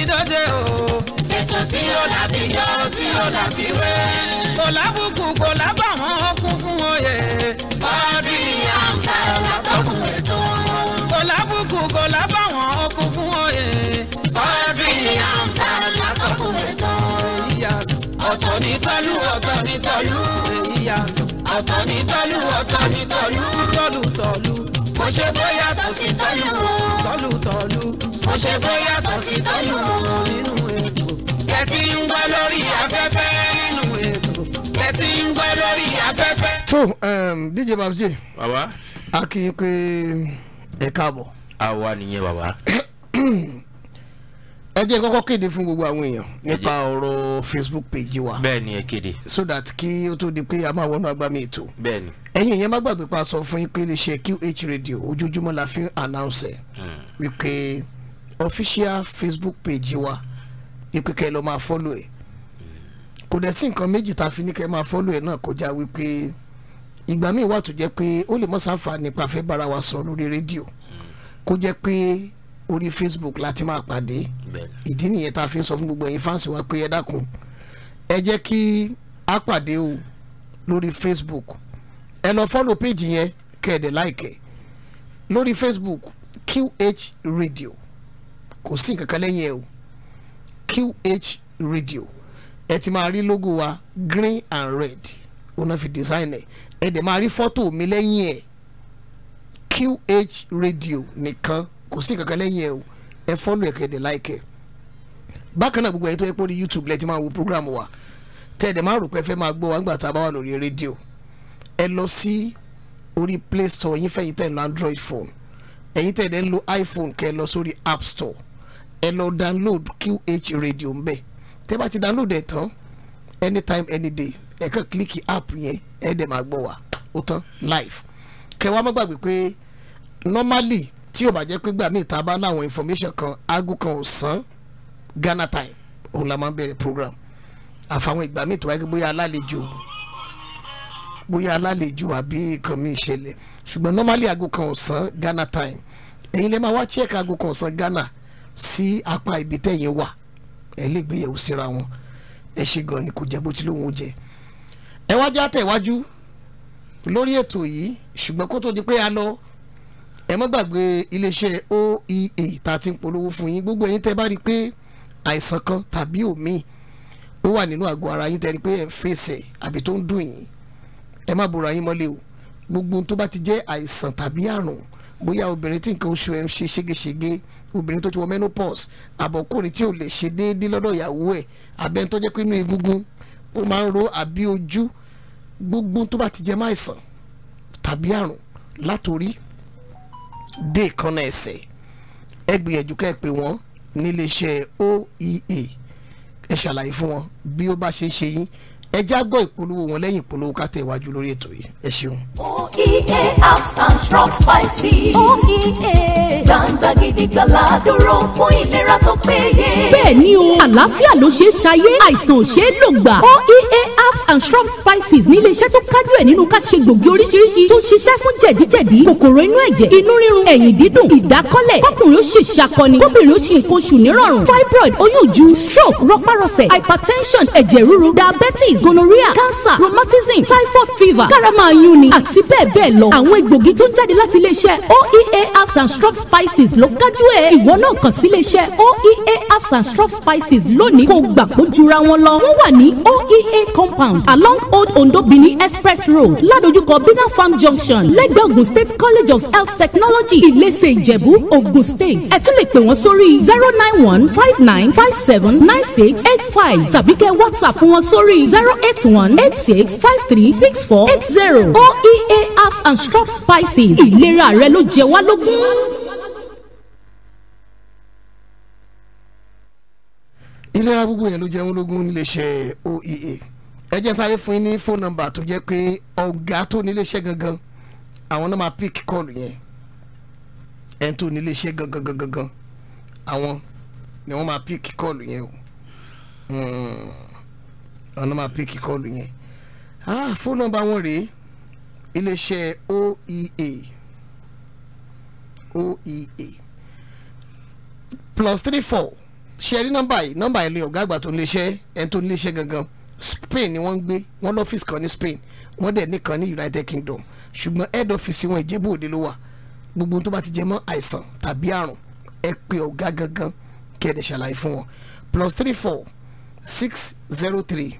ti dọ́dẹ o. ètò tí ó láfijọ́ tí ó láfiwé. kò lábùkù kò lábàwọ́n ó kún fún oyè. bọ́ọ̀dì àǹtà látọkùn ètò. kò lábùkù kò lábàwọ́n ó kún fún oyè. bọ́ọ̀dì àǹtà látọkùn ètò. ọ̀tọ̀ ní tọ́lú ọ̀tọ̀ ní tọ́lú. ọ̀tọ̀ ní tọ́lú ọ̀tọ̀ ní tọ́lú. tọ́lú tọ́lú. kò ṣe bóyá tó sì tọ́lú tọ́lú tọ́lú kò yàtọ̀ sí tọ́jú ẹ ti ń gbọ́ lórí afẹ́fẹ́ nínú ètò ẹ ti ń gbọ́ lórí afẹ́fẹ́. so um, DJ Babji baba a kì í pé ẹ káàbọ̀. àwa nìyẹn baba. ẹ jẹ́ kọ́kọ́ kéde fún gbogbo àwọn èèyàn nípa ọ̀rọ̀ Facebook page wa. bẹ́ẹ̀ni ẹ kéde. so that kí ó tó di pé a máa wọnú agbami ètò. bẹ́ẹ̀ni. ẹ̀yin èèyàn má gbàgbé pa sọ fún yín pé iléeṣẹ́ QH radio ojoojúmọ́ la fi ń announce ẹ̀ hmm. wípé. Mm official facebook page wa ipe kẹ́ lọ máa follow ẹ̀ kò dẹ̀ sí nǹkan méjì tá a fi ní kẹ́ máa follow ẹ̀ náà kọjá wípé ìgbà míì wà tó jẹ́ pé ó lè mọ́ sáfà nípa fẹ́ bára wa sọ̀rọ̀ lórí rédíò kó jẹ́ pé orí facebook láti máa pàdé ìdí nìyẹn tá a fi sọ fún gbogbo ẹ̀yin fáǹsì wa pé ẹ dákun ẹ jẹ́ kí a pàdé o lórí facebook ẹ lọ follow page yẹn kẹ́ ẹ̀ dẹ̀ like ẹ̀ lórí facebook qh radio kò sí nǹkan kan lẹ́yìn ẹ̀ o QH radio ẹ ti máa rí logo wa green and red òun fi design ẹ̀ ẹ dẹ̀ máa rí fọ́tò mi lẹ́yìn ẹ̀ QH radio nìkan kò sí nǹkan kan lẹ́yìn ẹ̀ o ẹ fọ́lù ẹ̀kẹ́ dẹ̀ láìkẹ́ bákan náà gbogbo ẹ̀yin tó yẹ pé orí YouTube lẹ ti máa wo program wa tẹ́ ẹ dẹ̀ máa rò pé ẹ fẹ́ máa gbọ́ wa nígbà tá a bá wà lórí rédíò ẹ lọ sí orí Play Store yín fẹ́yìntẹ́ ń lo Android phone ẹ̀yin tẹ́ ẹ dẹ̀ ń lo iPhone kẹ́ ẹ lọ sórí App Store ẹ lọ download QH radio ń bẹ tẹ́ bá ti download ẹ̀ tán anytime any day ẹ kàn kílíkì app yẹn ẹ dẹ̀ máa gbọ́ wá ó tán live kẹwàá má gbàgbé pé normally tí ò bá jẹ́ pé gbà míì tá bá láwọn information kan aago kan ọ̀sán Ghana time òun la máa ń bẹ̀rẹ̀ program àfàwọn ìgbà míì tó wáyé bóyá alálejò bóyá alálejò àbí nǹkan mi ìṣẹ̀lẹ̀ ṣùgbọ́n normally aago kan ọ̀sán Ghana time ẹ̀yin lè máa wá check aago kan ọ̀sán Ghana sí apá ibi tẹ̀yìn wà ẹ lè gbéyẹ̀wò síra wọn ẹ ṣe gan ni kò jẹ́ bó ti lóun jẹ ẹ wá já tẹ̀ lórí ètò yìí ṣùgbọ́n kó tó di pé a lọ ẹ má gbàgbé iléeṣẹ́ oea tá a ti ń polówó fún yín gbogbo ẹ̀yin tẹ́ bá rí i pé àìsàn kan tàbí òmíì ó wà nínú àgọ́ ara yín tẹ́ i pé ẹ̀ ń fèsè àbí tó ń dùn yín ẹ má bora yín mọ́lẹ̀ o gbogbo tó bá ti jẹ́ àìsàn tàbí àrùn bóyá obìnrin tí nǹkan oṣù ẹ̀ ń ṣe ségesège obìnrin tó ti wọ menopause àbọ̀kùnrin tí ò lè ṣe déédéé lọ́dọ̀ ìyàwó ẹ̀ abẹ́ni tó jẹ́ pé inú egungun ó máa ń ro àbí ojú gbogbo tó bá ti jẹ́ máa ìsàn tàbí àrùn látòrí dé ìkànnà ẹsẹ̀ ẹ gbìyànjú ká ẹ pè wọ́n níléeṣẹ́ oea ẹ ṣàlàyé fún wọn bí ó bá ṣe ń ṣe yín ẹ já gbọ́ ìpolówó wọn lẹ́yìn ìpolówó ká tẹ̀ iwájú lórí ètò yìí ẹ ṣeun. oea herbs and shrub spices. oea gbangba gidigbala dúró fún ìlera tó péye. bẹ́ẹ̀ o àlàáfíà ló ṣe é ṣayé àìsàn ò ṣe é lògbà oea herbs and shrub spices ní iléeṣẹ́ tó kájú ẹ̀ nínú ká ṣe gbòógì oríṣiríṣi tó ń ṣiṣẹ́ fún jẹ̀díjẹ̀dí kòkòrò inú ẹ̀jẹ̀ inú rírun ẹ̀yìn dídùn ìdákọ́lẹ̀ kọ́kùnrin ó ṣe ṣàkọni kóbìnrin ó ṣe nǹkan oṣù nírọ̀rùn fibroid oyún ju stroke rọpárọsẹ̀ hypertension ẹ̀jẹ̀ ríru diabetes gonorrhea cancer rheumatism typhoid fever karama ayuni àti bẹ́ẹ̀ bẹ́ẹ̀ lọ àwọn egbògi tó ń jáde láti iléeṣẹ́ oea herbs and shrub spices ló kájú ẹ̀ ìwọ náà kàn sí iléeṣẹ́ oea herbs and shrub spices lónìí kó gbà kó jura wọn lọ wọ́n wà ní oea company compound along old ondo benin express road ládojúkọ bina farm junction lẹ́gbẹ̀ẹ́ ogun state college of health technology ìlẹsẹ̀ ìjẹ̀bú ogun state ẹ tún lè pè wọ́n sórí zero nine one five nine five seven nine six eight five tàbí kẹ́ whatsapp wọn sórí zero eight one eight six five three six four eight zero oea herbs and shrub spices ìlera rẹ ló jẹ wá lógún. ìlera gbogbo yẹn ló jẹ́ wọn lógún níléeṣẹ́ oea ẹ jẹ́ sáré fún yín ní fóònù nọ́mbà tó jẹ́ pé ọ̀gá tó níléeṣẹ́ gangan àwọn náà máa pík kọ́ọ̀lù yẹn ẹni tó níléeṣẹ́ gangan gangan gangan àwọn ni wọ́n máa pík kọ́ọ̀lù yẹn o hmm, àwọn náà máa pík kọ́ọ̀lù yẹn ah fóònù nọ́mbà wọn rèé iléeṣẹ́ oea oea plus three four ṣe rí nọ́mbà yìí nọ́mbà yìí lè ọ̀gá àgbà tó níléeṣẹ́ ẹni tó níléeṣẹ́ gangan Spain ni wọ́n ń gbé wọ́n lọ́fíìsì kan ní Spain wọ́n dẹ̀ nìkan ní United Kingdom ṣùgbọ́n head office wọn Ìjẹ̀bú Òde ló wà gbogbo tó bá ti jẹ mọ́ àìsàn tàbí àrùn ẹ pé ọ̀gá gangan kẹ́ẹ̀dẹ̀ ṣàlàyé fún wọn plus three four six zero three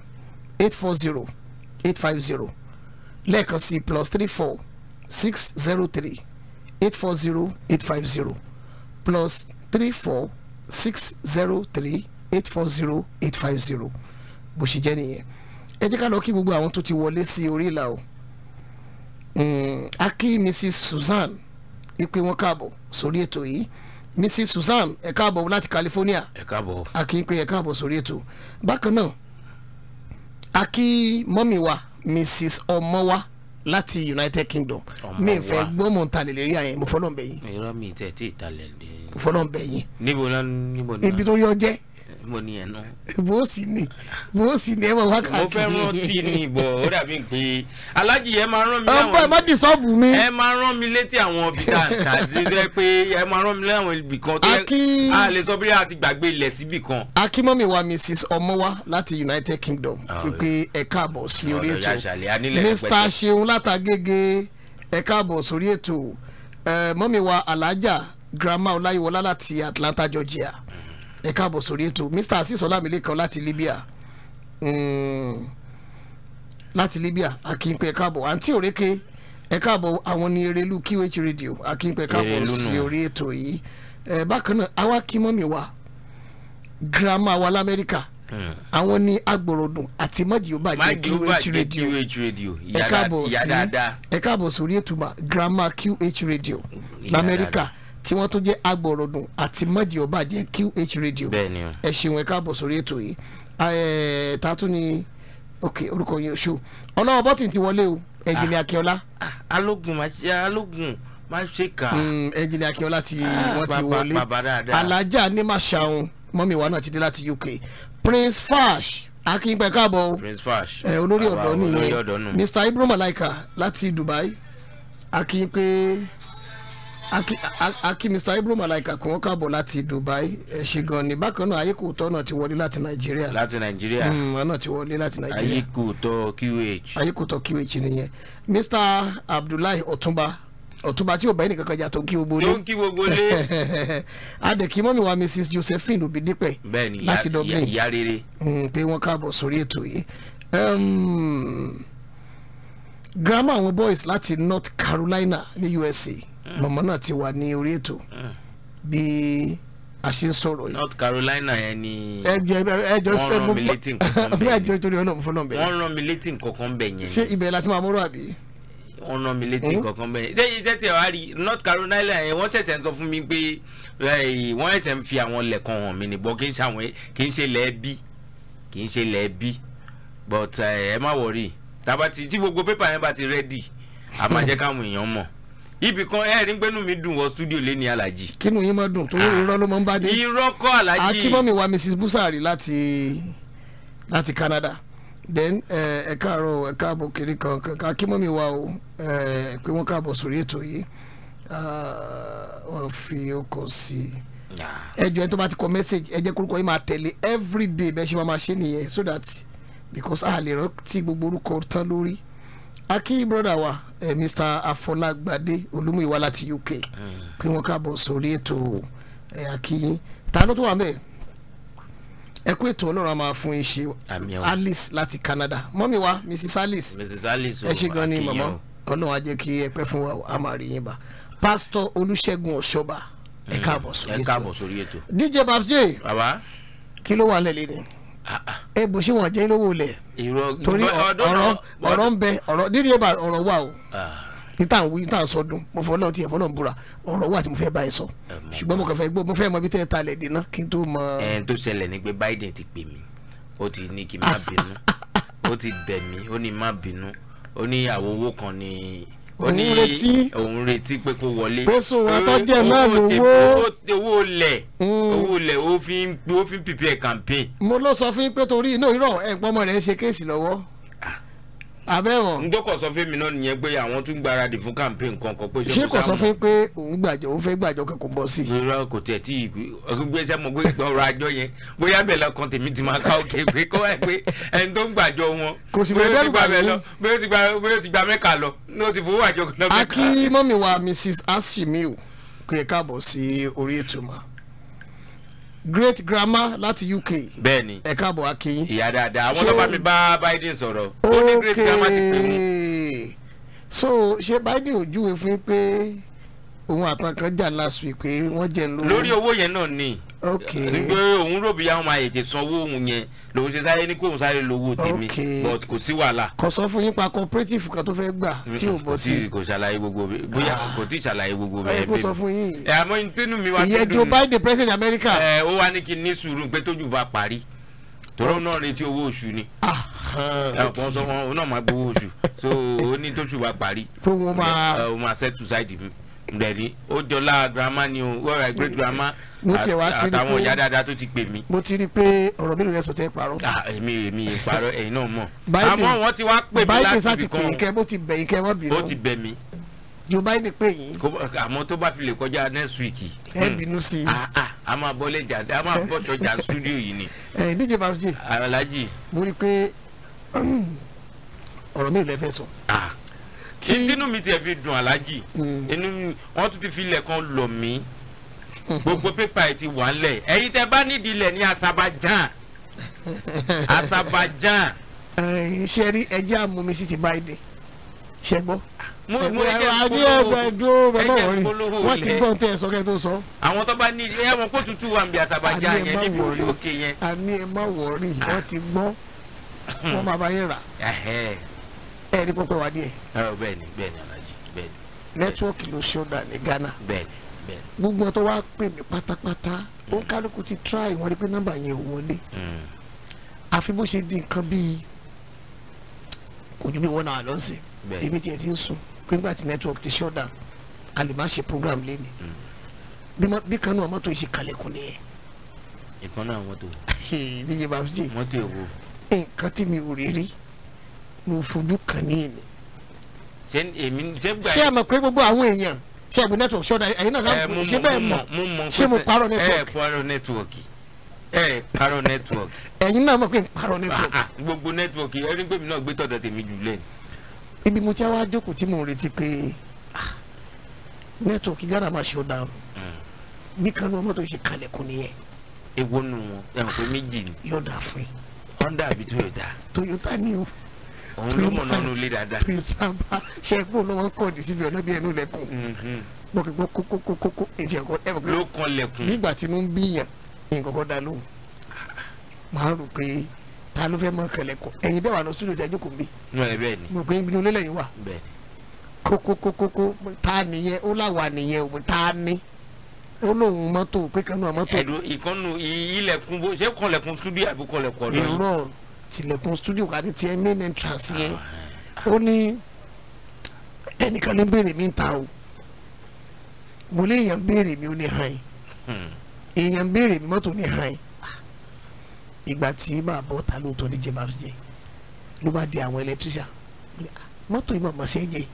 eight four zero eight five zero lẹ́ẹ̀kan sí plus three four six zero three eight four zero eight five zero plus three four six zero three eight four zero eight five zero bó ṣe jẹ́ nìyẹn ẹ jẹ́ ká lọ kí gbogbo àwọn tó ti wọlé sí orí ìlà o hmm, a mrs susan wípé wọ́n káàbọ̀ sórí ètò yìí mrs susan ẹ káàbọ̀ láti california ẹ káàbọ̀ a kí n pé ẹ káàbọ̀ sórí ètò bákan náà a kí wa mrs ọmọwa láti united kingdom mi fẹ́ gbọ́mọ̀ ntalẹ̀ lérí àyẹ̀ mo fọlọ́ nbẹ̀yìn. irọ́ mi tẹ̀ tí ì talẹ̀ dé. níbo náà níbo náà. ibi tó rí ọ jẹ́ mo ní ẹ̀ náà. bó sì ni bó sì ni ẹ máa wá káàkiri. mo fẹ́ rántí ni bọ̀ ó dàbí pé alájì ẹ máa rán mi láwọn. ọ̀pọ̀ ẹ má dìsọ́ọ̀bù mi. ẹ máa rán mi létí àwọn ibi tá à ń tà pé ẹ máa rán mi láwọn ibì kan. akí a lè sọ bí a ti gbàgbé ilẹ̀ síbì kan. akímọ́mi wa mrs ọmọwá láti united kingdom ah, wípé ẹ káàbọ̀ sí orí ètò mr seun látàgége ẹ káàbọ̀ sórí ètò mọ́mi wa alájà grandma ọláyíwọlá láti atlanta georgia. Mm ẹ káàbọ̀ sórí ètò Mr Azeez Ọlámilékan láti Libya hmm, láti Libya akínpẹ ẹ káàbọ̀ àǹtí òrékè ẹ káàbọ̀ àwọn ní erelu QH radio akínpẹ ẹ káàbọ̀ sí orí ètò yìí bákan náà àwa kí mọ́mì wa girama wa lamẹ́ríkà hmm. àwọn ní agbòròdùn àti májìúbà jẹ́ QH radio ẹ káàbọ̀ sí ẹ káàbọ̀ sórí ètò ma girama QH radio lamẹ́ríkà tí wọ́n tún jẹ́ agbọ̀rọ̀dùn àti mọ́jì ọba QH radio ẹ ṣeun ẹ káàbọ̀ sórí ètò yìí ta tún ni ok orúkọ yẹn ṣó ọlọ́wọ́ bọ́tì ti wọlé o ẹnjìnì ah. akíọ́lá. alógun ah, alógun má ṣe kà. Hmm, ẹnjìnì akíọ́lá ti ah, wọ́n ti wọlé alájà ní má ṣàwọn mọ́mí wa náà ti dé láti UK Prince Fash akínpẹ̀ káàbọ̀ o Prince Fash olórí ọ̀dọ́ nìyẹn Mr Ibrahim Alaika láti Dubai akínpẹ̀ aki mr ibrahim malaika kò wọ́n káàbọ̀ láti dubai ẹ ṣe gan ni bákan náà ayékòótọ́ náà ti wọlé láti nàìjíríà. láti nàìjíríà wọn hmm, náà ti wọlé láti nàìjíríà. ayékòótọ́ qh. ayékòótọ́ qh nìyẹn mr abdullahi ọ̀túnba ọ̀túnba tí ò bá ẹnìkan kan jà tó ń kí gbogbo lé. tó ń kí gbogbo lé. adèkí mọ́mi wa mrs josephine obidipe. bẹ́ẹ̀ni láti dublin ìyá rere. Hmm, pé wọ́n káàbọ̀ sórí ètò yìí. Um, grandma àwọn boys láti north carolina ní usa Mama náà ti wà ní orí ètò bí a ṣe ń sọ̀rọ̀ yìí. North Carolina yẹn ni wọ́n rán mi létí nǹkan bẹ́ẹ̀ yẹn wọ́n rán mi létí nǹkan bẹ́ẹ̀ yẹn. ṣé ibẹ̀ la ti máa mọ́rọ̀ àbí wọn rán mi létí kankan bẹ́ẹ̀ ṣé iṣẹ́ tí rí North Carolina yẹn wọ́n ṣẹ̀ṣẹ̀ ń sọ fún mi pé wọ́n ṣẹ̀ṣẹ̀ ń fi àwọn lẹ̀kan hàn mí nìbọn kì í ṣe àwọn kì í ṣe lẹ́ẹ̀bí kì but ẹ má wọrí tí gbogbo pépà yẹn bá ti rẹ́dì a káwọn èèyàn mọ̀ ibì kan ẹ rí gbẹnu mi dùn wọ studio lé ní alaji. kínú yín máa dùn tó irọ́ ló máa ń bá dé. irọ́ kọ́ alaji. akínmọ́mi wa mrs busari láti láti canada then ẹ káàárọ̀ ẹ káàbọ̀ kiri kan akínmọ́mi wa o pé wọ́n káàbọ̀ sórí ètò yìí wọ́n fi okò sí i. ẹ jọ ẹ tó bá ti kọ message ẹ jẹ́ kórúkọ yìí máa tẹ̀lé everyday bẹ́ẹ̀ ṣe máa máa ṣe nìyẹn so that because a lè rántí gbogbo orúkọ tán lórí. Aki broda wa eh, Mr. Afọlágbadé Olúmúyìwá láti UK ah. pé wọn káàbọ̀ sórí ètò eh, akin ta ló tó wà mẹ́ẹ̀ ẹ kú ètò ọlọ́run a máa fún yín ṣe Alice láti Canada mọ́mí wa Mrs. Alice ẹ ṣe gan ni màmá ọlọ́run á jẹ́ kí ẹ pẹ́ fún wa a máa rí yín bá pásítọ̀ Olúṣẹ́gun Ọ̀ṣọ́bà ẹ hmm. káàbọ̀ sórí ètò DJ Babjé kí ló wà lẹ́lẹ́ ni ẹ bù sí wọn jẹ́ lówó lẹ̀ torí ọ̀rọ̀ ọ̀rọ̀ ń bẹ ọ̀rọ̀ dídí ẹ̀ bá ọ̀rọ̀ wà o ah. níta ń wí níta ń sọdún mo fọ́ lọ́wọ́ tí ẹ̀fọ́ lọ́n búra ọ̀rọ̀ wà tí mo fẹ́ bá ẹ sọ ṣùgbọ́n mo kàn gbọ́ mo fẹ́ mọ ibi tẹ́ ẹ talẹ̀ dènà kí n tó mọ. ẹ tó ṣẹlẹ̀ ni pé Biden ti pè mí ó ti ní kí n má bínú ó ti bẹ̀ mí ó ní má bínú ó ní àwọn owó kan ní. Ni ó ní òun retí pé kó wọlé bóso wa tọ́jú ẹ̀ náà lówó owó lẹ̀ hmm. owó lẹ̀ ó fi ń pípẹ́ campaign. mo ló sọ fún yín pé torí iná ìrọ̀ ẹ̀gbọ́n ọmọ rẹ̀ ń ṣe kéèsì lọ́wọ́ abẹ́wọ̀n. n tó kọ̀ sọ fún mi náà nìyẹn pé àwọn tún gbáradì fún campaign kan kan pé. ṣé kò sọ fún pé òun gbàjọ òun fẹ́ gbàjọ kò bọ́ sí. irọ́ kò tẹ̀ tí gbèsè mo gbé ọrọ̀ àjọ yẹn bóyá bẹ̀ lọ́kàn tèmi ti máa ká òkè pé kó wáyé pé ẹni tó ń gbàjọ wọn. kò sì fẹ́ dẹ́rù bàbá bóyá ó ti gba mẹ́ka lọ ní ó ti fowó àjọ lọ mẹ́ka. wa Mrs. Ashimiu kò yẹ káàbọ̀ great grandma láti uk. bẹ́ẹ̀ni ẹ káàbọ̀ akin. ìyá dáadáa àwọn ọlọ́pàá mi bá biden sọ̀rọ̀. ó ní great grandma ti pè mí. so ṣé biden ò júwe fún pé òun àtàkàn jà last pé wọ́n jẹ́ lówó. lórí owó yẹn náà ni nígbà òun rò bí àwọn àyèjè sanwó òun yẹn lòun ṣe sáré ní kóun sáré lówó tèmi but kò sí wàhálà. kò sọ fún yín pa cooperative kan tó fẹ́ gbà tí ò bọ́ sí. kò ṣàlàyé gbogbo bẹ́ẹ̀ bóyá ah. kò tí ì ṣàlàyé gbogbo bẹ́ẹ̀ bẹ́ẹ̀. kò sọ fún yín. ẹ àmọ́ inú mi wá tó dùn. ìyẹn Joe Biden president America. ẹ ó wá ní kí n ní sùúrù pé tójú gbẹ̀rí ó jọlá grandma ni o wọ́n great grandma àtàwọn ọ̀yá dáadáa tó ti pè mí. mo ti rí i pé ọ̀rọ̀ mi ló yẹ sọ tẹ́ parọ́. Ah, èmi èmi yìí parọ́ ẹ̀yin náà mọ̀. àmọ́ wọ́n ti wá pè mí láti ibì kan bó ti bẹ̀ yín kẹ́ wọ́n bínú. ó ti bẹ̀ mí. yóò bá yín pè yín. àmọ́ tó bá fi lè kọjá next week. ẹ bínú sí i. Ah, ah, a máa bọ́ lẹ́jà a máa bọ́ sọjà studio yìí ni. ẹ díje bàbá jì. alájì. mo rí i pé ọ̀rọ̀ mi ló fẹ́ sọ tí inú mi tiẹ̀ fi dùn aláàjì hmm. inú wọn tún ti fi ilẹ̀ kan lọ̀ mí gbogbo pépà ẹ̀ ti wà ńlẹ̀ ẹ̀yin tẹ́ bá nídìí ilẹ̀ ní Azerbaijan Azerbaijan. ṣe rí ẹjẹ́ àmúmi sí ti Biden ṣe gbọ́. mo mo ẹ jẹ́ polówó ẹ jẹ́ polówó ilẹ̀ wọ́n ti gbọ́n tẹ́ ẹ sọ tó sọ. àwọn tó bá ní ẹ wọn kó tutù wà níbi Azerbaijan yẹn níbi òkè yẹn. a ẹ má wọrí wọ́n ti gbọ́ wọ́n máa bá yín rà ẹ rí pọpọ wa díẹ̀. ọ bẹ́ẹ̀ni bẹ́ẹ̀ni alhaji bẹ́ẹ̀ni. nẹtíwọkì ló ṣe ọdọ ní ghana. bẹ́ẹ̀ni bẹ́ẹ̀ni. gbogbo ọtọ wa pè mí pátápátá ó ń kálukú ti try wọn rí pé nọ́mbà yẹn ò wọlé. Hmm. àfi bó ṣe di nǹkan bíi kò ju bí wọn náà lọ sí. èmi tiẹ̀ ti ń sùn pé nígbà tí nẹtíwọkì ti ṣe ọdọ a lè má ṣe program lẹ́nu. Hmm. bí kanú ọmọ tó ṣe kalẹ̀kùn nìyẹn. ìkànnì àwọn mọ́tò. níjẹ́ bá fi jẹ́ nǹkan tí mi ò rí rí mo fojú kàn ní ìní. ṣé èmi ṣé gbà. ṣé àmọ̀ pé gbogbo àwọn èèyàn ṣé ẹ̀bùn network ṣọ́dọ̀ ẹ̀yin náà sábà ṣé bẹ́ẹ̀ mọ̀ ṣé mo parọ́ network. ẹ parọ́ network ẹ parọ́ network. ẹ̀yin náà mọ̀ pé n parọ́ network. Ah, ah, gbogbo network ẹni pé mi náà gbé tọ̀dọ̀ tèmi jù lẹ́nu. ibi mo ti wá jókòó tí mo retí pé ah, network Ghana máa ṣó dáa hmm. bí kanú ọmọ tó ṣe kalẹ̀kùn nìyẹn. ewo nu wọn ẹnfọ méjì ni. yọ̀ọ̀dà fún yìí. honda àbí toyota. toyota ni o òun ló mọ̀ nánú ilé dáadáa. pìtàbà ṣẹ́fù ló máa ń kọ́ di síbi ọ̀nà bí ẹnu lẹ́kùn. gbọ̀gbọ̀ kókókókó èdè ẹ̀kọ́ ẹ̀kọ́. ló kan lẹ́kùn. nígbà tí inú ń bíyàn ní kọ́kọ́ dá lóhùn. màá rò pé ta ló fẹ́ mọ kẹlẹ́kùn ẹ̀yin dẹ́wà lọ sódò ìdájọ́ kò ń bí. mo pè é gbinú lélẹ̀ yìí wà. kókókókó ta nìyẹn ó láwà nìyẹn òun ta ní ó lóun mọ́tò pé kanú àmọ́tò. ẹ̀dùn ìkànnù ilẹ̀kùn bó ṣe kọ̀lẹ̀kùn súdíò àbí kọ̀lẹ̀kùn ọ̀dọ́ yìí tilẹ̀kùn studio kàdé tiẹ̀ e main entrance yẹn ah, eh. ó ní ẹnìkan ní béèrè mi ń ta o mo lé èèyàn béèrè mi ó ní hàn hmm. èèyàn béèrè mi mọ́tò ní hàn ìgbà tí bàbá ọ̀tá lóòótọ́ ní jẹ́ bàbá jẹ́ ló bá di àwọn electrician ah, mọ́tò ìmọ̀ọ́mọ́sẹ́ jẹ́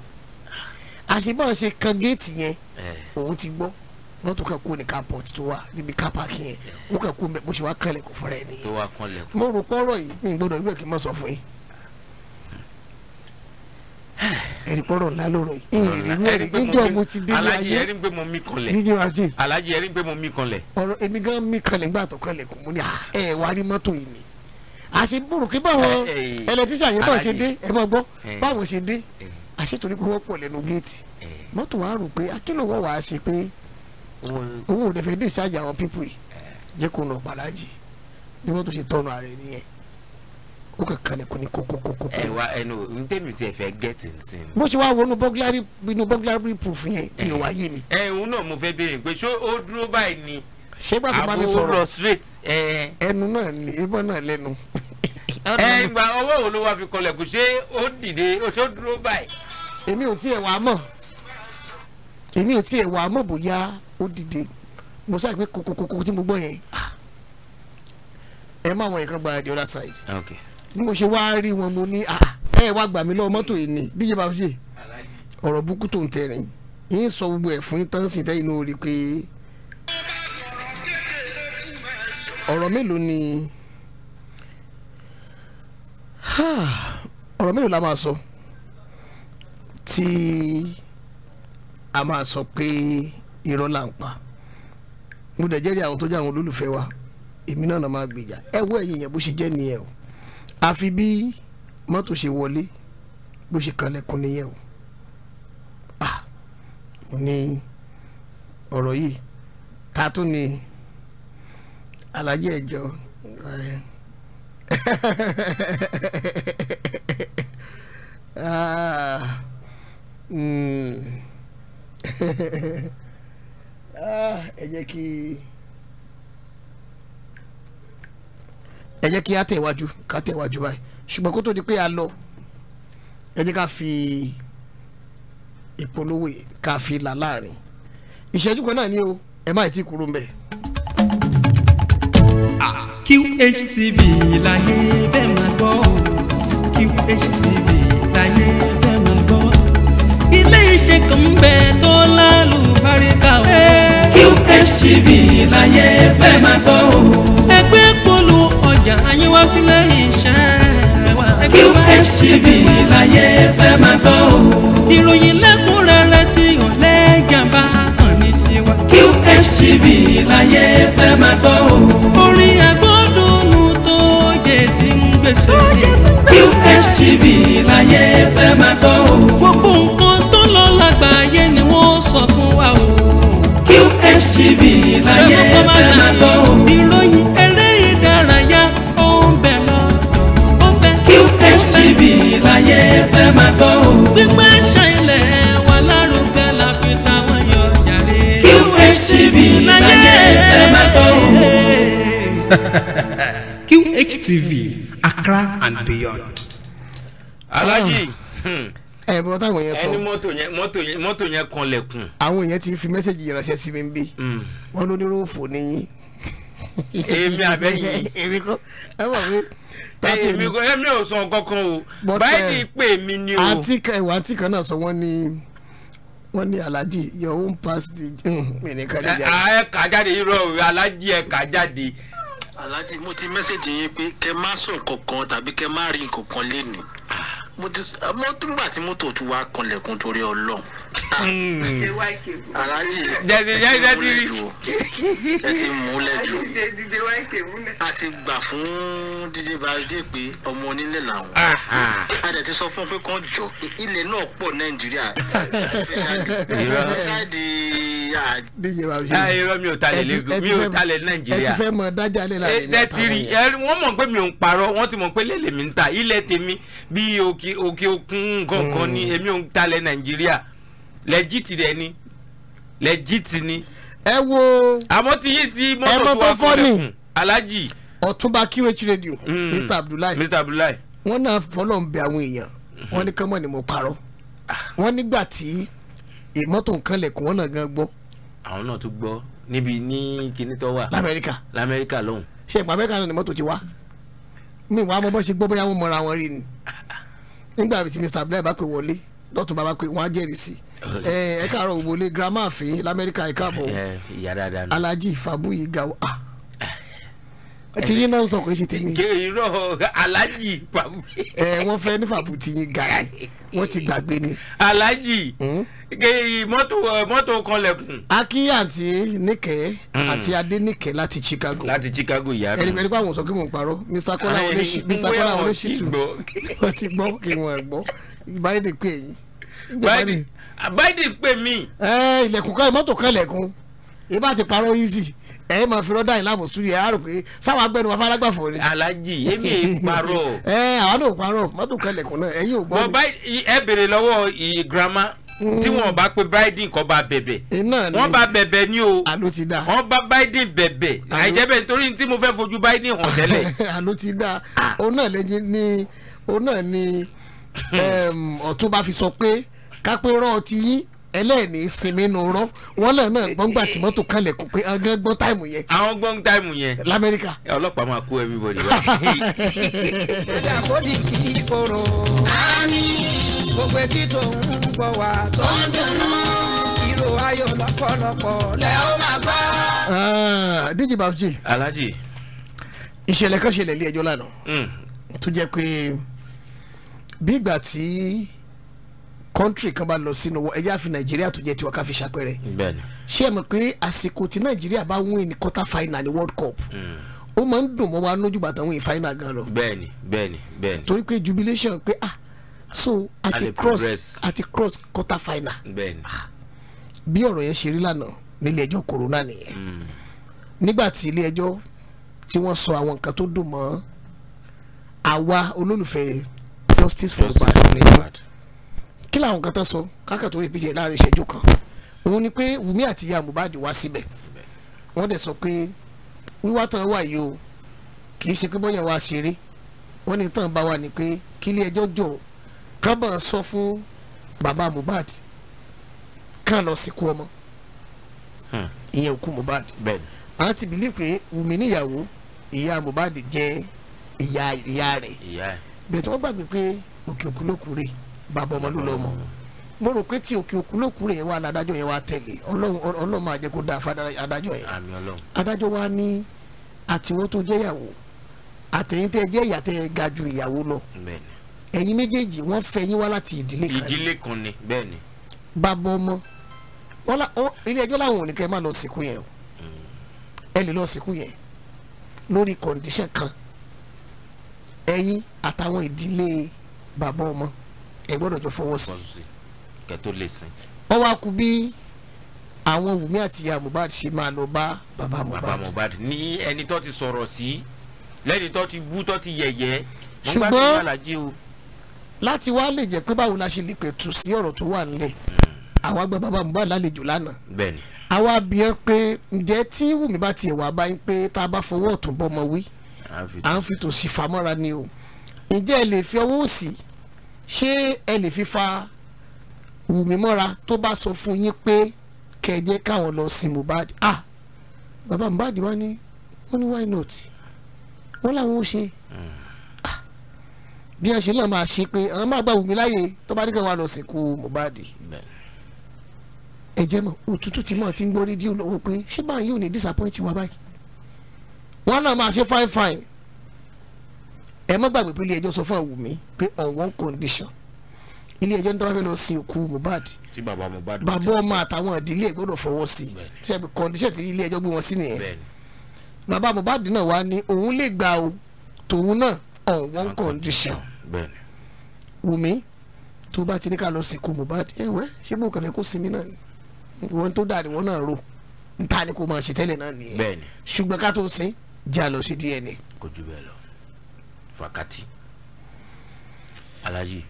ah. àṣebáṣe kan géètì yẹn eh. òun ti gbọ́ n'o tún ka kó ní ká pọ̀ tó wa níbi ká pàkì yẹn o ka kó mẹ bó ṣe wá kẹlẹ̀ kó fọlẹ̀ ni. tó wa kọlẹ̀ mo rò pọ́rọ̀ yìí mi gbọ́dọ̀ ibẹ̀ kí n má sọ fún yín. ẹ̀rí pọ́rọ̀ ńlá lọ́rọ̀ yìí. ìrírí ẹ̀rí níjọ́ mo ti dé ní ayé. alájí ẹ̀rí ń gbé mo wa jìn. alájí ẹ̀rí ń gbé mo mí kanlẹ̀. ọ̀rọ̀ èmi gan mí kanlẹ̀ ńgbà tó kanlẹ̀ kò mú ni ẹ̀ wá rí mọ́tò yìí ni. àṣẹ burúkú báwọn ẹlẹtíṣà yẹn bá ṣe dé ẹ má gbọ́ báwọn ṣe dé àṣẹ torí pé wọ́n pọ̀ lẹ́nu géètì mọ́tò wa rò pé akílò wọ́n ṣe pé owó ò lè fẹ́ discharge àwọn pípù yìí jẹ́ kó nà ọ̀bàlájì bí wọ́n tún ṣe tọ́nu ààrẹ nìyẹn ó kankan ní kò ní kókókókó. ẹ wá ẹnu n tẹ́lu tí ẹ fẹ́ gẹ̀tì sí. bó ṣe wá wọnú burglary inú burglary proof yẹn ni ò wá yé mi. ẹ ń náà mo fẹ́ béèrè pé ṣé ó dúró báyìí ni àbúrò lọ straight. ẹnu náà ni ìbọn náà lẹ́nu. ẹ gba ọwọ́ wo ló wá fi kọlẹ̀ kù ṣé ó dìde ó ṣó dúró báyìí. èmi ò tiẹ̀ wá mọ̀ èmi ò tiẹ̀ wà á mọ̀ bóyá ó dìde mo sáà pé kókókókó tí mo gbọ́ yẹn ẹ má wọn nǹkan gba the other side bí mo ṣe wá rí wọn mo ní ẹ wá gbà mí lọ́wọ́ mọ́tò yìí ni díje bá fi ṣe ọ̀rọ̀ burúkú tó ń tẹ̀rìn yín sọ gbogbo ẹ̀ fún tánsì tẹ́yìn náà pé ọ̀rọ̀ mélòó ni ọ̀rọ̀ mélòó la máa sọ tí a máa sọ pé irọ́ là ń pa mo dẹ̀ jẹ́rìí àwọn tó jẹ́ àwọn olólùfẹ́ wa èmi náà náà máa gbèjà ẹ wọ ẹ̀yìn yẹn bó ṣe jẹ́ nìyẹn o àfi bí mọ́tò ṣe wọlé bó ṣe kanlẹ̀kùn nìyẹn o ah mo ní ọ̀rọ̀ yìí ta tún ni alájẹ ẹjọ ah. Mm. Ah, ẹ jẹ́ kí ẹ jẹ́ báyìí ṣùgbọ́n kó tó di pé a lọ ẹ jẹ́ ká fi ìpolówó ká fi là láàrin ìṣẹ́jú kan náà ni o ẹ má ti kúrò ń QHTV láyé bẹ́ẹ̀ máa gbọ́ QHTV láyé ilé iṣẹ́ kan ń bẹ tó lálùbáríkà o. QH TV láyé fẹ́ máa gbọ́ o. ẹgbẹ́ polu ọjà ayé wá iṣẹ́ wa. QH TV láyé fẹ́ máa gbọ́ o. ìròyìn lẹ́kùnrẹ́rẹ́ tí ọ̀lẹ́ jàmbá kan ní tiwa. QH TV láyé fẹ́ máa gbọ́ o. orin agbódùnú tó jẹ ti ń gbèsè. QH TV láyé fẹ́ máa gbọ́ o. gbogbo nǹkan. DSTV láyé ye máa gbọ́ o. ìròyìn eré ìdárayá ó ń lọ ó bẹ̀. QHTV láyé fẹ́ máa gbọ́ o. gbígbẹ́ ṣẹlẹ̀ wà lárugẹ la fi táwọn yọ jàre. QHTV láyé fẹ́ máa gbọ́ o. QHTV Accra and beyond. aláàjì. Hmm. hmm ẹ bọ́ táwọn yẹn sọ ẹni mọ́tò yẹn mọ́tò yẹn mọ́tò yẹn kan lẹ̀kùn. àwọn yẹn ti fi mẹ́sẹ̀gì ránṣẹ́ sí mi bí mm. wọ́n ló ní róòfò níyìn. èmi àbẹ́yìn èmi kọ́ ẹ mọ̀ pé èmi kọ́ èmi ò sọ kankan o báyìí eh, pé mi ni o. àti kan ìwà àti kan náà sọ wọ́n ní wọ́n ní alájì your own past the mìíràn kan jáde. ẹ kà jáde irọ́ o alájì ẹ kà jáde aláàjì mo ti mẹ́sẹ̀jì yín pé kẹ má sọ nǹkan tàbí kẹ má rí nǹkan lénìí mo tún gbà tí mọ́tò tún wá kanlẹ̀kùn torí ọlọ́run jẹjẹ jẹjẹ ti rí ẹ ti múlẹ̀ jù a ti gbà fún dídé balùwẹ̀ pé ọmọ onílẹ̀ làwọn a dẹ̀ ti sọ fún pé kàn jọ pé ilẹ̀ náà pọ̀ nàìjíríà ṣáàdì ah, irọ́ mi ò talẹ̀ lẹ́gùn mi ò talẹ̀ nàìjíríà ẹ ti fẹ́ mọ dájà lé la ẹ ti rí wọ́n mọ̀ pé mi ò ń parọ́ wọ́n ti mọ̀ pé lélẹ̀ mi ń ta ilẹ̀ tèmi bí òkè òkun gangan ni hmm. èmi ò ń talẹ̀ nàìjíríà lẹ́jìtì rẹ̀ ni lẹ́jìtì ni. ẹ wo àmọ́ ti yí ti mọ́tò tó wà fún alájì. ọ̀túnba QH radio mm. mr abdullahi mr abdullahi wọ́n náà fọlọ́ ń bẹ àwọn èèyàn wọ́n ní kánmọ́ ni mo parọ́ ah. wọ́n nígbà tí mọ́tò nǹkan lẹ̀kùn wọ́n náà gan gbọ́. àwọn náà tún gbọ́ níbi ní kinní tó wà. lamẹ́ríkà lamẹ́ríkà lọ́hùn. ṣe ìpàmẹ́ kan náà ni mọ́tò ti wá mi wàá mọ bọ́ ṣe gbọ́ bóyá wọ́n mọra wọn rí ni ah, ah. nígbà tí mr abdullahi bá pè wọlé dọ́tún bá bá pè wọ́n á jẹ́rìí sí i ẹ káàárọ̀ gbogbo ilé girama àfin lamẹ́ríkà ẹ káàbọ̀ alhaji fabuyi gawo A. Ah. tiyin náà sọ pé ṣe tèmi. irọ́ alájì pàmò. ẹ wọ́n fẹ́ ní fàbù tiyin gàá wọ́n ti gbàgbé ni. alájì hmm? mọ́tò mọ́tò kanlẹ̀kùn. aki àti nike hmm. àti adé nike láti Chicago. láti Chicago ìyá mi. ẹni pé àwọn sọ kí mò ń parọ́ Mr. Kọ́lá Olóṣìtú wọ́n ti gbọ́ kí wọ́n ẹ̀ gbọ́ báyìí ni pé yín. báyìí Biden pè mí. ẹ ilẹ̀kùn kan mọ́tò kan ilẹ̀kùn ibà ti parọ́ easy ẹ máa fi rọ́dà ìlànà studio ẹ á rò pé sáwọn agbẹnu wọn fárágbà fò ni. Alhaji èmi ì parọ́. ẹ àwọn náà parọ́ mọ́tò kan ilẹ̀kùn náà ẹ̀yin ò gbọ́. ẹ béèrè lọ́wọ́ ìyí girama hmm. tí wọn bá pe Biden kọ́ bá bẹ̀bẹ̀ wọ́n bá bẹ̀bẹ̀ ni o wọ́n bá Biden bẹ̀bẹ̀ àìjẹ́bẹ̀ nítorí tí mo fẹ́ fojú Biden hàn tẹ́lẹ̀. àló ti dá ah. òun náà lẹ́yìn ní òun náà ni Ọ̀túnba fi sọ pé kápẹ́rọ́ ti yín ẹlẹ́ẹ̀ni sinmi nu rọ́ wọ́n lẹ̀ náà gbọ́ngbà tí mọ́tò kanlẹ̀ pé ọgán gbọ́n táìmù yẹn. àwọn gbọ́n táìmù yẹn. lamẹ́ríkà. ọlọ́pàá máa kó everybody wá. ìjà kò di kí koro. àmín. gbogbo etí tó ń gbọ́ wá. tó ń dunnú. ìró ayọ̀ lọ́pọ̀lọpọ̀ lẹ́ ó máa gbọ́. Ah, díjì babjì. alhaji. ìṣẹ̀lẹ̀ kan ṣẹlẹ̀ ilé ẹjọ́ lánàá. Hmm. tó jẹ́ pé bí ìgbà tí kọ́ńtírì kan bá lọ sínú wọn ẹ̀yà fi nàìjíríà tó jẹ́ tiwa ká fi ṣàpẹrẹ ṣé ẹ mọ̀ pé àsìkò tí nàìjíríà bá win ní quarter final ní world cup hmm. ó máa ń dùn mọ́ wa lójú bàtà win final gan lọ. bẹ́ẹ̀ni bẹ́ẹ̀ni bẹ́ẹ̀ni. torí pé jubilation pé ah so àti cross àti cross quarter final. bẹ́ẹ̀ni. Ah, bí ọ̀rọ̀ yẹn ṣe rí lánàá nílé ẹjọ́ corona nìyẹn hmm. nígbà tí ilé ẹjọ́ tí wọ́n sọ àwọn nǹkan tó dùn mọ́ àwa olólùfẹ́ justice for the bad kí làwọn kan tán sọ kákà tó repeat láàrin ìṣẹ́jú kan òun ni pé Wùmí àti ìyá Mohbad wá síbẹ̀ wọ́n dẹ̀ sọ pé wíwá tán wà yìí o kì í ṣe pé bọ́yàn wá ṣeré wọ́n ní tán bá wà ní pé kí ilé ẹjọ́ jọ kábà sọ fún bàbá Mohbad kàn lọ sìnkú ọmọ hmm. ìyẹn òkú Mohbad àwọn ti bìlí pé Wùmí níyàwó ìyá Mohbad jẹ́ ìyá ìyá rẹ̀ bẹ̀tẹ̀ wọ́n gbàgbé pé òkè òkú ló kú rèé bàbá ọmọ ló lọ́mọ mo rò pé tí òkè òkun lókun rẹ̀ wá adájọ́ yẹn wá tẹ̀lé ọlọ́run máa jẹ́ kó dáa fún adájọ́ yẹn adájọ́ wa ní àtiwọ́ tó jẹ́yàwó àtẹ̀yìn tẹ́ jẹ́ ìyá tẹ́ ga ju ìyàwó lọ ẹ̀yin méjèèjì wọ́n fẹ́ yín wá láti ìdílé kan ìdílé kan ni bẹ́ẹ̀ ni. bàbá ọmọ ilé ẹjọ́ làwọn ò ní kẹ́ ẹ má lọ sìnkú yẹn o mm. ẹ lè lọ sìnkú yẹn lórí kọ̀ǹdíṣàn kan ẹ̀yin àtàwọn ìdílé bàbá ọmọ ẹ gbọ́dọ̀ tó fọwọ́ sí. kẹtó lè sin. wọ́n wá kú bí àwọn Wùmí àti ìyá Mohbad ṣe máa lọ bá bàbá Mohbad. bàbá Mohbad ní ẹni tó ti sọ̀rọ̀ sí lẹ́ni tó ti bú tó ti yẹ̀yẹ́. ṣùgbọ́n láti wá lè jẹ́ pé báwo la ṣe lè pẹ̀tù sí ọ̀rọ̀ tó wà nílẹ̀ hmm. àwa gba bàbá Mohbad lálejò lánàá. bẹ́ẹ̀ni. àwa bí ẹ pé ǹjẹ́ tí Wùmí bá tiẹ̀ wá báyìí pé tá a bá fọwọ́ ọ̀tún bọ́mọ wí à ń fi tòsí fàmọ́ra ni o ǹjẹ́ ẹ lè fi ọwọ́ òsì ṣé ẹ lè fi fa Wùmí mọ́ra tó bá sọ fún yín pé kẹ̀jẹ́ káwọn lọ sin Mohbad ah bàbá Mohbad wá ní wọ́n ní why not wọ́n làwọn ò ṣe bí wọ́n ṣe náà máa ṣe pé àwọn máa gba Wùmí láàyè tó bá ní kẹwàá lọ sìnkú Mohbad ẹ̀jẹ̀ mọ̀ òtútù tí mọ̀ ti ń gbórí bí olówó pé ṣé báyìí ò ní disappoint wa báyìí wọ́n náà máa ṣe fine fine ẹ má gbàgbé pé ilé ẹjọ́ sọ fún àwùmí pé on one condition ilé ẹjọ́ ní tọ́wọ́fẹ́ lọ sin òkú Mohbad tí bàbá Mohbad bàbá ọmọ àtàwọn ìdílé ẹ̀ gbọ́dọ̀ fọwọ́ sí i ṣe condition tí ilé ẹjọ́ gbé wọn sí nìyẹn bàbá Mohbad náà wá ní òun lè gbà o tòun náà on one condition Wùmí tó bá ti ní ká lọ sìnkú Mohbad ẹ wẹ ṣé bó kàfẹ́ kó sinmi náà ni wọn tó dà ní wọn náà rò níta ni kò máa ṣe tẹ́lẹ̀ náà nìyẹn ṣùgbọ́n ká tó sin jà lọ sí DNA. kò jù bẹ́ẹ̀ lọ wákàtí. alájì.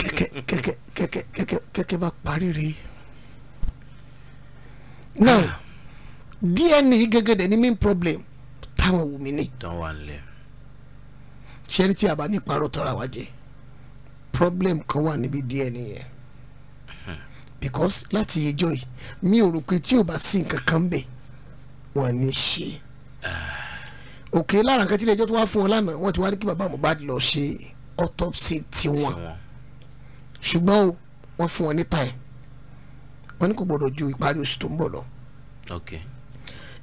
kẹ̀kẹ́ kẹ̀kẹ́ kẹ̀kẹ́ kẹ̀kẹ́ kẹ̀kẹ́ bá parí rèé. now ah. dna gẹ́gẹ́ dẹ̀ ni main problem táwọn wù mí ni. tán wà nílẹ̀. ṣé ní tí a bá ní ìparọ́ tọ́ra wa jẹ problem kan wà níbi dna yẹn hmm. because láti ìjọ yìí mi ò rò pé tí ò bá sí nǹkan kan bẹ̀ wọ́n ní ṣe. Ah òkè lára nǹkan tí ilé ẹjọ́ tó wá fún wọn lánàá wọ́n ti wá ní kí bàbá Mohbad lọ ṣe autopsy tiwọn ṣùgbọ́n o wọ́n fún wọn ní time wọ́n ní kò gbọ́dọ̀ ju ìparí oṣù tó ń bọ̀ lọ.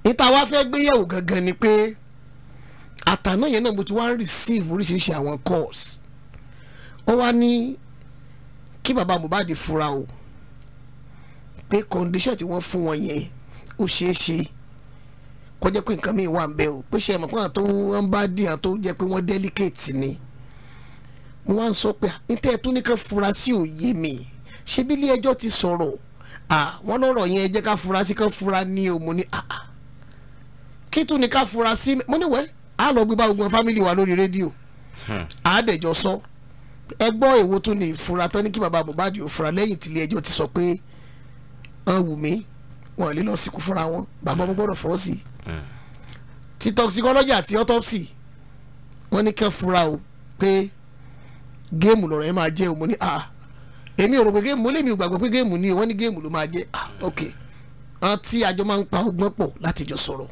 ìta wá fẹ́ gbéyẹ̀wò gangan ni pé àtàná yẹn náà mo ti wá ń receive oríṣiríṣi àwọn calls wọ́n wá ní kí bàbá Mohbad fura o pé condition tí wọ́n fún wọn yẹn ó ṣeé ṣe. She, kó jẹ́ pé nǹkan mi wà ń bẹ o pé ṣe é mọ̀ pé àwọn tó ń bá dì àwọn tó jẹ́ pé wọ́n delicate ni mo wá ń sọ pé ah, níta ẹ̀ tún ní ká fura sí òye mi ṣé bí ilé ẹjọ́ ti sọ̀rọ̀ wọ́n lọ́rọ̀ yẹn ẹ jẹ́ ká fura sí ká fura ní o mo ní ah, ah. kí tún ní ká fura sí mo ní wẹ́ á lọ gbé bá gbogbo fámìlì wa lórí rédíò àádẹ́jọ́ hmm. sọ ẹ gbọ́ èwo tún ní ìfura tán ní kí bàbá Mohbad ò fura lẹ́yìn tí ilé ẹjọ́ ti sọ pé ọ̀hún mi wọn lè lọ sìnkú fúnra wọn bàbá ọmọ gbọ́dọ̀ fọwọ́ sí i ti toxicology àti autopsy wọ́n ní kẹ́ fura o pé géèmù lọ́rọ̀ ẹ máa jẹ́ o mo ní ah èmi ò rò pé géèmù mo mi ò gbàgbọ́ pé géèmù ni wọ́n ní géèmù ló máa jẹ́ ah ok àwọn àjọ máa ń pa ọgbọ́n pọ̀ láti jọ sọ̀rọ̀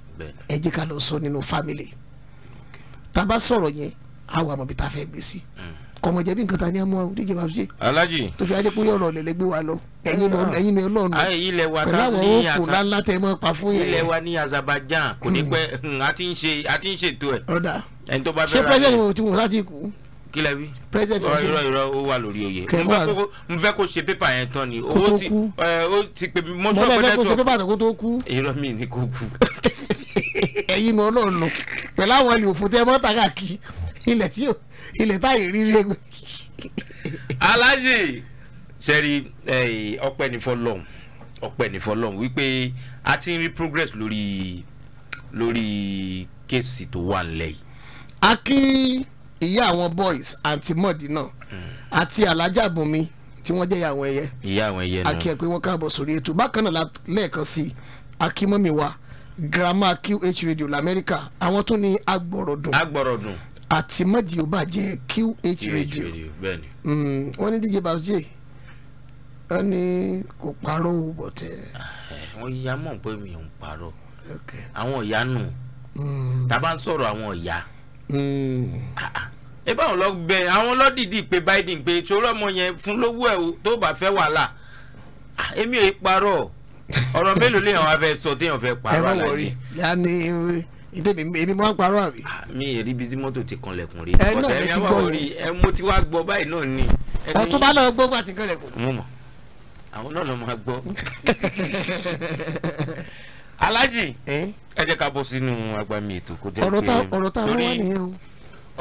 ẹ jẹ́ ká lọ sọ nínú fámìlì tá a bá sọ̀rọ̀ yẹn á wà mọ̀ bí tá fẹ́ gbé sí. Mm kọmọ jẹbi nǹkan ta ni amú àwọn díje bàbá ṣe. alájì. tó fi ajẹ́ pé yọ̀rọ̀ lẹ̀lẹ́ gbé wa lọ ẹ̀yin ah. ni ọlọ́run. ayé ah, ilẹ̀ wa ta ni asa pẹ̀lú ilẹ̀ wa ní Azerbaijan kò ní hmm. pẹ́ hmm, a ti ń ṣe a ti ń ṣètò ẹ̀. ọ̀dà ṣé president wo ti wọ́n láti kú. kílẹ̀ wí. president wo ti wọ́n. irọ́ ó wà lórí oyè. kẹ̀mọ́ n fẹ́ kó ṣe pépà yẹn tán ni. kó tó kú. ó ti pè mí mọ́ṣọ́ pẹ́lẹ́tọ̀. mọ́lẹ́ fẹ́ kó ṣe pépà tó mọ́ ilẹ̀ tí o ilẹ̀ táyì rírí egbò. aláàjì sẹ́rí ọpẹ́ ní fọlọ́hún ọpẹ́ ní fọlọ́hún wípé a ti ń rí progress lórí lórí kéèsì tó wà nílẹ̀ yìí. a kí ìyá àwọn boys àǹtí mọ́ọ̀dì náà hmm. àti alájà bùnmi tí wọ́n jẹ́ ìyá àwọn ẹyẹ. ìyá àwọn ẹyẹ náà a kí ẹ pé wọ́n káàbọ̀ sórí ètò bákan náà lẹ́ẹ̀kan sí akímọ́mi wa grandma qh radio lamẹ́ríkà àwọn tó ní agbọ̀rọ̀dùn. agbọ̀rọ̀dùn àti mọ́jì ò bàjẹ́ QH radio mm, wọ́n ní DJ babsi wọ́n ní kò parọ́ bọ̀tẹ́. Eh. Ah, wọ́n ya mọ̀ pé mi ò ń parọ́ àwọn ìyá nù mm. tàbá ń sọ̀rọ̀ àwọn ìyá mm. ah, ah. ẹ báwọn lọ bẹ àwọn lọ́dìdì pé Biden pé ìṣòro ọmọ yẹn fún lówó ẹ̀ tó bá fẹ́ wàhálà èmi ò parọ́ ọ̀rọ̀ mélòó lèèyàn wá fẹ́ sọ téèyàn fẹ́ parọ́ àlàyé. ẹ bá wọrí yanni ìtẹ̀bí ebi máa ń parọ́ àbí. Ah, mi ì rí ibi tí mọ́tò ti kanlẹ̀kùn rí. ẹ náà lè ti gbọ́ rí ẹ mo ti wá gbọ́ báyìí náà ni. ẹ tó bá lọ gbọ́ bá ti kanlẹ̀kùn. mo mọ̀ àwọn náà lọ máa gbọ́. alájì ẹ jẹ́ ká bọ́ sínú agbami ètò kó jẹ́ pé ọ̀rọ̀ tá a wá nìyẹn o.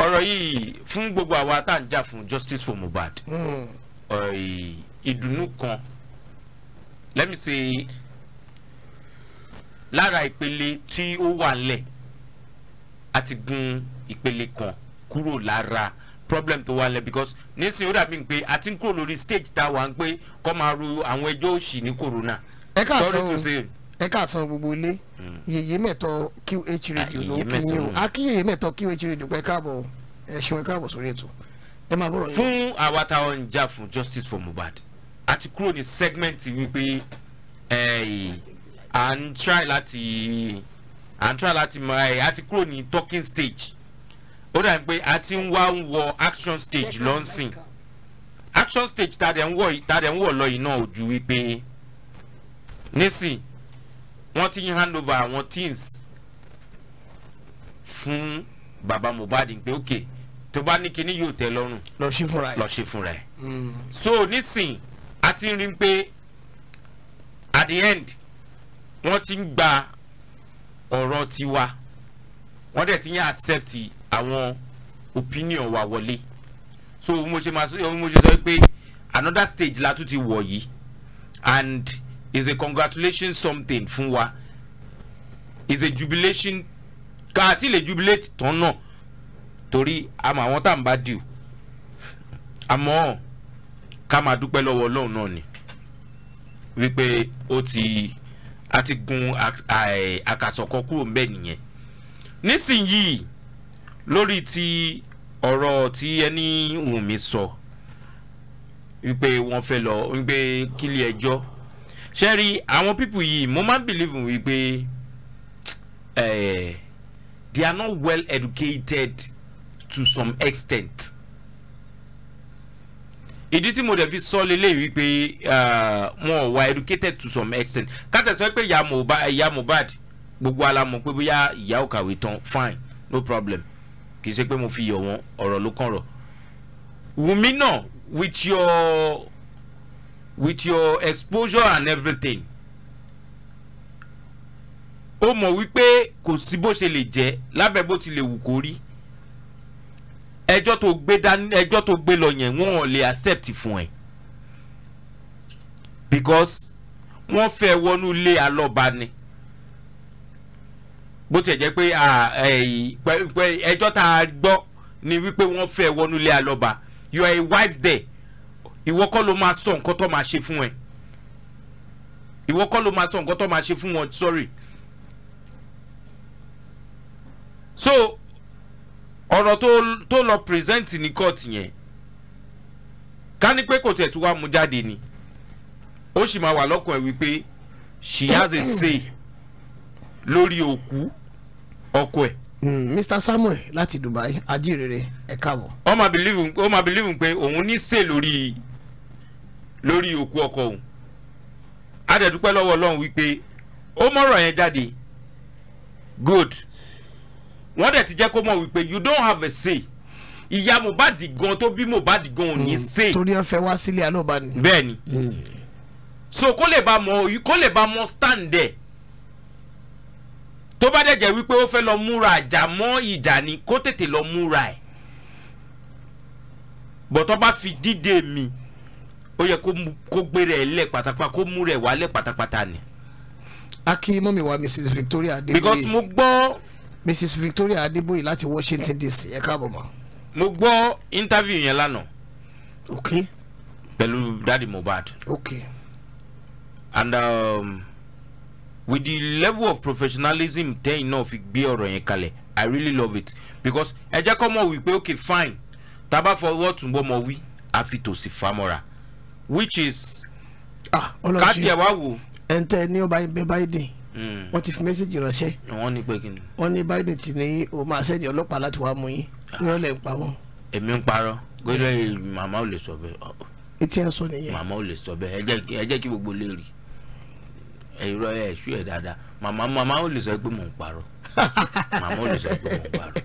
ọ̀rọ̀ yìí fún gbogbo àwa tá à ń jà fún justice for Mohbad hmm. ìdùnnú kan let me say lára ìpele tí ó wà lẹ̀ a ti gun ìpele kan kúrò lára problem tó wà lẹ because nísìnyí ó dàbí pé a ti ń kúrò lórí stage tá a wà ń pé kọ́ máa ru àwọn ẹjọ́ òṣì ní corona. ẹ káàsán o ẹ káàsán gbogbo ilé hmm. yèyé mẹ́tọ́ QH radio ló ń kí yín o a kí yèyé mẹ́tọ́ QH radio pé káàbọ̀ ẹ ṣeun ẹ káàbọ̀ sórí ètò ẹ máa bọ̀rọ̀ yín. fún àwa táwọn ń jà fún justice for Mohbad a ti kúrò ní segment wípé à ń try láti à ń try láti mọra ẹ̀ á ti kúrò ní talking stage ó dàbí pé a ti ń wá ń wọ action stage lọ ń sìn action stage ta dẹ̀ ń wọ̀ ta dẹ̀ ń wọ̀ lọ yìí náà ò ju wípé nísìn wọ́n ti ń hand over àwọn teens fún baba Mohbad pé ok tó bá ní kinní yóò tẹ́ lọ́rùn lọ ṣe fúnra ẹ̀ lọ ṣe fúnra ẹ̀ mm. so nísìn a ti ń rí pé at the end wọ́n ti ń gba ọ̀rọ̀ tiwa wọ́n dẹ̀ ti ń accept àwọn opinion wa wọlé so mo ṣe máa sọ mo ṣe sọ pé another stage la tún ti wọ̀ yìí and is a congratulation something fún wa is a jubilation ká àti lè jubilate tán náà torí àmọ́ àwọn tá à ń bá dìú àmọ́ ká máa dúpẹ́ lọ́wọ́ ọlọ́run náà ni wípé ó ti àti gun àkàsọ̀kọ kúrò ń bẹ̀ nìyẹn nísìnyìí lórí ti ọ̀rọ̀ tí ẹni Wùnmí sọ wípé wọ́n fẹ́ lọ wípé kílí ẹjọ́ ṣe rí àwọn pípù yìí mo máa ń believe wípé eh, they are not well educated to some extent ìdí tí mo dẹ̀ fi sọ lélẹ̀ wípé wọn ò wá educated to some extent kátẹ̀sọ́ pé ìyá mohbad gbogbo alamọ̀ pé bóyá ìyá ò kàwé tán fine no problem kì í ṣe pé mo fi yọ̀ wọ́n ọ̀rọ̀ ló kàn rọ̀ wùmí náà with your with your exposure and everything ó mọ̀ wípé kò sí bó ṣe lè jẹ́ lábẹ́ bó ti lè wù kó rí ẹjọ́ tó gbé dání ẹjọ́ tó gbé lọ yẹn wọ́n lè accept fún ẹ because wọ́n fẹ́ wọnú ilé alọ́ba ni bó tiẹ̀ jẹ́ pé ẹjọ́ tá a gbọ́ ni wípé wọ́n fẹ́ wọnú ilé alọ́ba you are a wife there ìwọ kọ́ ló máa sọ nǹkan tó máa ṣe fún ẹ ìwọ kọ́ ló máa sọ nǹkan tó máa ṣe fún wọn sorry so ọ̀rọ̀ tó lọ present ní court yẹn ká ní pé kò tẹ̀ tún wá mú jáde ni ó sì máa wà lọ́kàn ẹ̀ wípé she has a say lórí òkú ọkọ ẹ̀. Mr hmm, Samuel láti Dubai ajírere ẹ káàbọ̀. ó máa believe ó máa believe pé òun ní say lórí lórí òkú ọkọ òun adẹ̀dúpẹ́ lọ́wọ́ Ọlọ́run wípé ó mọ̀rọ̀ yẹn jáde good wọ́n dẹ̀ ti jẹ́ kó mọ̀ wípé you don't have a say ìyá Mohbad gan tó bí Mohbad gan ò ní mm. say. torí ẹ fẹ́ wá sílé alóba ni. bẹ́ẹ̀ni mm. so kó lè bá mọ kó lè bá mọ stand there tó bá dẹ̀ jẹ́ wípé ó fẹ́ lọ múra àjà mọ́ ìjà ni kó tètè lọ múra ẹ̀ bọ̀tọ́ bá fi dídé mi ó yẹ kó gbére ẹ̀ lẹ̀ pátápátá kó múra ẹ̀ wálẹ̀ pátápátá ni. a kí mọ́mí wa mrs victoria adébóyè. because mo gbọ́ Mrs Victoria Adébóyè láti Washington DC ẹ káàbọ̀ mọ́. mo gbọ́ interview yẹn lánàá. ok. pẹ̀lú dadi Mohbad. ok. and um, with the level of professionalism tẹ́yìn náà fi gbé ọ̀rọ̀ yẹn kalẹ̀ I really love it because ẹ jẹ́ kó mọ̀ wípé ok fine Taba fọwọ́ túnbọ̀ mọ̀ wí àfi tòsí famọ́ra which is. ah ọlọ́run ṣe káàtì ẹ̀ wá wò. ẹ̀ ń tẹ́ ẹ ní ọba ẹ̀ bẹ́ẹ̀ báyìí dín. Hmm. wọ́n ti fi mẹ́sẹ̀gì ránṣẹ́. wọ́n ní pé kíni. wọ́n ní Biden ti ní o máa sẹ́ni ọlọ́pàá láti wá mú yín wọ́n ah. lè ń pa wọ́n. èmi ń parọ́ gbẹ́dẹ́ màmá ò lè sọ bẹ́ẹ̀. etí ẹ sọ nìyẹn. màmá ò lè sọ bẹ́ẹ̀ ẹ jẹ́ kí gbogbo lè rí ẹ̀rọ ẹ̀ ṣú ẹ̀ dáadáa màmá màmá ò lè sọ pé mò ń parọ́ màmá ò lè sọ pé mò ń parọ́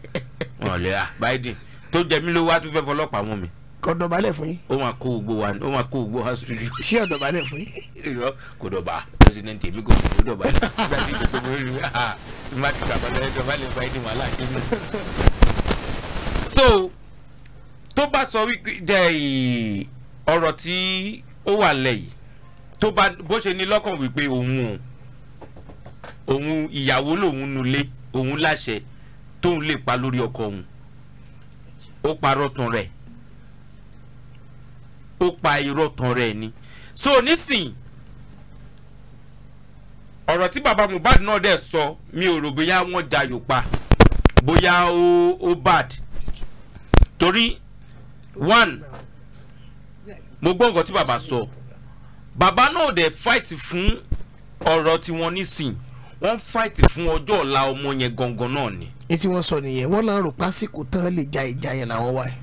wọn ò lè à ah, Biden tó jẹ mí lówó á tún fẹ́ fọlọ́pàá mú mi kò dọ̀bálẹ̀ fún yín. ó máa kó gbogbo wa ó máa kó gbogbo wa studio. ṣé ó dọ̀bálẹ̀ fún yín. irọ́ kò dọ̀bà president èmi kò kò dọ̀bálẹ̀ nígbà tí kò gbogbo rẹ̀ ha ah, má ti gbàgbọ́ lọ́wọ́ dọ̀bálẹ̀ bá ẹni wàhálà kí ni. so tó bá sọ wípé jẹ́ ọ̀rọ̀ tí ó wà lẹ́yìn tó bá bó ṣe ní lọ́kàn wípé òun o òun ìyàwó lòun nulẹ̀ òun láṣẹ tóun lè pa lórí ọkọ òun ó parọ́ tún rẹ̀ ó pa irọ́ tán rẹ̀ ni so nísìn ọ̀rọ̀ tí baba Mohbad náà dẹ̀ sọ mi ò rò bóyá wọ́n jayò pa bóyá ó ó bad torí one mo gbọ́ nǹkan tí baba sọ baba náà dẹ̀ fight fún ọ̀rọ̀ tí wọ́n nísìn wọ́n fight fún ọjọ́ ọ̀la ọmọ yẹn gangan náà ni. etí wọ́n sọ nìyẹn wọ́n lọ rò pásíkò tán lè ja ìjà yẹn làwọn wáyé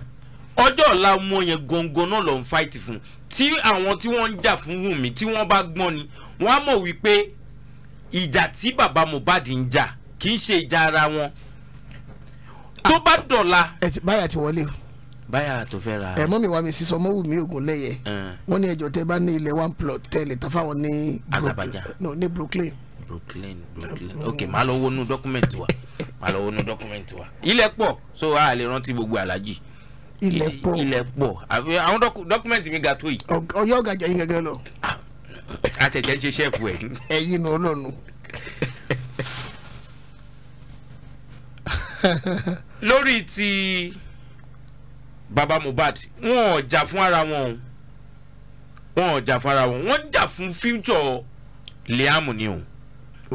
ọjọ́ ọ̀la ọmọ yẹn gangan náà ló ń fight fún tí àwọn tí wọ́n ń jà fún Wùmí tí wọ́n bá gbọ́n ni wọ́n á mọ̀ wípé ìjà tí bàbá Mohbad ń jà kì í ṣe ìjà ara wọn tó bá dọ̀la. báyà ti wọlé o báyà tó fẹ́ ra. ẹ mọ́ mi wá mi sí sọ mọ́wùmí Ògúnléyè wọ́n ní ẹjọ́ tẹ́ bá ní ilẹ̀ one plot tẹ́lẹ̀ tá fáwọn ní. Azerbaijan no ní Brooklyn. Brooklyn Brooklyn mm. ok màá lọ wọnú dọ́kúmẹ̀ntì wa màá lọ wọnú dọ́kúmẹ̀ntì wa. ilẹ̀ pọ̀ so a lè rántí gbogbo alájì ilẹ̀ pọ̀ ilẹ̀ pọ̀ àwọn dọ́kúmẹ̀ntì mi ga tó yìí. ọyọ́ ọ̀gá jẹ́ yín gẹ́gẹ́ lọ. a ṣẹ̀ṣẹ̀ ṣe ṣẹ́ẹ̀fù ẹ̀. ẹ̀yin nù ọlọ́nu. lórí ti baba Mohbad wọn ò jà fún ara wọn wọn ò jà fún ara wọn wọn jà fún future Liam ni o.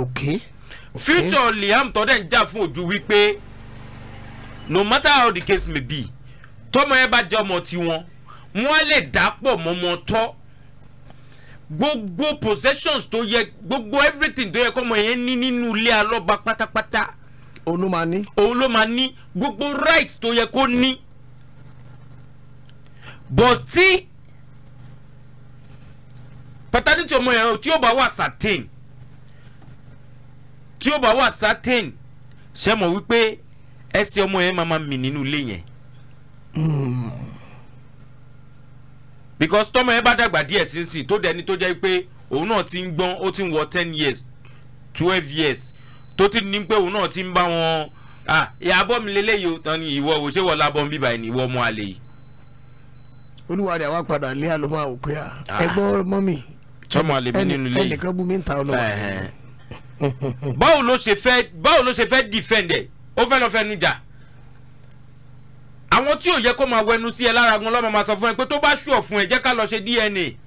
ok. future Liam tọ́dẹ̀ ń jà fún ojú wípé no matter how the case may be tọmọ ẹ bá jẹ ọmọ tiwọn wọn lè dàpọ̀ mọ́mọ́ tọ́ gbogbo possessions tó yẹ gbogbo everything tó yẹ kọ́mọ yẹn ní nínú ilé alọ́ba pátápátá. òun ló máa ní. òun ló gbogbo right tó yẹ kó ní. but tí paternity ọmọ yẹn tí ó bá wà certain tí ó bá wà certain ṣe mọ̀ wípé ẹsẹ̀ ọmọ yẹn máa máa mì nínú ilé yẹn because tọ́mọ yẹn bá dàgbà díẹ̀ sínsìn tó dẹni tó jẹ́ pé òun náà ti ń gbọ́n ó ti ń wọ ten years twelve years tó ti ní pé òun náà ti ń bá wọn ah ìyàbọ̀ mi lélẹ́yìí o tán ni ìwọ ò ṣé wọ́n lábọ́ ń bíbá ẹni ìwọ ọmọ àlè yìí. olúwa rẹ̀ wá padà lé àlùmọ́ àwòkọ́ yà ah, ah. ẹgbọ́n mọ́mì tọmọ àlèmí nínú ilé ẹnìkan bú mi ń ta ọlọ́wọ́. báwo ló ṣe fẹ́ báwo ló ṣe fẹ́ dìfẹ́ǹdẹ̀ ó fẹ́ lọ fẹ́ nu jà àwọn tí ò yẹ kó máa wẹnu sí ẹ lára gan lọ́mọ máa sọ fún ẹ pé tó bá ṣùọ̀ fún ẹ jẹ́ ká lọ ṣe DNA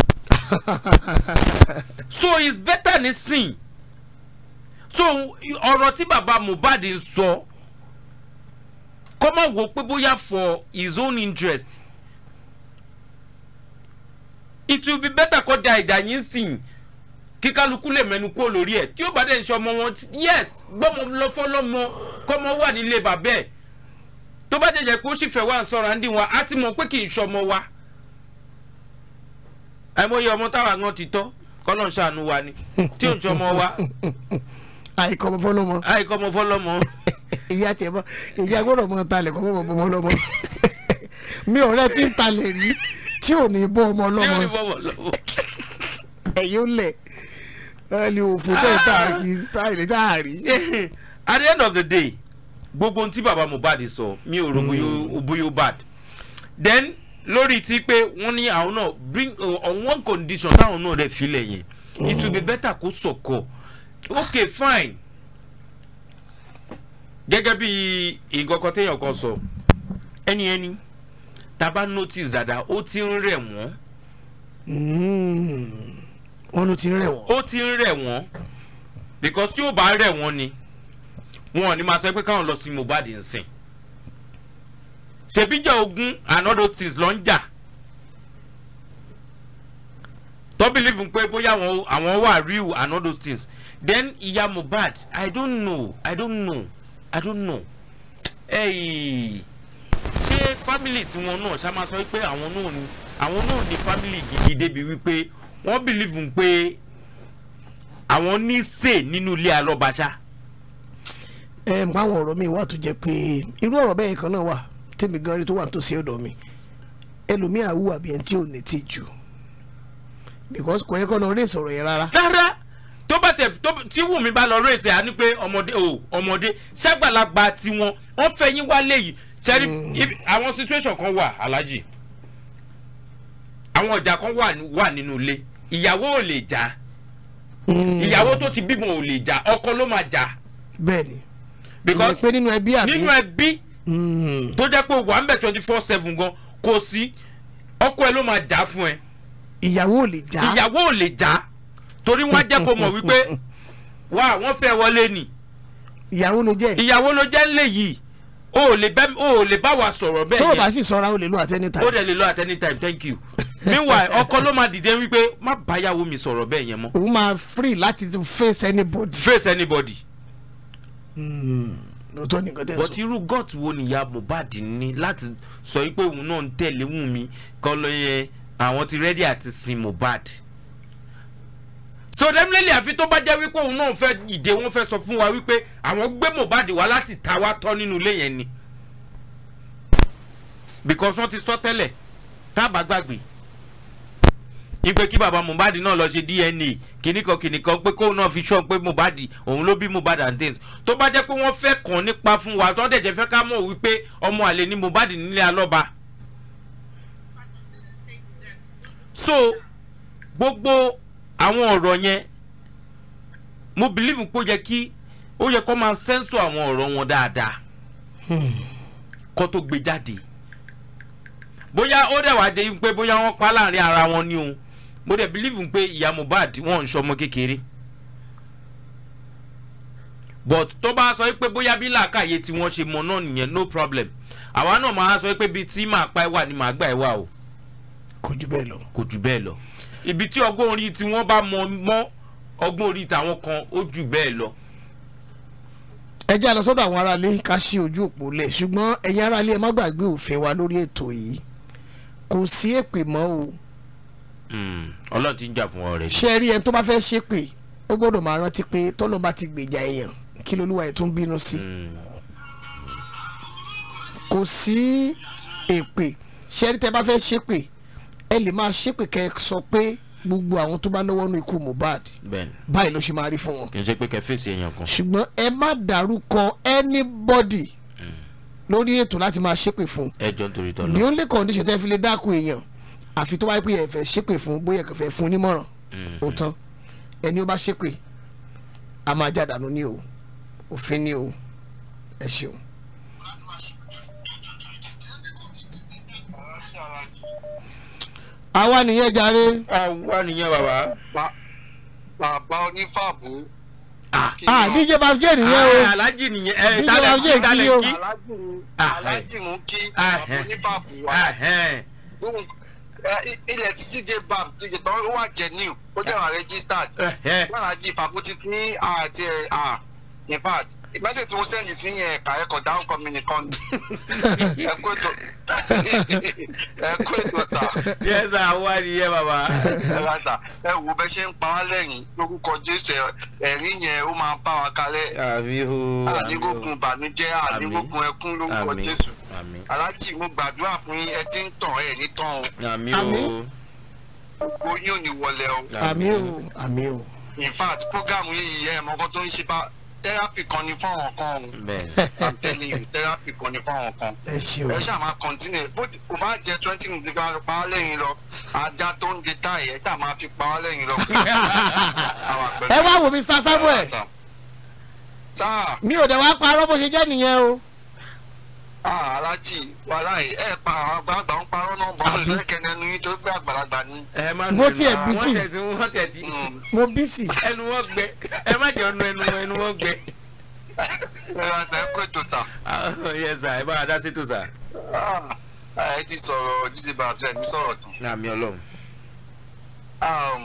so it's better nísìn so ọ̀rọ̀ tí bàbá Mohbad ń sọ kó má wo pé bóyá for his own interest it will be better kó da ìjà yín sìn kí kálukú lè mẹ́nu kúrò lórí ẹ̀ tí ó bá dẹ̀ ń ṣe ọmọ wọn yes gbọ́mọ lọ́fọ́ lọ́mọ kọ́mọ wà nílé bàbá ẹ̀ tó bá jẹjẹ pé ó sì fẹ́ wá sọ̀rọ̀ àǹdí wọn á ti mọ̀ pé kì í ṣọmọ wa àìmọye ọmọ táwa gan ti tọ́ kọ́lọ́n ṣàánú wa ni tí ò ń ṣọmọ wa. àìkọ́mọ fọlọ́mọ. àìkọ́mọ fọlọ́mọ. ìyá tiẹ̀ mọ ìyá gbọ́dọ̀ mọ talẹ̀ kọ́ mọ ọmọ ọlọ́mọ mi ò rẹ́ tí ń talẹ̀ rí tí ò ní bọ́ ọmọ ọlọ́mọ ẹ̀yìn ó lẹ̀ ẹ̀ ni òfò tẹ̀ tá at the end of the day gbogbo ohun tí baba Mohbad sọ mi ò rò mm. bóyá ó bad then lórí ti pé wọ́n ní àwọn náà bring uh, on one condition táwọn náà rẹ̀ filẹ̀ yẹn it will be better kó sọ̀kọ̀ okay fine gẹ́gẹ́ bí ìkọ̀kọ̀ téèyàn kan sọ ẹni ẹni tá bá notice dada ó ti ń rẹ̀ wọ́n. Mm. wọ́n ló ti ń rẹ̀ wọ́n. ó ti ń rẹ̀ wọ́n because tí ó bá rẹ̀ wọ́n ni wọn ò ní máa sọ pé káwọn lọ sí Mohbad nsìn ṣèbíjà ogun and all those things ló ń jà tó believe pé bóyá àwọn wà real and all those things then ìyá Mohbad I don't know I don't know I don't know ẹ̀yìn ṣé family tiwọn náà ṣá máa sọ pé àwọn náà ni àwọn náà ni family gidi débi wípé wọ́n believe pé àwọn ní sè nínú ilé alọ́baṣá ẹ ń bá àwọn ọ̀rọ̀ mi wà tó jẹ́ pé irú ọ̀rọ̀ bẹ́ẹ̀ kan náà wà tèmi gan rí tó wà tó sí ọ̀dọ̀ mi ẹlòmíà wù àbí ẹni tí ò ní ti jù because kò yẹ kó lọ rí ìsọ̀rọ̀ yẹn rárá. rárá tó bá tẹ tí Wùmí bá lọ rí ìsẹ̀ àní pé ọmọdé o ọmọdé ṣàgbàlagbà tiwọn wọ́n fẹ́ yín wálé yìí tẹ́lí hmm. àwọn situation kan wà alájì àwọn ọjà kan wà nínú ilé ìyàwó ò lè jà hmm. ìyàwó tó ti bímọ ò lè jà ọkọ ló máa jà. bẹ́ẹ̀ni because nínú ẹbí àbí nínú ẹbí hmm. tó jẹ́ pé wà ń bẹ̀ twenty four seven gan kò sí ọkọ ẹ ló máa jà fún ẹ. ìyàwó ò lè jà ìyàwó ò lè jà torí wọ́n á jẹ́ kó mọ̀ wípé wà wọ́n fẹ́ wọlé ni. ìyàwó ló jẹ́ ìyàwó ló jẹ́ ńlẹ̀ yìí o ò lè bẹ́ o ò lè bá wa sọ̀rọ̀ bẹ́ẹ̀ yẹn tó o bá sì sọra o lè lo at any time o dẹ̀ lè lo at any time thank you meanwhile ọkọ ló máa dìde wípé má báyàwó mi sọ̀rọ̀ bẹ́ẹ̀ yẹn mọ́. òun máa free láti face anybody. face anybody lóòótọ́ hmm, nìkan tẹ̀ sọ. bọ́tí irú gọ́ọ̀tù wo nìyá Mohbad ní láti sọ pé òun náà ń tẹ̀lé Wùnmí kọ́ ló yẹ àwọn ti rẹ́dí àti sin Mohbad. so definitely àfi tó bá jẹ́ wípé òun náà fẹ́ ìdè wọn fẹ́ sọ fún wa wípé àwọn gbé Mohbad wá láti ta wá tọ́ nínú ilé yẹn ni because wọ́n ti sọ tẹ́lẹ̀ tá a bá gbàgbé ipe kí baba Mohbad náà lọ ṣe DNA kìnìkan kìnìkan pé kóun náà fi sọ pé Mohbad òun ló bí Mohbad and things tó bá jẹ́ pé wọ́n fẹ́ kàn nípa fún wa tó ń dẹ̀jẹ̀ fẹ́ ká mọ̀ wípé ọmọ àlè ni Mohbad nílé alọ́ba. so gbogbo àwọn ọ̀rọ̀ yẹn mo believe pé ó yẹ kí ó yẹ kó máa sẹ́ńsọ àwọn ọ̀rọ̀ wọn dáadáa hmm. kó tó gbé jáde bóyá ó dẹ̀ wá dé pé bóyá wọ́n pa láàrin ara wọn ni o mo dẹ̀ believe pé ìyá Mohbad wọ́n ń sọmọ kékeré but tó bá sọ pé bóyá bí làákàyè tí wọ́n ṣe mọ náà nìyẹn no problem àwa náà máa sọ pé bíi tí màá pa ẹ ni màá gbà ẹ o. kò jù bẹ́ẹ̀ lọ. kò jù bẹ́ẹ̀ lọ ibi tí ọgbọ́n orí tí wọ́n bá mọ mọ́ ọgbọ́n orí tàwọn kan ó jù bẹ́ẹ̀ lọ. ẹ jẹ́ àlọ́ sọ́dọ̀ àwọn aráalé ká ṣe ojú òpó lẹ̀ ṣùgbọ́n ẹ̀yin aráalé ẹ má gbàgbé òfin wa lórí ètò yìí kò sí èpè mọ́ o. Hmm. ọlọ́run ti ń jà fún ọ rẹ. ṣé rí ẹni tó bá fẹ́ ṣépè ó gbọ́dọ̀ máa rántí pé tọ́lọ́n bá ti gbèjà èèyàn kí lolúwa ẹ̀ tún bínú sí. Hmm. kò sí èpè ṣé rí tẹ́ bá fẹ́ ṣépè ẹ lè máa ṣépè kẹ́ ẹ sọ pé gbogbo àwọn tó bá lọ́wọ́ nú ikú Mohbad báyìí ló ṣe máa rí fún wọn. kì í ṣe pé kẹ́ fèsì èèyàn kan. ṣùgbọ́n ẹ má dárúkọ anybody hmm. lórí ètò láti máa ṣépè fún. ẹ jọ nítorí tọ́lọ. the only condition tẹ́ fi lè dákun èèyàn àfi tó wáyé pé ẹ fẹ́ ṣépè fún bóyá ẹ fẹ́ fún nímọ̀ràn ó mm-hmm. ẹni ó bá ṣépè a máa jàdánù ní o òfin ní o ẹ ṣeun. àwa nìyẹn jàre. àwa nìyẹn bàbá. bàbá onífàbù. ah díje babjẹ nìyẹn o. alájì nìyẹn ẹ díje babjẹ nìyẹn o. alájì mú kí bàbá onífàbù wa. Eh, ilẹ̀ tí jíjẹ bam jíjẹ tán ó wà genuine ó jẹ́ àwọn registered eh, eh. wọ́n á jí faculty tí àti à in fact mẹ́sẹ̀ tí mo sẹ́yìn sí yẹn ẹ̀ka ẹ̀kọ́ dáhùn kan mi nìkan ni ẹ̀kú ètò ẹ̀kú ètò sà. yẹ sà wá nìyẹn bàbá. ẹ̀ka sà ẹ wo bẹ́ ṣe ń pa wá lẹ́yìn lórúkọ jésù ẹ̀rín yẹn ó máa bá wa kalẹ̀ àníkókun bànújẹ́ àníkókun ẹkún lórúkọ jésù aláàjì mo gbàdúrà fún yín ẹ ti ń tàn ẹ ní tán o. àmì o. gbogbo ò ní wọlé o. àmì o. àmì o. in fact programu yìí ẹ mọ tó ń ṣe bá therapy kan ní fáwọn kan o i'm telling kan ní fáwọn kan ẹ ṣáà máa continue bó kò bá jẹ twenty minutes ká pa á lẹ́yìn lọ ajá tó ń de táyì ẹ ṣáà máa fi pa á lẹ́yìn lọ. ẹ wá wò mí sá sábọ̀ ẹ̀ mi ò dẹ̀ wá parọ́ bó ṣe jẹ́ nìyẹn o. Ah, aláàjì wàhálà yìí ẹ pa àwọn àgbààgbà ń parọ́ náà bọ́ fún ìfẹ́ kẹ́kẹ́ ní tó gbé àgbàlagbà ni. mo tiẹ̀ bísì mm. mo bísì. ẹnu wọn gbẹ ẹ má jẹ ọnu ẹnu ẹnu wọn gbẹ. ẹ wá sẹ kó ètò sà. Ah, yẹ sà ẹ bá a dá sí ètò sà. Ah, ẹ ti sọ̀rọ̀ jíjẹ bá abdul mi sọ̀rọ̀ tán. ní àmì ọlọ́run. Um,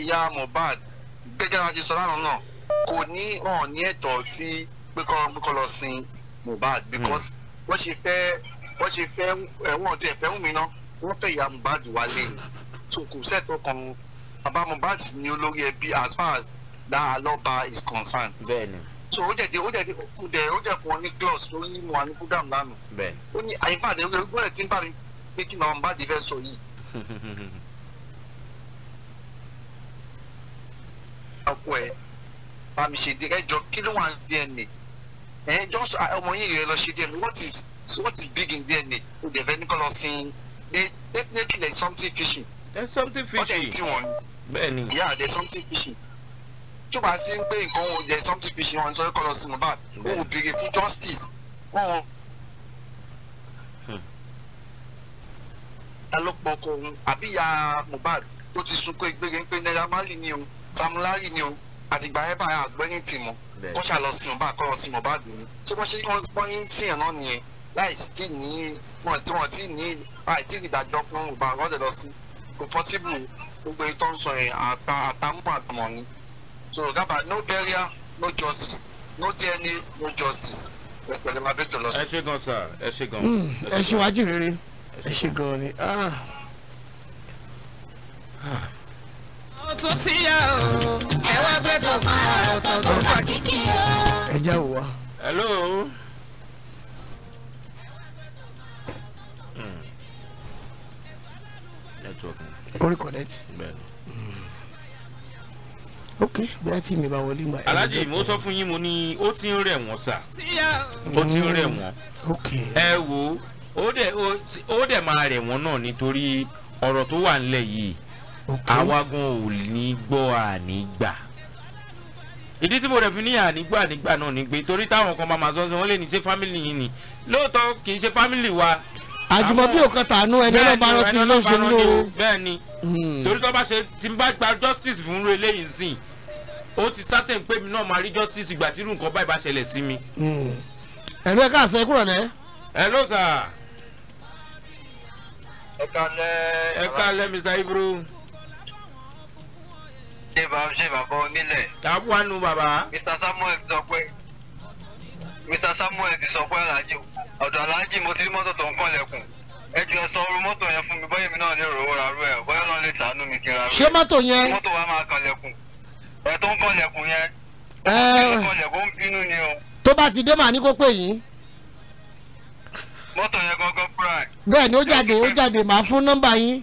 ìyá Mohbad gẹ́gẹ́ bá ti sọ lánàá náà kò ní ọ̀ọ́ni ẹ̀tọ́ sí pé kọ́ lọ sin Mohbad hmm. because wọ́n ṣe fẹ́ wọ́n ṣe fẹ́ ẹ̀wọ̀n tẹ̀ fẹ́ Wùmí náà wọ́n fẹ́ ìyá Mohbad wálé so kò sẹ́tọ̀ kan bàbá Mohbad ni olórí ẹbí as far as that alọ́ba is concerned. bẹ́ẹ̀ni. so ó jẹ̀dẹ̀ ó jẹ̀dẹ̀ ó dẹ̀ ó jẹ̀ fún ọ ní gloss tó ní mu àní kúdàm lánàá. bẹ́ẹ̀ni. ó ní àyípadà ó gbọ́dọ̀ tí ń bá mi pé kí màmá Mohbad fẹ́ sọ yìí. ọkọ ẹ bá mi ṣe di ẹjọ́ kí ló wà ní DNA ẹ eh, jọ́sọ ah, ọmọ yìí yẹn lọ ṣe díẹ̀ what is what is big in DNA o dẹ̀ fẹ́ ní sí i definitely there is something fishy. there is something fishy ọ̀dẹ̀ tí wọ́n yeah there is something fishy tó bá sí pé nǹkan wọn there is something fishy wọn sọ kọ́ lọ sí Mohbad wọn ò béèrè fún justice wọn ò. Hmm. alọ́pọ̀ ọkọ òun àbí ìyá Mohbad ló ti sunkún egbére ń pé Naira Marley ni o Sam Larry ni o àtìgbà ẹ̀ bá àgbẹ̀rìn tì mọ́ wọ́n ṣàlọ́ sí ọba àkọ́rọ̀ sí Mohbad ni ṣé wọ́n ṣe wọ́n ń sìn ẹ̀nà nìyẹn láì tí ní wọ́n tí wọ́n tí ní àìtí ìdájọ́ fún ọba àkọ́rọ̀ lọ sí kò pọ́síbù gbogbo ètò ń sọ yẹn àtà àtàmú àtàmọ̀ ni so gaba no burial no justice no DNA no justice pẹ̀lú abẹ́tò lọ sí. ẹ ṣe gan sir ẹ ṣe gan. Hmm, ẹ ṣe wájú rere ẹ ṣe gan ni. Ah. Ah hello. Hmm. orí hmm. ok bóyá tí mi bá wọlé ma. alájì mo sọ fún yín mo ní ó ti ń rẹ̀ wọ́n sà ó ti ń rẹ̀ wọ́n ẹ wo ó dẹ̀ máa rẹ̀ wọ́n náà nítorí ọ̀rọ̀ tó wà ńlẹ̀ yìí àwa gan ò ní gbọ́ ànígbà ìdí tí mo rẹ̀ fi ní ànígbà nígbà náà ni pé torí táwọn kan máa sọ́sọ́ wọn lè ní ṣe fámìlì yìí ni lóòótọ́ kì í ṣe fámìlì wa. àjùmọ̀bí ò kan tàánú ẹni ọlọ́ba rántí ló ń ṣe lóore. bẹ́ẹ̀ ni hmm. torí tó bá ṣe ti bá gba justice fún eléyìí sìn ó ti sátẹ̀ pé mi náà máa rí justice ìgbà tí irú nǹkan báyìí bá ṣẹlẹ̀ sí mi. ẹ̀rọ ẹ̀ka àṣẹ kúrọ̀ lẹ́. ẹ ló sà. ẹ̀ka lẹ́ ẹ̀ka lẹ́ Mr. Ibro ṣé bàbá ṣé bàbá onílẹ̀. tàbúwà nù bàbá. mr samuel sọ pé mr samuel ti sọ pé ọ̀dọ̀ alhaji mo ti rí mọ́tò tó ń kànlẹ̀kùn ẹ jù sọ orú mọ́tò yẹn fún mi bóyá èmi náà ní òróró ra rú ẹ náà lè sàánú mi kí n ṣé mọ́tò yẹn. mọ́tò wa máa kànlẹ̀kùn ẹ tó ń kànlẹ̀kùn yẹn. ẹ ẹ kànlẹ̀kùn ń bínú ni o. tó bá ti dé màá ní kó pè yín mọ́tò yẹn gangan prime. bẹ́ẹ̀ ó jáde ó jáde màá fún nọ́mbà yín.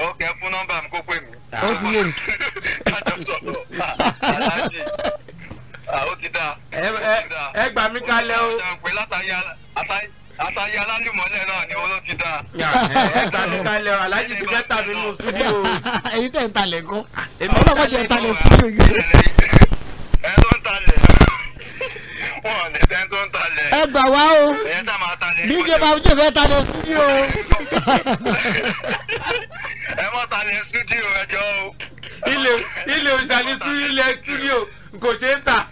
Ok, kẹ fún nọ́mbà mi kó pè mí. ó ti yé mi. ó ti da. ẹ gbà mí kalẹ̀ o. àtàyè alálùmọ́lẹ̀ náà ni ó ti da. ẹ gbà mí kalẹ̀ o alájí ti fẹ́ tà mí nù stúdíò. èyí tẹ̀ ń talẹ̀ gan. ọlọ́mọdé ń talẹ̀ fún mi. ẹ ló ń talẹ̀ ẹ gbà wá o díje babuji fẹ́ ta lẹ studio. ẹ mọ ta lẹ studio ẹ jọ o. ilé ilé òòṣà ni studio kò ṣeé tà.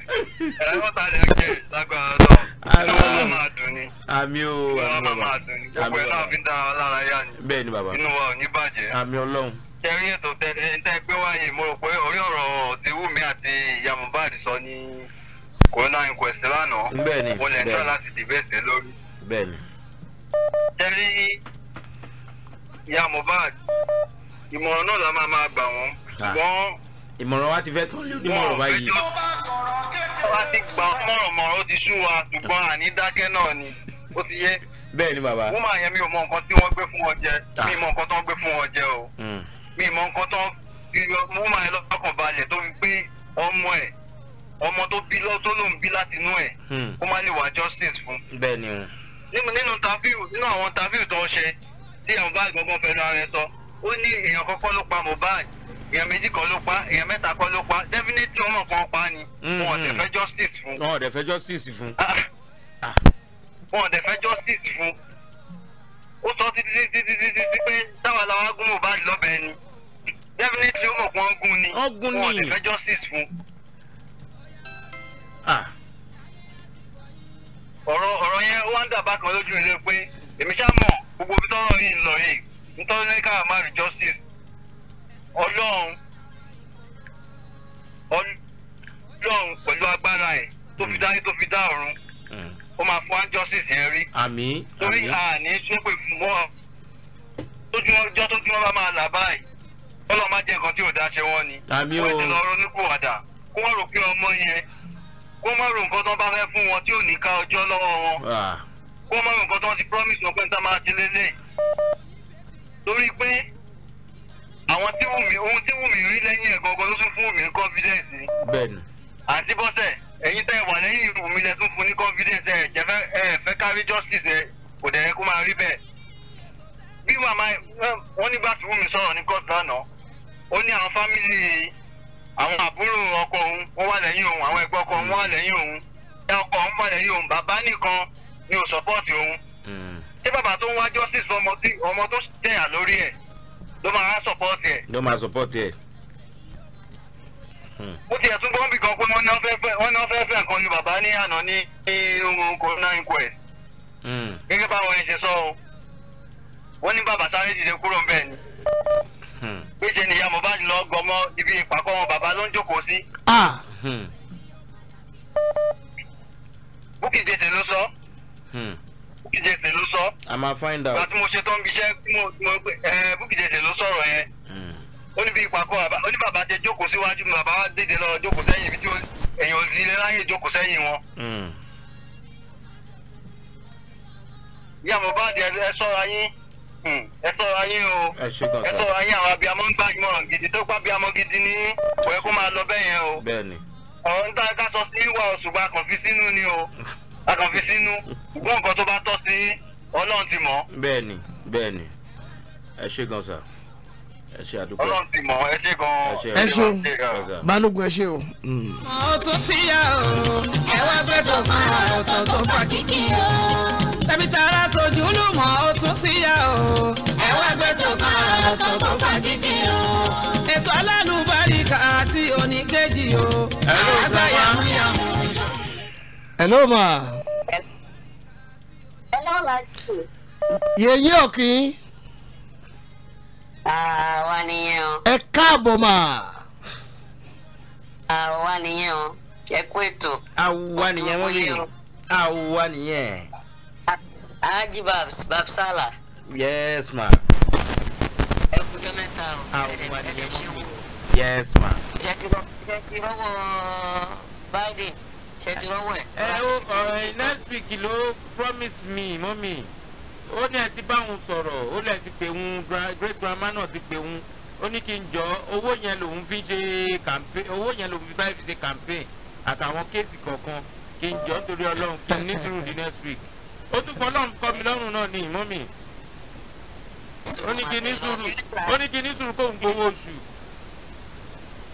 ẹ mọ ta lẹ kẹ lágbára náà àmì o àmì o àmì o bẹ́ẹ̀ ni bàbá inú wa ò ní bàjẹ́ àmì ọlọ́run. kẹrin ètò tẹ ẹ tẹ gbé wáyé mo rò pé orí ọ̀rọ̀ ti wù mí àti ìyá Mohbad sọ ní corona inquest lánàá mo lè tọ́ láti dìbẹ̀tẹ̀ lórí. tẹ́lí ya Mohbad ìmọ̀ràn náà la máa máa gbà wọ́n ṣùgbọ́n. ìmọ̀ràn wa ti fẹ́ tán lórí mọ̀rọ̀ báyìí. wọ́n ti gba mọ̀rọ̀mọ̀rọ̀ ti sú wa ṣùgbọ́n àní dákẹ́ náà ni ó ti yé. bẹ́ẹ̀ ni bàbá. wọ́n máa yẹn mi mọ nǹkan tí wọ́n gbé fún wọn jẹ mi mọ nǹkan tó ń gbé fún wọn jẹ o hmm. mi mọ nǹkan tó ń wọ́n máa yẹn lọ́kàn balẹ̀ tó fi gbé ọmọ ẹ̀ ọmọ tó bí lọ tó lòún bí láti inú ẹ hmm. kó má lè wá justice fún. bẹ́ẹ̀ni o. nínú nínú tafiu nínú àwọn tafiu tó ń ṣe tí àwọn báàgì gbọngàn fẹnu ara ẹ sọ ó ní èèyàn kọ́kọ́ ló pa mohbad èèyàn méjì kan ló pa èèyàn mẹ́ta kan ló pa definitely ọmọ kan pa ni hmm, wọn hmm. ò dẹ̀ fẹ́ justice fún. wọn ò dẹ̀ fẹ́ justice fún. wọn ò dẹ̀ fẹ́ justice fún. ó sọ títí títí títí títí pé táwa làwọn agún mohbad lọ́bẹ̀ẹ́ ni definitely ọmọ kan gún ni wọn ò dẹ̀ fẹ́ justice fún. Ah. ọ̀rọ̀ ọ̀rọ̀ yẹn ó wá ń dàbá kan lójú ilé pé èmi ṣáà mọ̀ gbogbo bí tọ́rọ̀ yìí ń lọ yìí nítorí ní ká máa rí justice ọlọ́run ọlọ́run pẹ̀lú agbára ẹ̀ tó fi dá tó fi dá ọ̀run hmm. ó máa fún án justice yẹn rí torí àní ṣépè fún ọ tójúmọ́ tójúmọ́ bá máa là báyìí ọlọ́run má jẹ́ nǹkan tí ò dá ṣe wọ́n ni wọ́n ti lọ ronú kó wàdà kó wọ́n rò pé ọmọ yẹn kó má ro nǹkan tó bá fẹ́ fún wọn tí ò ní ká ọjọ́ lọ́wọ́ wọn ah. kó má ro nǹkan tó ti promise wọn pé ń sá máa ti lélẹ̀ torí pé àwọn tí Wùmí ohun tí Wùmí rí lẹ́yìn ẹ̀ gangan ló tún fún Wùmí confidence ni. bẹ́ẹ̀ni. àti bọ́sẹ̀ ẹ̀yin tẹ́ ẹ wà lẹ́yìn Wùmí lẹ tún fún ní confidence ẹ̀ jẹ́ ẹ fẹ́ kárí justice ẹ kò dẹ̀ kó máa rí bẹ́ẹ̀. bí màmá wọn nígbà tí Wùmí sọ̀rọ̀ ní court lánàá ó ní àwọn fámìlì àwọn àbúrò ọkọ òun wọ́n wà lẹyìn òun àwọn ẹgbẹ́ ọkọ òun wà lẹ́yìn òun ọkọ òun wà lẹyìn òun bàbá nìkan ni ò sọ́pọ́ọ̀tì òun hmm. ṣé bàbá tó ń wá justice ọmọ ọmọ tó jẹyà lórí ẹ̀ ló máa sọ́pọ́ọ̀tì ẹ̀. ló máa sọ́pọ́ọ̀tì ẹ̀. ó hmm. tiẹ̀ tún gbọ́n bí pé wọ́n ní fẹ́ nǹkan bàbá ní àná ní ohun corona níṣẹ́ ni ìyá Mohbad lọ gọmọ ibi ìpàkọ́ wọn bàbá ló ń jókòó sí. Hmm. Bukky Jesse ló sọ. Hmm. Bukky Jesse ló sọ. a máa find out. gbàtí mo ṣe tán bíṣẹ́ Bukky Jesse ló sọ̀rọ̀ yẹn hmm. ó ní bí ìpàkọ́ bàbá ó ní bàbá ṣe jókòó síwájú mi bàbá wa dìde lọ jókòó sẹ́yìn ibi tí èèyàn ò sí ilé láyè jókòó sẹ́yìn wọn. ìyá Mohbad ẹ sọ́ra yín. Hmm. ẹ sọ̀rọ̀ ayé o ẹ sọ̀rọ̀ ayé àwọn abiyamọ ń gbajúmọ̀ gidi tó gbá abiyamọ gidi ní òye kó máa lọ bẹ́ẹ̀ yẹn o ọ̀rọ̀ ń tá ká sọ sí wà oṣù bá kàn fi sínú ni o a kàn fi sínú gbọ́n nǹkan tó bá tọ́ sí ọlọ́run ti mọ̀. bẹ́ẹ̀ni bẹ́ẹ̀ni ẹ ṣe gan ẹ ṣe àdúgbò ọlọ́run ti mọ̀ ẹ ṣe gan-an ẹ ṣe balógun ẹ ṣe o. ọ̀tún ti yá o ẹ wá gbé tó kan ọ̀tọ̀ tó fa kíkì o. tẹ̀mí tara tójú lù mọ́ ọ̀tún ti yá o ẹ wá gbé tó kan ọ̀tọ̀ tó fa kíkì o. ètò alálùbáríkà àti oníkejì o. ẹ ló gbà yàmúyàmú. ẹ ló mà. ẹ lọ́ọ́ la jù àwa nìyẹn o. ẹ káàbọ̀ mà. àwa nìyẹn o ẹ kú ètò. àwa nìyẹn wọ́n yìí àwa nìyẹn. alhaji babs babsala. yes ma. ẹ kú jọ mẹ́ta o. àwa nìyẹn wọ́n yìí. yes ma. ṣe ti rọwọ́ biden ṣe ti rọwọ́ ẹ. ẹ o ọ̀rọ̀ next week ló promise me mọ́mí ó ní ẹ ti bá òun sọ̀rọ̀ ó lẹ̀ ti pè òun great grandma náà ti pè òun ó ní kí n jọ owó yẹn lòun fi ṣe campaign owó yẹn lòun fi báyìí fi ṣe campaign àtàwọn kéèsì kọ̀ọ̀kan kí n jọ nítorí ọlọ́run kí n ní sùúrù di next week ó tún fọ́ lọ́run kọ́ mi lọ́rùn náà ní ìmú mi ó ní kí n ní sùúrù ó ní kí n ní sùúrù kó n gbowó oṣù.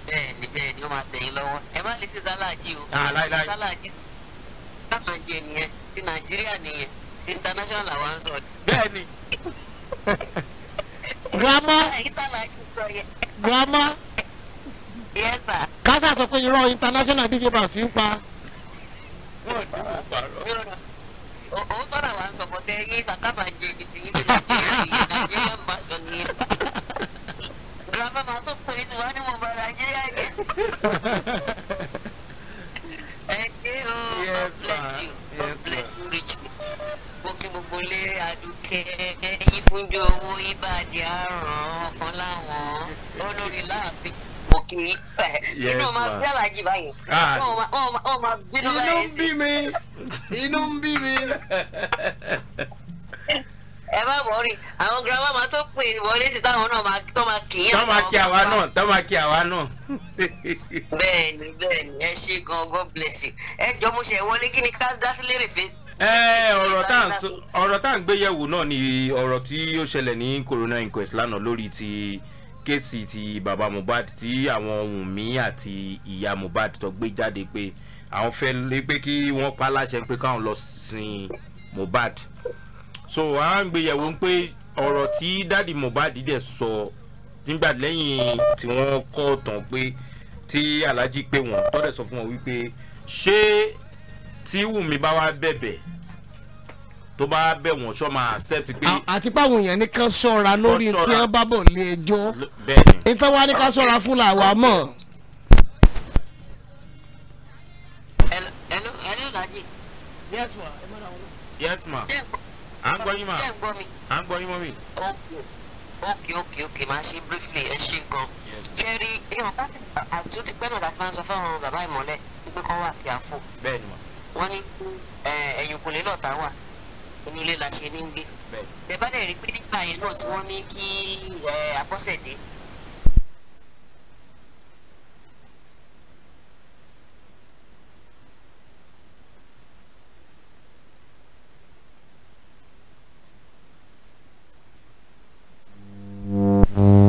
bẹ́ẹ̀ni bẹ́ẹ̀ni ó máa tẹ̀yìn lọ́wọ́ ẹ má lè ṣe sálàjì o ah, sálàjì táwọn jẹ nìyẹn ti nàìjíríà nìyẹn international làwa ń sọ. bẹ́ẹ̀ni. grandma. grandma. yes sir. kásá sọ pé irọ́ international dj babs ń pa. òun tọ́ra wa ń sọ fún tẹ yín sàkábà jẹ ìdí yín bí nàìjíríà yìí nàìjíríà bá jọ ní. grandma máa tó pè é tiwa ni mo bá nàìjíríà jẹ. ẹ ṣé o god bless you. Adéwọlé Adúkẹ́ Ifúnjú owó Ibàdí àrùn ọ̀kan láwọn olórí láàfin òkè inú ma bí alájí báyìí ah. inú ń bí mi inú ń bí mi. ẹ má wọrí àwọn girama máa tó pè wọlé sí táwọn náà tó máa kì í. tó máa kí àwa náà tó máa kí àwa náà. bẹ́ẹ̀ni bẹ́ẹ̀ni ẹ ṣé gan God bless you ẹ jọ mo ṣe wọlé kí ni ká dá sí lérè fèé ọ̀rọ̀ tá à ń gbé yẹ̀wò náà ni ọ̀rọ̀ tí ó ṣẹlẹ̀ ní corona inquest lánàá lórí ti kéèsì ti baba mohbad tí àwọn Wùnmí àti ìyá mohbad tó gbé jáde pé àwọn fẹ́ lé pé kí wọ́n pa láṣẹ pé káwọn lọ sin mohbad so à ń gbé yẹ̀wò pé ọ̀rọ̀ tí dáàdi mohbad dẹ̀ sọ nígbà lẹ́yìn tí wọ́n kọ́ tán pé tí alhaji pé wọ́n tọ́lẹ̀ sọ fún wọn wípé ṣé tí wùmí bá wá bẹ̀bẹ̀ tó bá bẹ̀ wọ́n sọ máa accept pé. àti páwọn èèyàn ní ká ṣọ́ra lórí tí wọ́n bá bọ̀ lé ẹjọ́ ìtàn wa ní ká ṣọ́ra fún làwa mọ̀. yes ma. yes ma. à ń gbọ́ yín ma. à ń gbọ́ yín mọ́ mi. okay okay okay máa ṣe briefly ẹ ṣe nǹkan. kẹrí ẹ mọ̀ pátì àti ó ti pẹ́ náà láti máa ń sọ fún àwọn bàbá ìmọ̀lẹ́ wípé kọ́ wà kí a fò. bẹ́ẹ̀ ni ma wọ́n ní ẹ̀yìnkùnlé náà tá a wà inú ilé la ṣe ní ń gbé bẹ́ẹ̀ bá dẹ̀ rí pé nígbà yẹn náà tí wọ́n ní kí àbọ́sẹ̀ dé Mm-hmm.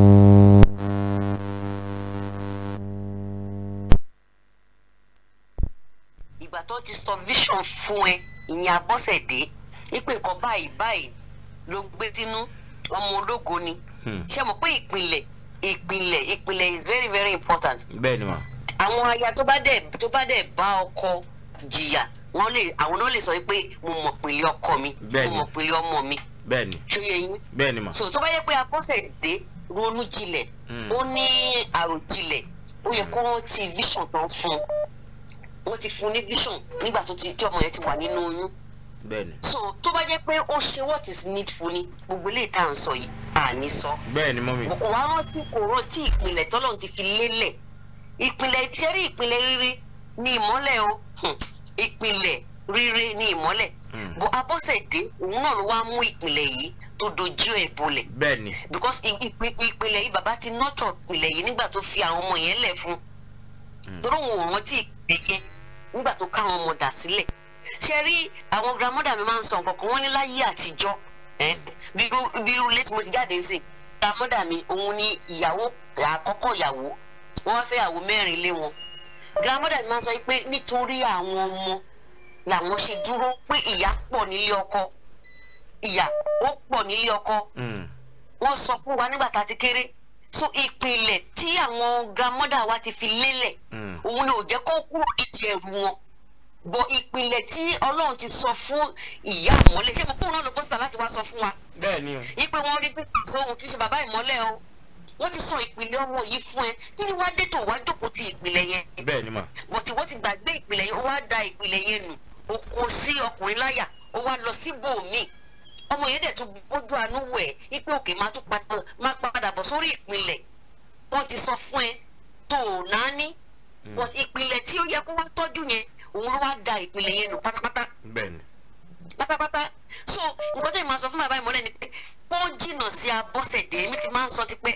tó ti sọ vision fún ẹ ìyẹn abọ́sẹ̀dé wípé nǹkan báyìí báyìí ló gbé sínú ọmọ ológo ni hmm. ṣé mo pé ìpìlẹ̀ ìpìlẹ̀ ìpìlẹ̀ is very very important. bẹ́ẹ̀ni ma. àwọn aya tó bá dẹ̀ tó bá dẹ̀ bá ọkọ jìyà wọn lè àwọn náà lè sọ pé mo mọ̀ pìlẹ̀ ọkọ mi mo mọ̀ pìlẹ̀ ọmọ mi. bẹ́ẹ̀ni bẹ́ẹ̀ni ma. so tó bá yẹ pé abọ́sẹ̀dé ronú jinlẹ̀ hmm. ó ní àròjinlẹ̀ ó yẹ kó rántí vision tán fún un wọ́n ti fún ní vision nígbà tó ti tí ọmọ yẹn ti wà nínú oyún. bẹ́ẹ̀ni. so tó bá jẹ́ pé ó ṣe what is needful ni gbogbo eléyìí tá à ń sọ yìí àní sọ. bẹ́ẹ̀ni mọ́mi. wà á rántí kò rántí ìpìlẹ̀ tọ́lọ́run ti fi lélẹ̀ ìpìlẹ̀ ìṣẹ́rí ìpìlẹ̀ rírí ni ìmọ́lẹ̀ o hmm. ìpìlẹ̀ rírí ni ìmọ́lẹ̀ hmm. bó abọ́sẹ̀dé òun náà ló wá mú ìpìlẹ̀ yìí tó dojú ẹ̀ bolẹ̀. bẹ́ẹ̀ni. because ìpìlẹ̀ yìí bàbá ti nọ́tọ̀ ìpìlẹ̀ yìí nígbà tó fi àwọn ọmọ yẹn lẹ̀ fún un torí òun ò rántí ìgbẹ́yẹ nígbà tó káwọn ọmọ dà sílẹ̀ ṣe rí àwọn grandmother mi máa ń sọ nǹkan kan wọ́n ní láyé àtijọ́ bí irú létí mo ti jáde sí grandmother mi òun ni ìyàwó àkọ́kọ́ ìyàwó wọ́n fẹ́ àwo mẹ́rin lé wọn grandmother mi máa ń sọ pé nítorí àwọn ọmọ làwọn ṣe dúró pé ìyá pọ̀ nílé ọkọ ìyá ó pọ̀ nílé ọkọ hmm. wọ́n sọ fún wa nígbà tá a ti kéré so ìpìlẹ̀ tí àwọn grandmother wa ti fi lélẹ̀ hmm. òun ni ò jẹ́ kó kúrò nídìí ẹ̀rù wọn bọ ìpìlẹ̀ tí ọlọ́run ti sọ fún ìyá ìmọ́lẹ̀ ṣé mo kó wọn lọ pósítà láti wá sọ fún wa bẹ́ẹ̀ni o ipe wọn rí pé kò sóhun kì í ṣe bàbá ìmọ́lẹ̀ o wọ́n ti sọ ìpìlẹ̀ ọmọ yìí fún ẹ kí ni wàá dé tó wàá jókòó ti ìpìlẹ̀ yẹn bẹ́ẹ̀ni ma bọ̀tí wọ́n ti gbàgbé ìpìlẹ̀ yẹn ó wá da ìpìlẹ̀ yẹn nù ó kó sí ọkùnrin láyà ó wá lọ sí bòmíì ọmọ yẹn dẹ̀ tún gbójú àánú wò ẹ́ ipò òkè máa tún padà máa padà bọ̀ sórí ìpìlẹ̀ wọ́n ti sọ fún ẹ tó o náà ìpìlẹ̀ tí ó yẹ kó wá tọ́jú yẹn òun ló wá da ìpìlẹ̀ yẹn nù pátápátá pátápátá so nǹkan tó yẹ máa sọ fún bàbá ìmọ́lẹ̀ ni pé kó jìnnà sí abọ́sẹ̀dé èmi ti máa ń sọ ti pẹ́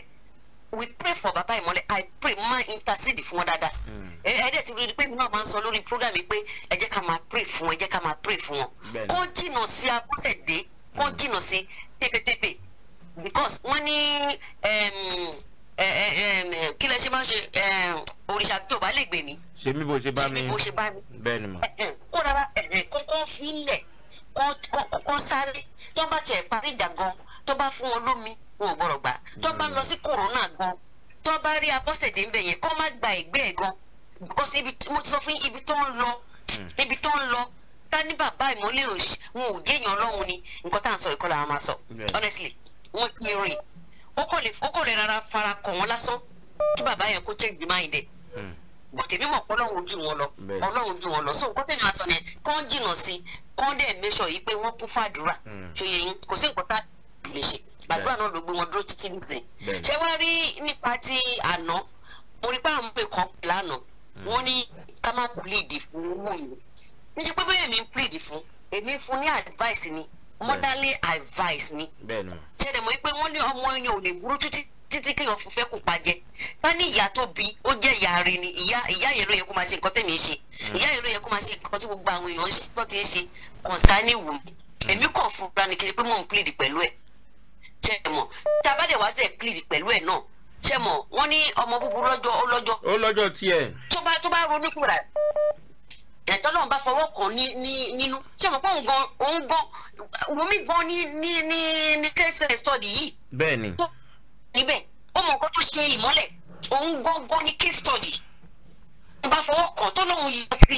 we pray for bàbá ìmọ́lẹ̀ i pray máa intercede fún wọn dáadáa hmm. ẹ ẹ dẹ̀ ti rí i pé náà máa ń sọ lórí program yìí pé ẹ jẹ́ ká máa pray fún ẹ jẹ́ ká máa pray fún wọn kó jìnnà sí abọ́sẹ̀dé wọ́n jìnnà sí tẹ́pẹ́tẹ́pẹ́ because wọ́n ní kí lẹ ṣe máa ń ṣe òrìṣà tí ò bá lè gbè mí. ṣe mi bó ṣe bá mi bẹ́ẹ̀ ni mà. kó rárá kókó fílẹ̀ kó sáré tó bá tiẹ̀ parí ìjà gan tó bá fún wọn lómi wọn ò gbọ́dọ̀ gbà tó bá lọ sí kòrónà gan tó bá rí abọ́sẹ̀dé ń bẹ̀ yẹn kó má gba ẹ̀gbẹ́ ẹ̀ gan because ibi mo ti sọ fún ibi tó ń lọ hmm. ibi tó ń lọ ta ní ba ìmọ́lẹ̀ le ò jẹ́yàn ọlọ́run ni nǹkan tá à ń sọ ìkọlà honestly wọ́n ti rìn ó kò fara bàbá yẹn kó change mind ẹ̀ hmm. tèmi mọ̀ pé ọlọ́run jù wọn lọ lọ so nǹkan tèmi máa sọ yẹn kán jìnnà sí kán dẹ̀ make sure yìí pé wọ́n kún fàdúrà hmm. ṣòye yín kò sí a wọn ní ṣe pé bẹ́ẹ̀ mi ń plead fún èmi fún ní advice ni motherly advice ni ṣẹlẹ̀ mọ́ pé wọ́n ní ọmọ yẹn ò lè burú títí títí kéèyàn fún fẹ́ kó pajẹ ká ní ìyá tó bí ó jẹ́ ìyá rẹ ni ìyá ìyá yẹn ló yẹ kó máa ṣe nǹkan tẹ̀mí ṣe hmm. ìyá yẹn ló yẹ kó máa ṣe nǹkan tí gbogbo àwọn èèyàn tó ti ń ṣe kọ̀ǹsáínì wù mí èmi kàn fúnra ni kí n ṣe pé mò ń plead pẹ̀lú ẹ̀ ṣe mọ̀ tá a bá dẹ̀ wá tẹ̀ plead pẹ̀lú ẹ̀ náà ṣe mọ̀ wọ́n ní ọmọ búburú lọ́jọ́ ó lọ́jọ́ ó lọ́jọ́ tiẹ̀ tó bá tó bá ronú kúrò tọ́lọ́run bá fọwọ́ kàn ní ní nínú ṣé mo pé òun gan òun gan Wùmí gan ní ní ní ní case study yìí. bẹ́ẹ̀ni. tó níbẹ̀ ó mọ nǹkan tó ṣe ìmọ́lẹ̀ òun gangan ní case study. tó bá fọwọ́ kàn tọ́lọ́run yọ sí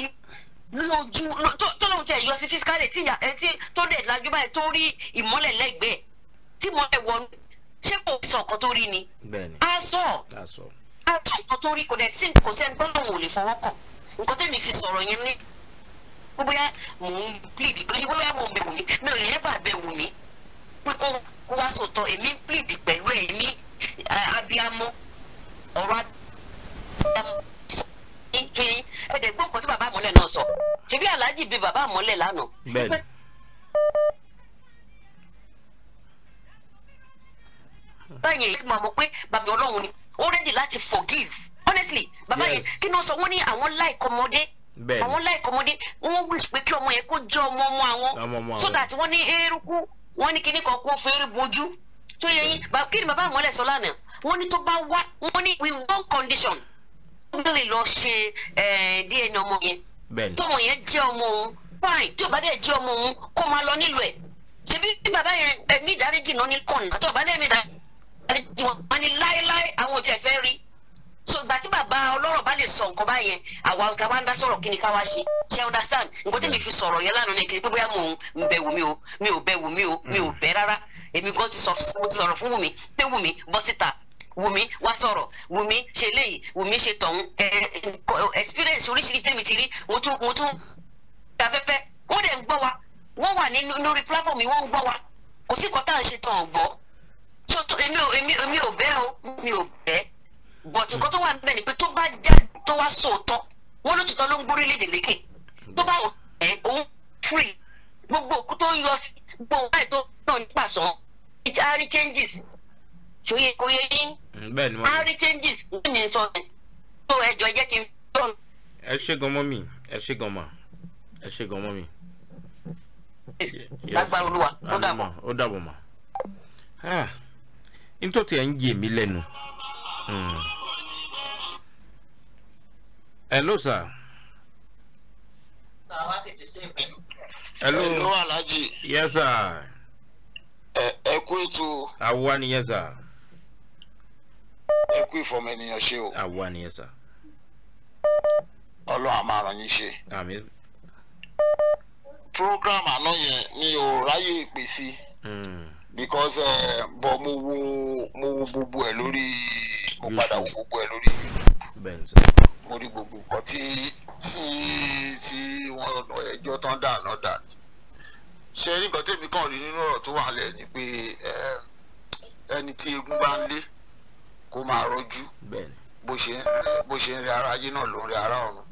lójú tọ́lọ́run tẹ̀ yọ sí fisikálẹ̀ tí ìyá ẹ tí tó dẹ̀ lajú báyìí tó rí ìmọ́lẹ̀ lẹ́gbẹ̀ẹ́ tí mo ẹ̀ ṣé kò sọ nǹkan tó rí ni. bẹ́ẹ̀ni. a sọ a sọ nǹkan tó rí kò dẹ̀ sí kò sẹ́ni nǹkan tẹ́mi fi sọ̀rọ̀ yẹn ní bóyá mò ń plead pẹ̀lú bóyá mò ń bẹ̀wò mi mi ò ní ẹ̀bà bẹ̀wò mi pé kó kó wá sòtọ́ èmi ń plead pẹ̀lú èyí ní abiyamọ ọ̀rọ̀ abiyamọ ike ẹ̀dẹ̀ gbọ́ nǹkan tí bàbá àmọ́lẹ̀ náà sọ ṣebí aláàjì bíi bàbá àmọ́lẹ̀ lánàá. bẹ́ẹ̀ni. báyìí èyí ti máa mọ pé bàbá ọlọ́run ni ó rẹ́dì láti forgive honestly Baba, yẹn kí ni wọ́n sọ wọ́n ní àwọn like ọmọdé àwọn like ọmọdé wọ́n wish pé kí ọmọ yẹn kó jọ ọmọ ọmọ àwọn so that wọ́n ní eruku wọ́n ní kíní kan kó fèrè bojú tó yẹ yín kí ni Baba àwọn ẹlẹ́sọ̀ lánàá wọ́n ní tó bá wá wọ́n ní we want condition wọ́n lè lọ ṣe DNA ọmọ yẹn tọmọ yẹn jẹ́ ọmọ òun fine tí o bá dẹ̀ jẹ́ ọmọ òun kó máa lọ nílùú ẹ̀ ṣebí bàbá yẹn ẹ̀mí ìdáríjì náà ní kọ̀ọ̀nà tó o bá dẹ̀ ẹ̀mí ìdáríjì wọn ni láéláé àwọn òjò ẹ̀fẹ́ rí so ìgbà tí bàbá ọlọ́rọ̀ bá lè sọ nǹkan báyẹn àwa ọ̀tá wa ń dá sọ̀rọ̀ kí ni ká wá ṣe ṣe understand nǹkan mi fi sọ̀rọ̀ yẹn lánàá ní kí n pé bóyá mò ń bẹ̀ wù mí o mi ò bẹ̀ wù mí o mi ò hmm. bẹ̀ rárá èmi gan ti sọ̀rọ̀ fún Wùmí pé Wùmí bọ́ síta Wùmí wá sọ̀rọ̀ Wùmí ṣe léyìí Wùmí ṣe tọ̀hún experience oríṣiríṣi tẹ̀mí ti rí mo tún mo tún afẹ́fẹ́ wọ́n dẹ̀ ń gbọ́ wa wọ́n wà nínú lórí platform wọ́n ń gbọ́ wa kò sí nǹkan tá à ń ṣe tán ọ̀gbọ́ so èmi ò èmi ò bẹ́ẹ̀ o mi ò bẹ́ẹ̀ but nǹkan tó wà níbẹ̀ ni pé tó bá já tó wá sóòótọ́ wọ́n ló tutọ́ ló ń gbórí lédè lékè tó bá ẹ̀ òun free gbogbo òkú tó ń yọ gbogbo òun báyìí tó náà ní pàṣọ a rí changes tó yẹ kó yẹ yín mm, a rí changes ní ní sọ ẹ̀ tó ẹjọ́ jẹ́ kí n tọ́. ẹ ṣe gan mọ́ mi ẹ ṣe gan mọ́ ẹ ṣe gan mọ́ mi. lágbára olúwa ó dàbọ̀ ó dàbọ̀ mọ́. Ah, n tó ń yè mí lẹ́nu. Mm. Hello, sir. Hello. Hello, Alaji. Yes, sir. Ẹ kú ètò. yes, sir. o. yes, sir. Program àná yẹn mi ò ráyè ìpèsè. Mm. because eh, bọ̀ mo wo mo wo gbogbo ẹ̀ lórí mo padà wo gbogbo ẹ̀ lórí YouTube mo rí gbogbo nǹkan tí tí tí wọ́n ẹjọ́ tán dà náà dà ṣe ní nǹkan tẹ́mi kàn rí nínú ọ̀rọ̀ tó wà lẹ̀ ni pé eh, ẹni tí egun bá ń lé kó máa rọ́jú bó ṣe bó ṣe ń rí ara ayé náà ló ń rí ara ọ̀run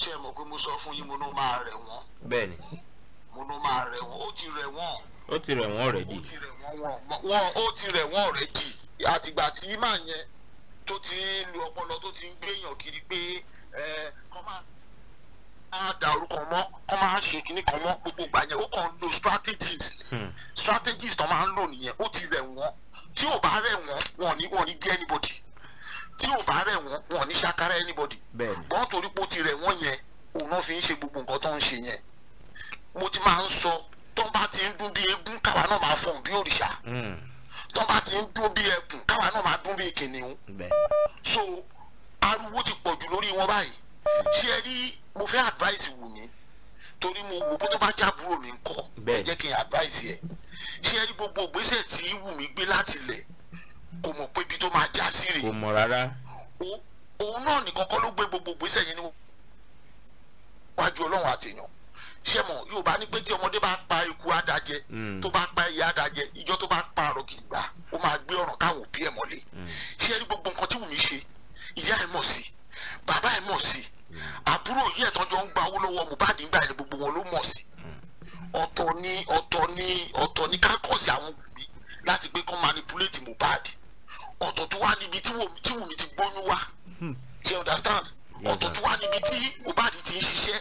ṣé ẹ mọ̀ pé mo sọ fún yín mo náà máa rẹ̀ wọ́n mo ló máa rẹ̀ wọ́n ó ti rẹ̀ wọ́n. ó ti rẹ̀ wọ́n rẹ̀ dì. ó ti rẹ̀ wọ́n wọ́n ó àtìgbà tí màá yẹn tó ti ń lu ọpọlọ tó ti ń gbéyàn kiri pé ẹ kọ́ máa máa dàrú mọ́ kọ́ máa ṣe kinní kan mọ́ gbogbo ìgbà yẹn ó kàn ń lo strategies hmm. strategies tó máa ń lò nìyẹn ó ti rẹ̀ wọ́n tí ò bá rẹ̀ wọ́n wọ́n ní wọ́n ní bí anybody tí ò bá rẹ̀ wọ́n wọ́n ní ṣàkárá anybody gbọ́n torí pé ó ti rẹ̀ wọ́n yẹn òun náà fi ń ṣe gbogbo nǹkan tó ń ṣe yẹn mo ti máa ń sọ tó bá ti ń dún bí eégún káwa náà máa fọ̀n bí òrìṣà hmm. tó bá ti ń dún bí ẹkùn káwa náà máa dún bí kìnìún so ariwo ti pọ̀ jù lórí wọn báyìí ṣé ẹ rí mo fẹ́ advice wù mí torí mo wò bó tó bá jábúrò mi ń kọ́ ẹ jẹ́ kí n advice yẹ ṣé ẹ rí gbogbo ìgbésẹ̀ tí wù mí gbé láti lẹ̀ kò mọ̀ pé ibi tó máa já sí rèé kò mọ̀ rárá òun náà nìkan kọ́ ló gbé gbogbo ìgbésẹ̀ yẹn níwájú ọlọ́run àtẹ̀yàn ṣé mọ yorùbá ní pé tí ọmọdé bá pa ikú adájẹ hmm. tó bá pa ẹyẹ adájẹ ìjọ tó bá pa àrò gidigba ó máa gbé ọ̀ràn káwọn òbí ẹ̀ mọ́lé hmm. ṣé rí gbogbo nǹkan tí Wùmí ṣe ìyá ẹ̀ mọ̀ sí bàbá ẹ̀ mọ̀ sí hmm. àbúrò yìí ẹ̀tàn jọ ń gba owó lọ́wọ́ Mohbad ńgbà ẹ̀ gbogbo wọn ló mọ̀ sí ọ̀tọ̀ ni ọ̀tọ̀ ni ọ̀tọ̀ ni kákọ̀ọ̀sì àwọn Wùmí láti gbé kán manipulate Mohbad ọ̀tọ̀ tó wà níbi tí Wùmí ti gbóyún wá ṣe understand ọ̀tọ̀ tó wà níbi tí Mohbad ti ń ṣiṣẹ́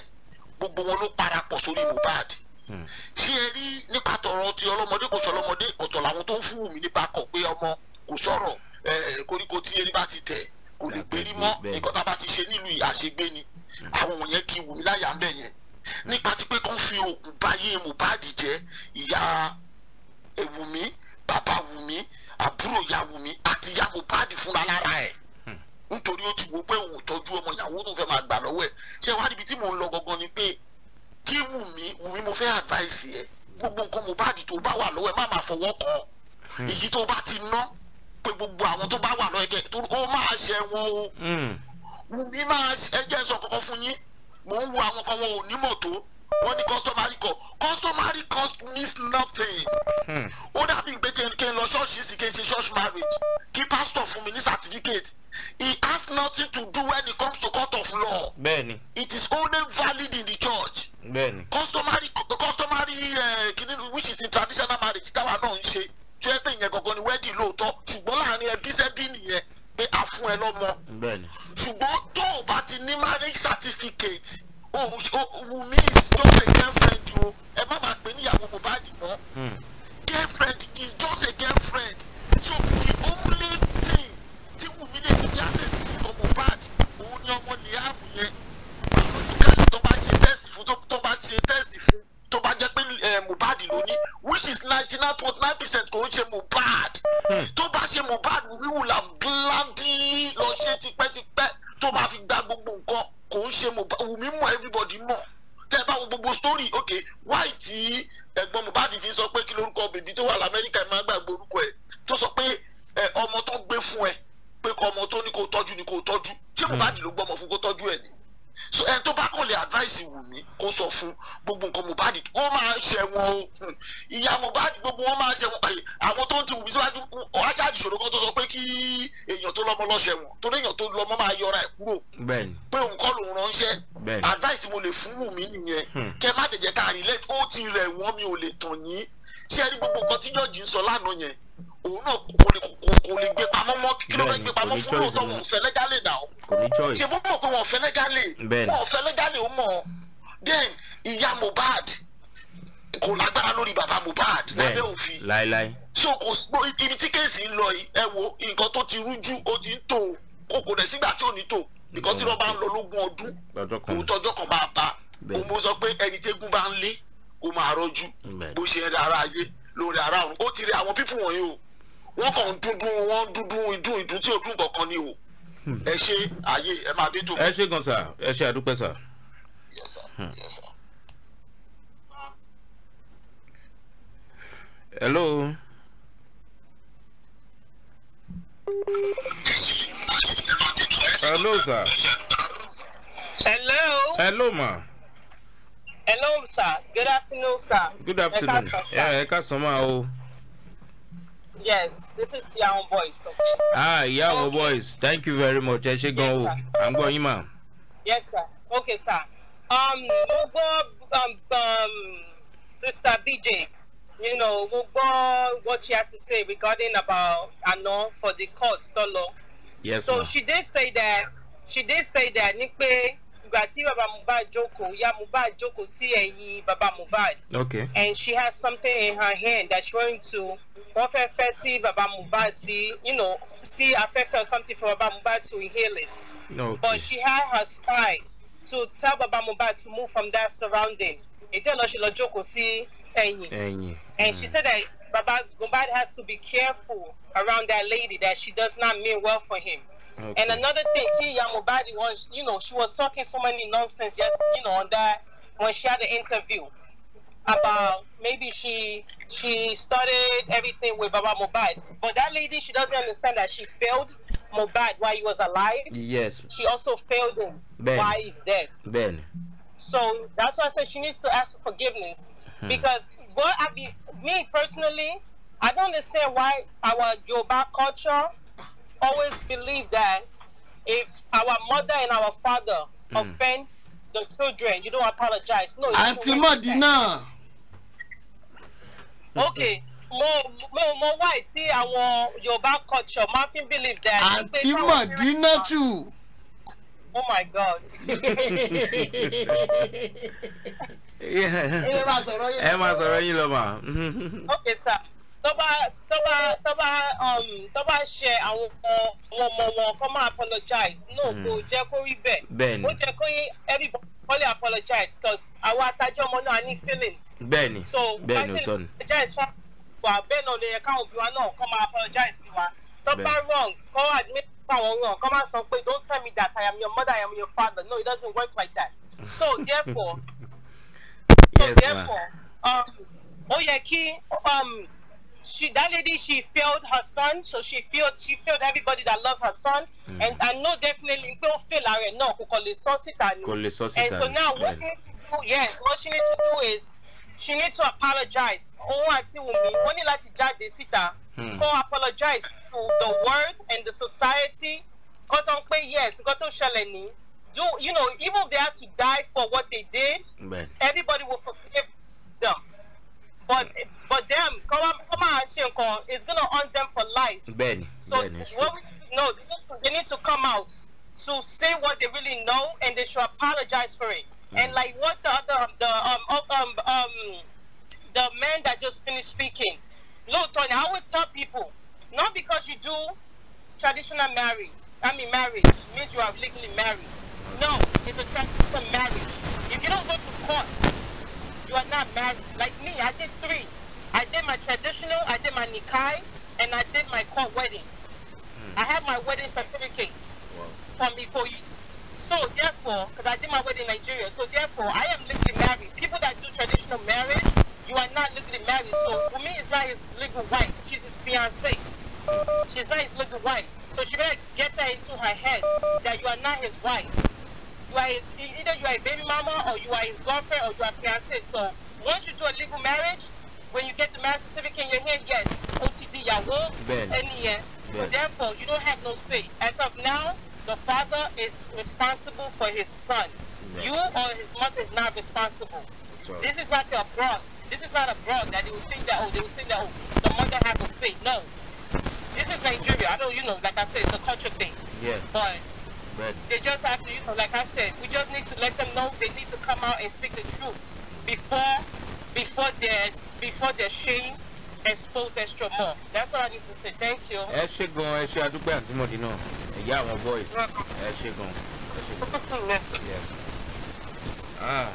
gbogbo wọn ló parapọ̀ sórí Mohbad hmm. ṣé ẹ rí nípa tọ̀rọ̀ ti ọlọ́mọdé kò sọlọ́mọdé ọ̀tọ̀ làwọn tó ń fún mi nípa kọ̀ pé ọmọ kò sọ̀rọ̀ koríko tí erí bá ti tẹ̀ kò lè gbérí mọ́ nǹkan tá a bá ti ṣe nílùú àṣegbé ni hmm. àwọn wọ̀nyẹn kì í wù mí láyà ń bẹ̀ yẹn nípa ti pé kán fi oògùn báyé Mohbad jẹ́ ìyá Wùmí bàbá Wùmí àbúrò ìyá Wùmí àti ìyá Mohbad fúnra lára ẹ̀ nítorí ó ti wo pé òun tọ́jú ọmọ ìyàwó òun fẹ́ máa gbà lọ́wọ́ ẹ̀ ṣé wàá níbi tí mò ń lọ gangan ni pé kí Wùmí Wùmí mo fẹ́ advice ẹ gbogbo nǹkan Mohbad tó bá wà lọ́wọ́ ẹ má máa fọwọ́ kàn hmm. èyí tó bá ti ná pé gbogbo àwọn tó bá wà lọ́wọ́ ẹ̀kẹ́ tó kó máa ṣẹ wọn o hmm. Wùmí máa ẹjẹ́ sọ kankan fún yín mò ń wo àwọn kan wọn ò nímọ̀ tó wọ́n ní customary cost customary cost means nothing. Hmm. ó dàbí pé kí n lọ ṣọ́ọ̀ṣì sí kí n church marriage kí pastor fún mi ní certificate He has nothing to do when it comes to court of law. bẹ́ẹ̀ni. it is only valid in the church. bẹ́ẹ̀ni. customary customary uh, eh, which is the traditional marriage táwa náà ń ṣe tí ó yẹ pé ìyẹn gangan ni wedding lóòótọ́ ṣùgbọ́n láàrin ẹbí sẹ́bí nìyẹn pé a fún ẹ lọ́mọ. bẹ́ẹ̀ni. ṣùgbọ́n tó o bá ti ní marriage certificate Wùmí is just a girlfriend o ẹ má máa pè níyàwó Mohbad mọ́ hmm. girlfriend is just a girlfriend so the only thing tí Wùmí lè ní access sí ọmọ Mohbad òun ni ọmọ Liam yẹn àwọn ìkàlẹ̀ tó bá ṣe test fún tó bá ṣe test fún tó bá jẹ́ lóní which is ninety nine point nine percent kò ń ṣe Mohbad hmm. tó bá ṣe Mohbad wíwù là ń lọ ṣe tipẹ́tipẹ́ tó bá fi gba gbogbo nǹkan kò ń ṣe Mohbad Wùmí mọ̀ everybody mọ̀ tẹ́ ẹ bá wo gbogbo story ok why tí ẹ̀gbọ́n Mohbad fi sọ pé kí lórúkọ bèbí tó wà l'Amẹ́ríkà ẹ̀ máa gbàgbé orúkọ ẹ̀ tó sọ pé ọmọ tó gbé fún ẹ pé ọmọ tó ní kó tọ́jú ní kó tọ́jú ṣé hmm. Mohbad ló gbọ́mọ fún kó tọ́jú ẹ̀ ni so ẹni tó bá kàn lè advice Wùmí kó sọ fún gbogbo nǹkan Mohbad ó máa ṣẹ̀wọ̀n o ìyá Mohbad gbogbo wọn máa ṣẹ̀wọ̀n àwọn tó ń ti Wùmí síwájú ọ̀hájà ìṣòro kan tó sọ pé kí èèyàn tó lọ́mọ lọ́ṣẹ̀wọ̀n torí èèyàn tó lọ́mọ máa yọra ẹ̀ kúrò pé òun kọ́ lòun ránṣẹ́ advice mo lè fún Wùmí nìyẹn hmm. kẹ má dẹ̀jẹ̀ ká rí lẹ́tọ́ ó ti rẹ̀ wọ́n mi ò lè tàn yín ṣé ẹ rí gbogbo nǹkan tí jọ́ọ̀jì ń sọ lánàá yẹn òun náà kò lè kò lè gbé pamọ́ mọ́ kí ló fẹ́ gbé pamọ́ fún lóòótọ́ wọn ò fẹ́ lẹ́gálì náà ṣe fún mọ̀ pé wọn ò fẹ́ lẹ́gálì wọn ò fẹ́ lẹ́gálì ó mọ̀ then ìyá Mohbad kò lágbára lórí bàbá Mohbad lábẹ́ òfin láéláé so kò ibi tí kéèsì ń lọ yìí ẹ wo nǹkan tó ti rújú ó ti ń tò ó kò dẹ̀ sígbà tí ò ní tò nǹkan tí wọ́n bá ń lọ lógún ọdún òótọ́jọ́ kan máa bá òun mo sọ pé ẹni tégún bá ń lé kó máa rọ́jú bó ṣe ara ayé lórí ara òun ó ti rí àwọn pípù wọ̀nyí o wọ́n kàn ń dúdú wọ́n ń ìdún ìdún tí òdún kankan ni o hmm. ẹ ṣe àyè ẹ máa dé tó. ẹ ṣe gan sà ẹ ṣe àdúpẹ́ sà. Hmm. hello. hello sir. hello. hello ma. hello sir good afternoon sir. good afternoon ẹ ká sọ ma o. Yes, this is Yahoo Boys. Okay. Ah, Yahoo okay. Boys. Thank you very much. Ẹ ṣé gan o. À ń Yes, sir. Okay, sir. Um, we'll go. um, um, Sister BJ, you know, we'll go. what she has to say regarding about Ano for the court tó lọ. Yes, so she did say that she did say that ni pé sí baba okay and she has something in her hand that she want to offer her fẹ́ sí baba mohbad sí you know see affect or something for baba mohbad to inhale it. okay but she had her spy to tell baba mohbad to move from that surrounding ètò ọ̀nà she lọ jókòó sí ẹ̀yìn. ẹ̀yìn and she said that baba mohbad has to be careful around that lady that she does not mean well for him. Okay. And another thing, she Yamobadi was, you know, she was talking so many nonsense just, you know, on that when she had the interview about maybe she she started everything with Baba Mobad. But that lady she doesn't understand that she failed Mobad while he was alive. Yes. She also failed him ben. while he's dead. Ben. So that's why I said she needs to ask for forgiveness. Hmm. Because what I be me personally, I don't understand why our Yoruba culture always believe that if our mother and our father mm. offend the children, you don't apologize. No, Auntie Madina. Okay. Mo mo mo wá tí àwọn Yorùbá culture máa fi believe that. Auntie Madina too. Oh my God. Ẹ máa sọ̀rọ̀ yín lọ mà. Okay sir tọ́ba tọ́ba tọ́ba um, tọ́ba ṣe àwọn ọmọ ọmọ wọn kọ́ máa apologize no hmm. kò jẹ́ kó rí bẹ́ẹ̀ bẹ́ẹ̀ni ó jẹ́ kó everybody apologize because àwa atajọ́ ọmọ náà ní feelings. bẹ́ẹ̀ni bẹ́ẹ̀ni òtọ́ ni. so bá ṣe apologize fún bẹ́ẹ̀ náà lè yẹ káwọn òbí náà kọ́ máa apologize sí wa tọ́ba wrong kọ́ admit fáwọn wrong kọ́ máa sọ pé don't tell me that I am your mother I am your father no it doesn't work like that so therefore so therefore um, ó yẹ kí. Um, she that lady she failed her son so she failed she failed everybody that loved her son mm. and I know definitely pé ó fail ara ẹ̀ náà kò kò lè sọ ni kò lè sọ síta ni and so now what yeah. she need to do yes what she need to do is she need to apologize òun ati Wunmi wọ́n ní láti jade sita, hmm. kó apologize to the world and the society Cause sọ pé yes nǹkan tó ṣẹlẹ̀ ni do you know even if they had to die for what they did Man. everybody will forgive them. but but them on, come on, nǹkan it's gonna haunt them for life. so bẹ́ẹni what we know they need, to, they need to come out to say what they really know and they should apologize for it. Mm. and like what the the um, the um um um the man that just finished speaking. look Tony, I always tell people not because you do traditional marriage I mean marriage means you are legally married. No, it's a traditional marriage. If you don't go to court you are not married like me. I did three. I did my traditional, I did my Nikai, and I did my court wedding. Hmm. I have my wedding certificate wow. from before you. So therefore, because I did my wedding in Nigeria, so therefore I am legally married. People that do traditional marriage, you are not legally married. So for me, it's not his legal wife. She's his fiance. Hmm. She's not his legal wife. So she better get that into her head that you are not his wife you are either you are a baby mama or you are his girlfriend or you are fiancé. So once you do a legal marriage, when you get the marriage certificate in your hand, yes, OTD, Yahoo, NEN. So therefore, you don't have no say. As of now, the father is responsible for his son. You or his mother is not responsible. This is not the abroad. This is not abroad that they will think that, oh, they will think that, oh, the mother has a say. No. This is Nigeria. I know, you know, like I said, it's a culture thing. Yes. But Right. They just have to, you know, like I said, we just need to let them know they need to come out and speak the truth before before there's before their shame exposed extra more. That's all I need to say. Thank you. Ẹ ṣé gan, do ṣé adúgbò àti mọ̀dí náà, ẹ̀yà àwọn boys, ẹ ṣé gan. Yes. Ah,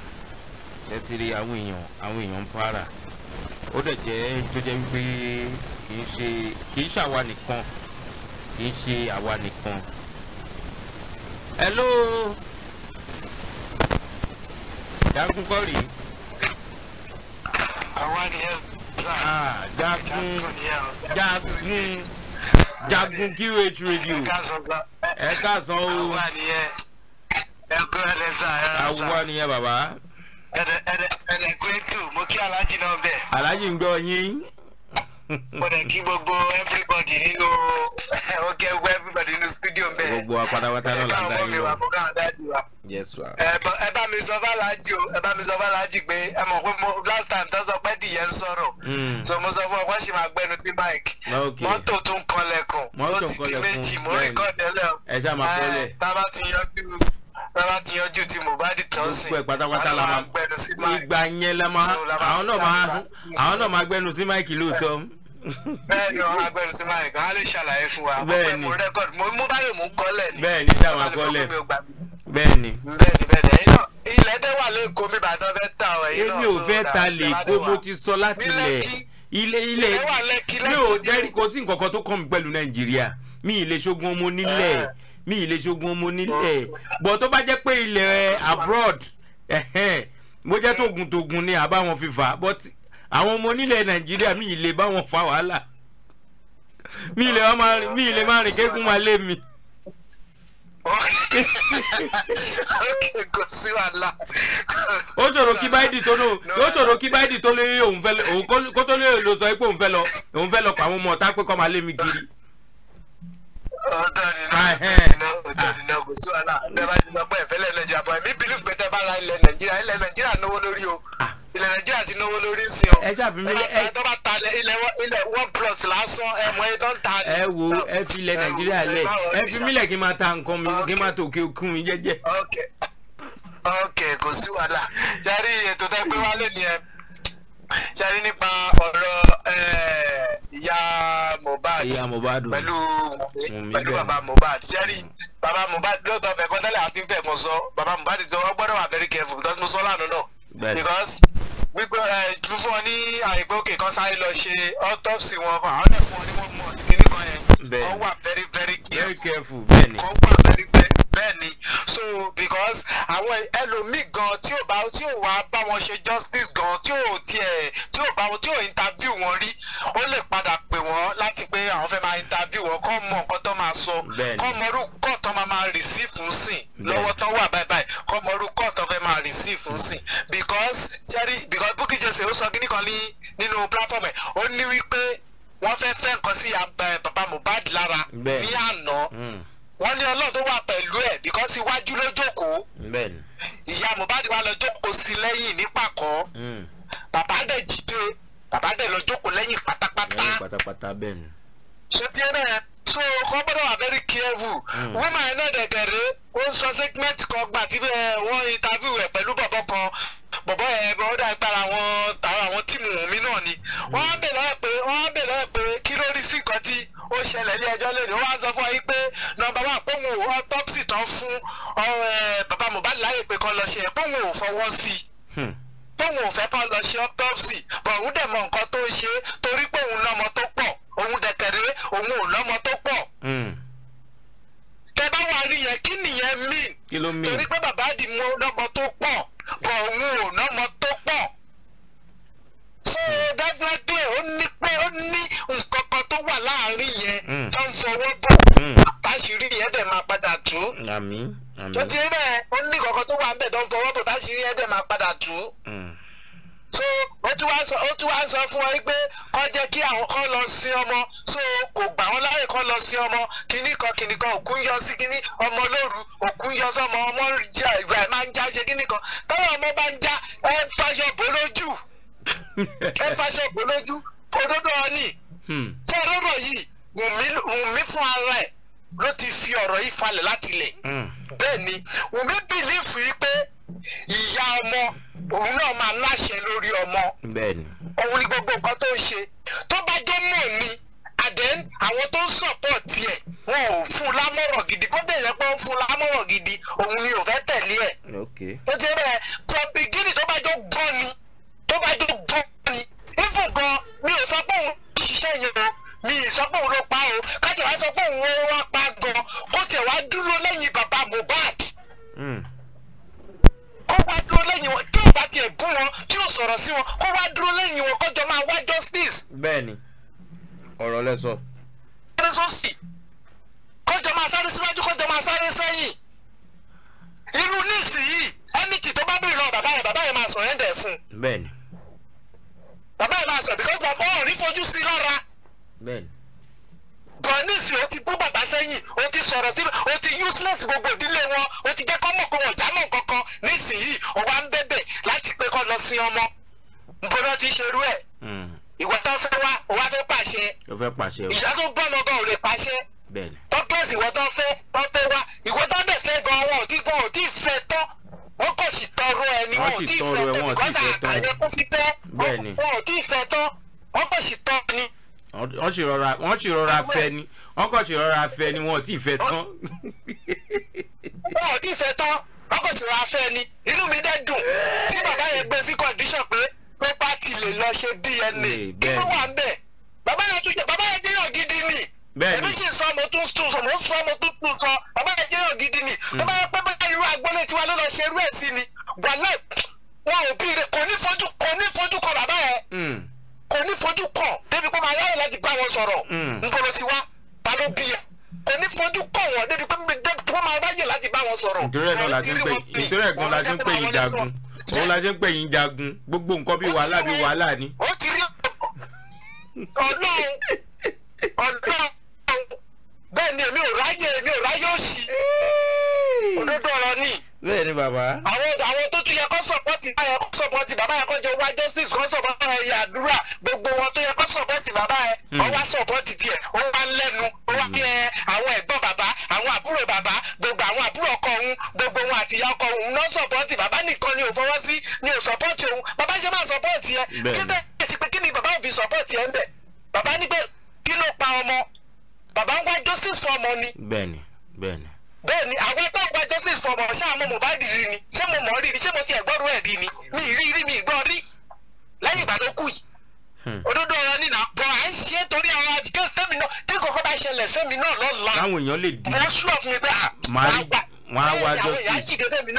ẹ ti rí àwọn èèyàn àwọn èèyàn ń para. Ó dẹ̀ jẹ́ tó jẹ́ wípé kì í ṣe kì í ṣàwa nìkan kì í ṣe àwa nìkan hello jagun kọ́ rí. àwọn àníyàn sá. Ah, jagun jagun jagun qh radio ẹ ká sọ o. àwọn àníyàn ẹ kú ẹ lẹ́sà ẹ rà sá. àwọn àníyàn bàbá. ẹ̀rẹ̀ ẹ̀rẹ̀ ẹ̀rẹ̀ kúrẹ́tù mo kí aláàjì náà bẹ̀. aláàjì ń gbọ́ yín mo dẹ̀ kí gbogbo everybody you know. Okay, gbogbo everybody nínú studio man. gbogbo apátápátá náà là ń dá yín lọ. ẹ bá mi sọ fàlájì o ẹ bá mi sọ fàlájì pé ẹ mọ̀ pé mo last time tó sọ pé dìyẹ ń sọ̀rọ̀ hmm. so mo sọ fún ọ wọ́n sì máa gbẹnu sí mic mọ́tò tún kanlẹ̀kùn ó ti di méjì mo rí kọ́ọ̀dẹ́lẹ̀ o tá a bá ti yanjú sábà ti yanjú ti Mohbad tán sí pátápátá la máa gbẹnu sí máìkì ìgbà yẹn la máa àwọn náà máa àwọn náà máa gbẹnu sí máìkì lóòótọ́. bẹ́ẹ̀ni wọn máa gbẹnu sí máìkì a á lè ṣàlàyé fún wa bẹ́ẹ̀ni mo rẹkọd mo bá lè mú kọlẹ ni a dáhùn akọlẹ bẹ́ẹ̀ni. bẹ́ẹ̀ni bẹ́ẹ̀ni ẹ̀yin náà ilẹ̀ tẹ́ wà lẹ́kọ̀ọ́ mi bàtọ́ fẹ́ ta ọ̀ ẹ̀yin náà tó dáa èmi ò fẹ́ ta lè kó mo ti sọ láti lẹ̀ ilé ilé mi ò jẹ́rìí kò sí nǹkan kan tó kàn mí pẹ̀lú Nàìjíríà mi ì lè ṣogun ọmọ nílẹ̀ mi ì lè ṣogun ọmọ nílẹ̀ bọ̀ tó bá jẹ́ pé ilẹ̀ abroad mo jẹ́ tógun tógun ni àbáwọn fi fà but àwọn ọmọ onílẹ̀ nàìjíríà mi ì lè bá wọn fa wàhálà mi ì lè má rìn kékun máa lé mi ó ṣòro kí báyìí tó lò ó ṣòro kí báyìí tó lè òun fẹ́ lọ kó tó lè lọ sọ pé òun fẹ́ lọ òun fẹ́ lọ pa àwọn ọmọ ọ̀tá pé kọ́ máa lé mi giri ọ̀tọ̀ nínú ọ̀tọ̀ nínú kò sí wàhálà tẹ́ bá ah. ti sọ pé ẹ̀fẹ́ lẹ̀ nàìjíríà bọ̀ mi believe pé bá ra ilẹ̀ nàìjíríà ilẹ̀ nàìjíríà náwó lórí o ilẹ̀ nàìjíríà ti náwó lórí sí o ẹ ṣàfi mi ẹ tọ́ bá ta ilẹ̀ ilẹ̀ one plus lásán ẹ mọ ẹ tó ta ni. ẹ wo ẹ fi ilẹ̀ nàìjíríà lẹ̀ ẹ fi mí lẹ̀ kí n máa ta nǹkan mi kí n máa tòkè okun mi jẹ́jẹ́. ok ok kò sí wàhálà ṣe ètò tẹ́ gbé wálé ni ẹ ṣẹ́rí nípa ọ̀rọ̀ ìyá Mohbad pẹ̀lú pẹ̀lú bàbá Mohbad ṣẹ́rí bàbá Mohbad lóòótọ́ fẹ̀kọ́ tẹ́lẹ̀ àti fẹ̀kọ́ sọ bàbá Mohbad tó wọ́n gbọ́dọ̀ wà very careful because mo sọ lánàá náà because gbígbọ́ fún ọ ní àìpé òkè kan sáré lọ ṣe autopsy wọn àwọn ẹ̀fọn ní one month kíní kan yẹn wọ́n wà very very careful wọ́n wà very very bẹ́ẹ̀ ni so because àwọn ẹlòmíì gan tí ò bá tí ò wá bá wọn ṣe justice gan tí ò tiẹ̀ tí ò bá wọn tí ò interview wọn rí ó lè padà pè wọ́n láti pé àwọn fẹ́ máa interview wọn kọ́ mọ nǹkan tó máa sọ kọ́ mọ́rú kọ́ tó máa máa receive fún sìn lọ́wọ́ tó wà báyìí báyìí kọ́ mọ́rú kọ́ tó fẹ́ máa receive fún sìn because jerry because Bukky Jesse ó sọ kíní kan ní nínú platform ẹ̀ ó ní wípé wọ́n fẹ́ fẹ́ nǹkan sí eh, bàbá Mohbad lára ní àná. Hmm wọ́n ní ọlọ́run tó wà pẹ̀lú ẹ̀ because iwájú ló jókòó ìyá Mohbad wá lọ jókòó sí lẹ́yìn ní pàkọ́ hmm. bàbá dẹ̀ jíde bàbá dẹ̀ lọ jókòó lẹ́yìn pátápátá ṣé tí ẹ bẹ́ẹ̀ so kọ́ gbọ́dọ̀ wà very careful hmm. woman ẹ̀ náà dẹ̀ gẹ̀rẹ́ ó ń sọ segment kan gbà tí wọ́n interview rẹ̀ pẹ̀lú bọ̀bọ̀ kan bọ̀bọ̀ ẹ̀ bọ̀dà gbára wọn tàwọn tíìmù mi náà ni wọ́n á bẹ̀ lọ́wọ́ pé kí ló rí sí nǹkan tí ó ṣẹlẹ̀ ní ẹjọ́ lónìí ó wá sọ fún ọ yí pé nọ́mbà wà póhùn autopsy tán fún bàbá Mohbad láyè pé kán lọ ṣe ẹ̀ póhùn ò fọwọ́ sí i hmm. póhùn ò fẹ́ kán lọ ṣe autopsy bọ̀ dẹ̀ mọ nǹkan tó ṣe torí pé lọ́mọ tó pọ̀ òun dẹ̀kẹ̀rẹ́ òun ò lọ́mọ tó pọ̀ hmm. tẹ bá wà nìyẹn kí nìyẹn mean torí pé bàbá àdìmú lọ́mọ tó pọ̀ bọ̀ ò lọ́mọ tó àmín àmín. tó ti rí bẹ́ẹ̀ ó ní kankan tó wà ń bẹ̀ tó ń fọwọ́ bò táṣìírí ẹ̀ bẹ́ẹ̀ máa padà tù ú. Mm. so ó tún wá sọ ó tún wá sọ fún ọ pé kọ́ jẹ́ kí àwọn kan lọ sin ọmọ so kò gbà wọ́n láyè kan lọ sin ọmọ kínní kan kínní kan òkú ń yọ sí kínní ọmọ lóru òkú ń yọ sọmọ ọmọ ìjà ìgbà máa ń já ṣe kínní kan táwọn ọmọ bá ń já ẹ fàṣọ bò ẹ fàṣọ bò òdodo ọ ni. sọ hmm. òdodo yìí wùmí fún ara ẹ̀ ló ti fi ọ̀rọ̀ yìí falẹ̀ láti lẹ̀ hmm. bẹ́ẹ̀ ni Wùmí bìlífù yìí pé ìyá ọmọ òun náà máa láṣẹ lórí ọmọ òun ni gbogbo nǹkan tó ń ṣe tó bá jẹ́ mọ̀ ni àdẹ́n àwọn tó ń sọ̀pọ̀tì ẹ̀ wọn ò fún un lámọ̀ràn gidi bó dẹ̀ yẹ pé ó ń fún un lámọ̀ràn gidi òun ni ò fẹ́ tẹ̀lé ẹ̀ tó ti rẹ̀ from beginning tó bá jọ gbọ́n ni tó bá jọ gbọ́n ni ifo mi ò sọ pé òun ṣiṣẹ́ yẹn o mi ì sọ pé òun ló pa o kájà wá sọ pé òun ó wá pa gan kó tiẹ̀ wá dúró lẹ́yìn bàbá Mohbad hmm. kó wá dúró lẹ́yìn wọn tí ò bá tiẹ̀ bú wọn tí ò sọ̀rọ̀ sí wọn kó wá dúró lẹ́yìn wọn kó máa wá justice. bẹ́ẹ̀ni ọ̀rọ̀ lẹ sáré sọ́sì kó máa sáré síwájú kó máa sáré sẹ́yìn irú nísìnyìí ẹnìkì tó bá bèrè lọ bàbá rẹ bàbá rẹ máa sọ ẹ̀ ń dẹ̀ fún un. bẹ́ẹ̀ni. bàbá rẹ máa sọ because bàbá ọ̀rí fojú sí lára bẹ́ẹ̀ni. o ti bú bàbá sẹ́yìn o ti sọ̀rọ̀ sí o ti useless gbogbo ìdílé wọn o ti jẹ́ kọ́ mọ̀ pé kankan nísìnyí o wá ń bẹ̀bẹ̀ láti pé kọ́ lọ sí ọmọ nbọ́dọ̀ ti ṣerú ẹ̀ hmm. ìwọ tó fẹ́ wá o wá fẹ́ pàṣẹ ìyá tó bọ́ lọ ò lè pàṣẹ tọ́kẹ́sì ìwọ tó fẹ́ tó fẹ́ wá ìwọ tó dẹ̀ fẹ́ gan wọn ò tí gan ò tí fẹ́ tán wọ́n kò sì tọrọ ẹ ni wọn ò tí fẹ́ tán wọ́n sì rọra wọ́n sì rọra fẹ́ ni wọ́n kàn sì rọra fẹ́ ni wọ́n ò tí ì fẹ́ tán. wọ́n ò tí ì fẹ́ tán wọ́n kàn sì rọra fẹ́ ni inú mi dẹ́ dùn tí bàbá yẹn gbé sí condition pé pé pátì lè lọ ṣe DNA kí ló wà ń bẹ̀ bàbá yẹn tún jẹ bàbá yẹn jẹ́ yàn gidi ni èmi sì sọ mo tún tún sọ mo sọ mo tún tún sọ bàbá yẹn jẹ́ yàn gidi ni hmm. bàbá yẹn pé báyìí irú agbọ́lé tiwa ló lọ ṣe irú ẹ̀ sí ni wàhálà wọn ò bí rẹ kò ní fojú kò ní fojú kọ kò ní fojú kàn débi pé máa yára láti bá wọn sọ̀rọ̀ hmm. nǹkan ti wá ta ló bí ya kò ní fojú kàn wọn débi pé wọ́n máa ráyè láti bá wọn sọ̀rọ̀. ìdúró ẹ̀ náà la ṣe ń pè ìdúró ẹ̀ gan la ṣe ń pè yín jagun òun la ṣe ń pè yín jagun gbogbo nǹkan bí wàhálà bí wàhálà ni. ó ti rí ọlọ́run ọlọ́run bẹ́ẹ̀ ni èmi ò ráyè èmi ò ráyè òṣì òdodo ọ̀rọ̀ ni bẹ́ẹ̀ ni bàbá. àwọn àwọn tó tún yẹ kó sọpọ́tì bàbá yẹ kó sọpọ́tì bàbá yẹ kó jẹ wá justice kó sọpọ́tì ẹ̀ yàdúrà gbogbo wọn tó yẹ kó sọpọ́tì bàbá yẹ hmm. wọ́n wá sọpọ́tì tiẹ̀ wọ́n wá lẹ́nu wọ́n wá lẹ́ àwọn ẹ̀gbọ́n bàbá àwọn àbúrò bàbá gbogbo àwọn àbúrò ọkọ òun gbogbo wọn àti ìyá ọkọ òun náà sọpọ́tì bàbá nìkan ni ò fọwọ́ sí ni ò sọpọ́tì òun bàbá ṣe máa sọpọ́tì ẹ bẹ́ẹ̀ ni àwọn tó ń gba justice for Mohbad ṣáà mọ̀ Mohbad rí ni ṣé mo mọ̀ rí ni ṣé mo ti ẹ̀gbọ́rú ẹ̀ rí ni mi rí rí mi gbọ́ rí lẹ́yìn ìgbà tó kù yìí hmm. òdodo ọ̀rọ̀ nínà bọ̀ à ń ṣe torí àwọn àdìgẹ́sì tẹ́mi náà tí kòkó bá ṣẹlẹ̀ sẹ́mi náà lọ́la táwọn èèyàn lè di wọ́n ṣúọ̀ fún mi pé màá wọ́n á wá justice bẹ́ẹ̀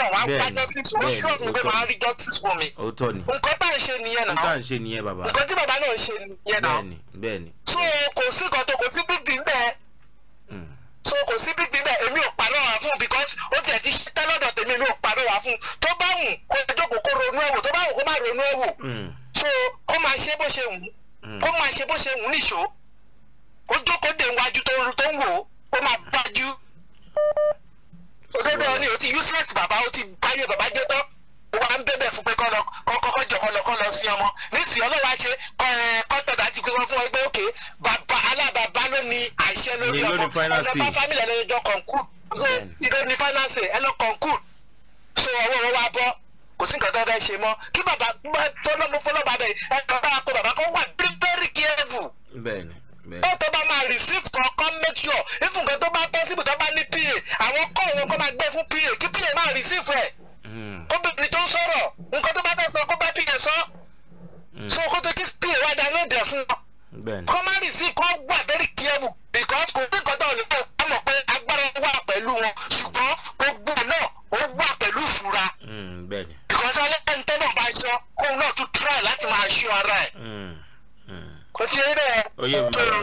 ó tọ́ ni nǹkan tá à ń ṣe nìyẹn náà nǹkan tá à ń ṣe nìyẹn bàbá nǹkan tí bàbá náà ń ṣe nìyẹn náà bẹ́ẹ̀ ni bẹ́ẹ̀ ni. so kò sí kan tó kò sí big deal bẹ́ẹ̀ hmm so kò sí big deal bẹ́ẹ̀ èmi ò paná wá fún because ó tiẹ̀ ti ṣe tẹ́lọ́dọ̀ tèmi èmi ò paná wá fún tó bá wù kó jókòó kó ronú ẹ̀wò tó bá wù kó má ronú ẹ̀wò hmm. so kó máa ṣe bó ṣe wù hmm. kó máa ṣe bó ṣe wù níṣó kó jókòó dé wájú tó ń wò kó máa bájú hmm. òdodo ni o ti useless bàbá o ti báyé bàbá jẹ́ tán wa ń bẹ̀bẹ̀ fún pé kọ́kọ́ jọ kọ́lọ́kọ́ lọ sí ọmọ nísìnyí ọlọ́wà ṣe kọ́tọ̀dà ti pé wọ́n fún wọn pé òkè bàbá alábàbá ló ní àṣẹ lórí ọmọ ọlọ́pàá fámìlì ẹlẹ́jọ́ kọ̀ǹkù so ìlú ní fánánsì ẹlọ́ kọ̀ǹkù so ọwọ́ wọn wá bọ́ kò sí nǹkan tó fẹ́ ṣe mọ́ kí bàbá tọ́lọ́mú fọlọ́ba bẹ̀ ẹ̀kọ́ bá kó bàbá kan wà very careful ó tó bá máa receive kọ̀ọ̀kan make sure if nǹkan tó bá tọ́ síbi tó bá ní pa àwọn kọ́ òun kó máa gbé fún pa kí pa máa receive ẹ̀ kóbìnrin mm. tó ń sọ̀rọ̀ nǹkan tó bá fẹ́ sọ kó bá fìyẹ sọ mm. so kó tó kí pè wá dáná dẹ̀ fún ọ kó má rìn sí kó wà very careful because kò ní nǹkan tó lè fẹ́ wọ́n mọ̀ pé agbára wà pẹ̀lú wọn ṣùgbọ́n gbogbo náà ó wà pẹ̀lú ìfura mm, because alẹ́ ẹni tó náà bá sọ kóun náà tún try láti máa ṣọ́ ara ẹ̀ kò tí ì rẹ̀ ẹ̀ tó rọ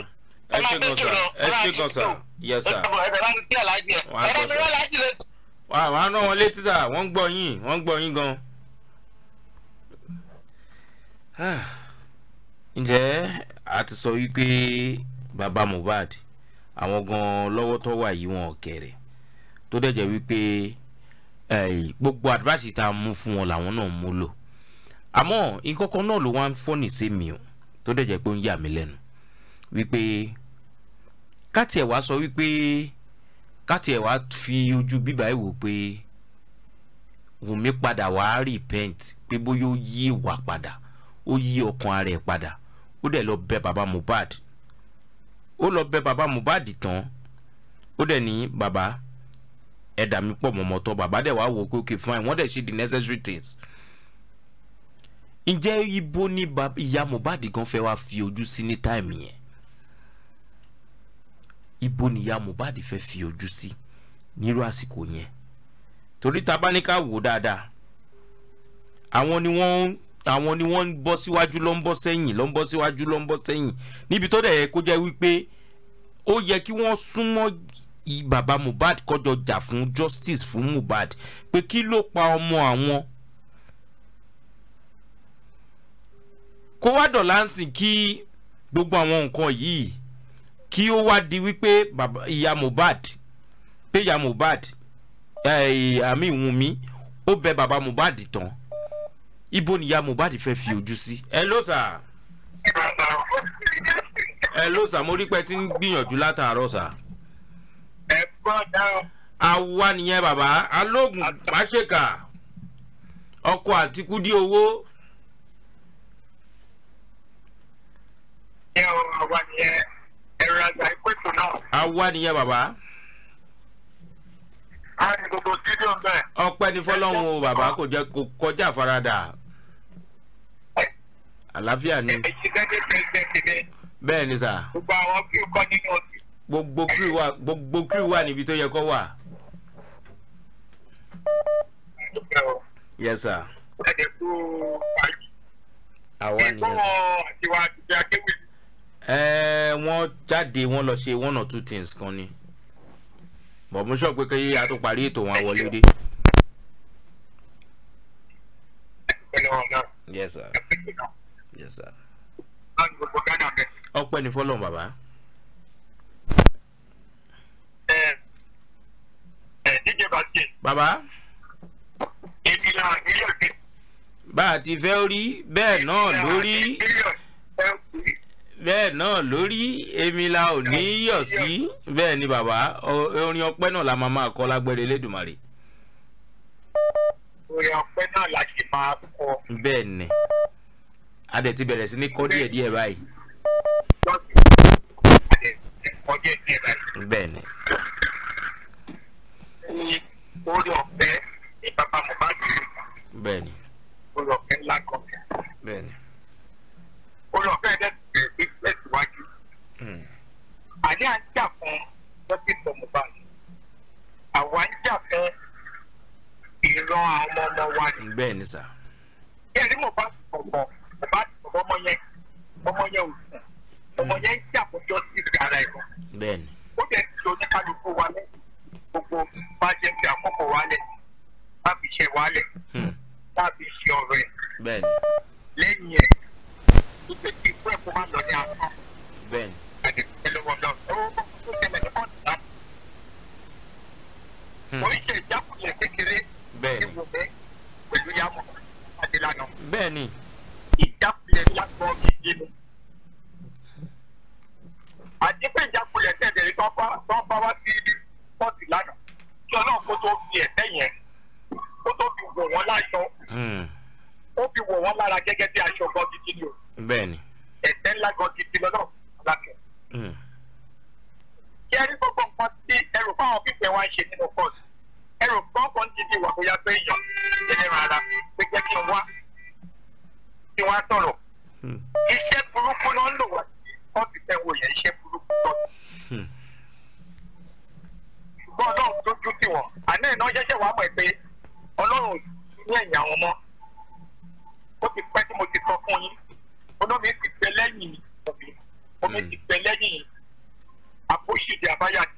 ẹ ṣe gọ̀ọ̀sà ẹ ṣe gọ̀ọ̀sà yẹ sà ẹ bá mi rí aláàjì rẹ àwọn àna wọn létí sà wọ́n ń gbọ́ yín wọ́n ń gbọ́ yín gan. Ah, ǹjẹ́ a ti sọ wípé bàbá Mohbad àwọn gan lọ́wọ́ tó wà yìí wọn kẹ̀rẹ̀ tó dẹ̀ jẹ́ wípé eh, gbogbo advice tá a mú fún wọn làwọn náà mú lò àmọ́ nǹkan náà ló wá ń fọ́nì sí mi o tó dẹ̀ pé ó ń yà mí lẹ́nu wípé ká tiẹ̀ wá sọ wípé káti ẹ̀ wá fi ojú bíbá ẹ̀ wò pé Wùnmí padà wá repent pé bóyá ó yí ìwà padà ó yí ọkàn ara ẹ̀ padà ó dẹ̀ lọ bẹ bàbá Mohbad ó lọ bẹ bàbá Mohbad tán ó dẹ̀ ní bàbá ẹ dà pọ̀ mọ́mọ́ tọ́ bàbá dẹ̀ wá wò ó pé okay fine wọ́n dẹ̀ ṣe the necessary things ǹjẹ́ ibo ni ìyá Mohbad gan fẹ́ wá fi ojú sí ní táìmù yẹn ibo nìyá Mohbad fẹ́ fi ojú sí nírú àsìkò yẹn torí ta bá ní ká wò dáadáa àwọn ni wọ́n àwọn ni wọ́n ń bọ́ síwájú ló ń bọ́ sẹ́yìn ló ń bọ́ síwájú ló ń bọ́ sẹ́yìn níbi tó dẹ̀ yẹ kó jẹ́ wípé ó yẹ kí wọ́n súnmọ́ bàbá Mohbad kọjọ jà fún justice fún Mohbad pé kí ló pa ọmọ àwọn kó wá dọ̀ láǹsìn kí gbogbo àwọn nǹkan yìí kí ó wá di wípé ìyá Mohbad pé ìyá Mohbad eh, àmì Wunmi ó bẹ bàbá Mohbad tán ibo ni ìyá Mohbad fẹ́ fi ojú sí. ẹ ló sà ẹ ló sà mo rí pé tí ń gbìyànjú látàárọ̀ sà. ẹ gbọ́ dáhùn. àwa nìyẹn bàbá alóògùn máṣèkà ọkọ àtikú dí owó. ẹ ọ àwa nìyẹn ẹ̀rọ àgbà ìpètò náà. àwa nìyẹn bàbá. a ní gbogbo o bàbá kò jẹ́ kó kọjá àfaradà. àlàáfíà ni. èyí gẹ́gẹ́ bẹ́ẹ̀ bẹ́ẹ̀ bẹ́ẹ̀ ni sà. gbogbo kiri wà níbi tó yẹ kó wà. yes àwa nìyẹn wọ́n jáde wọ́n lọ ṣe one or two things kan ni bọ̀ mo sọ pé kí a tó parí ètò wọn wọlé dé. yes sir yes sir. ọpẹ́ ní fọlọ́n bàbá. bàbá. bá a ti fẹ́ rí bẹ́ẹ̀ náà lórí bẹ́ẹ̀ náà lórí èmi la ò ní yọ̀ sí bẹ́ẹ̀ ni bàbá orin ọpẹ́ náà la máa máa kọ lágbẹ́rẹ́ Elédùmarè. orin ọpẹ́ náà la sì máa kọ. bẹ́ẹ̀ ni a dẹ̀ ti bẹ̀rẹ̀ sí ní kọ́ díẹ̀ díẹ̀ báyìí. bẹ́ẹ̀ ni. orin ọpẹ́ ni bàbá Mohbad. bẹ́ẹ̀ ni. orin ọpẹ́ ńlá kan. bẹ́ẹ̀ ni. orin ọpẹ́ dẹ́ àní à ń jà fún justice for Mohbad àwa ń jà fún ìran àwọn ọmọ wa ni. bẹ́ẹ̀ ni sà. bẹ́ẹ̀ ni Mohbad ọ̀pọ̀ Mohbad ọ̀pọ̀ ọmọ yẹn ọmọ yẹn ò sùn ọmọ yẹn ń jà fún justice ara ẹ̀ kan. bẹ́ẹ̀ ni. ó jẹ́ ti oníkálukú wa lẹ́ gbogbo bá jẹ́ kí àkókò wa lẹ̀ bá fi ṣe wa lẹ̀ bá fi ṣe ọ̀rẹ́. bẹ́ẹ̀ ni. lẹ́yìn ẹ̀ tó ti kí ikú ẹ̀ lọ ní asán. bẹ́ẹ̀ ni. Hmm. bẹ́ẹ̀ni. ìjákulẹ̀ jágbọ́ gan gidi ni o. bẹ́ẹ̀ni. ẹ̀tẹ́ ńlá kí hmm. ẹ rí gbogbo nǹkan tí ẹrù fáwọn fífẹ́ wa ń ṣe nínú court ẹrù kọ̀ọ̀kan ti di ìwà pé èèyàn jẹ́lẹ̀ rárá pé jẹ́ kí n wá kí n wá sọ̀rọ̀ hmm. iṣẹ́ burúkú náà ń lò wá sí kóòtù tẹ̀wọ̀ yẹn iṣẹ́ burúkú náà hmm. ṣùgbọ́n ọlọ́run tó dún sí wọn àná ìná ṣẹ̀ṣẹ̀ wàá mọ̀ pé ọlọ́run ní ẹ̀yìn àwọn ọmọ ó ti pẹ́ tí mo ti sọ fún yín olómi ti tẹ lẹ́yìn òbí Hmm. Hmm. omi ti pẹ́ lẹ́yìn àpòṣìdì àbáyàdì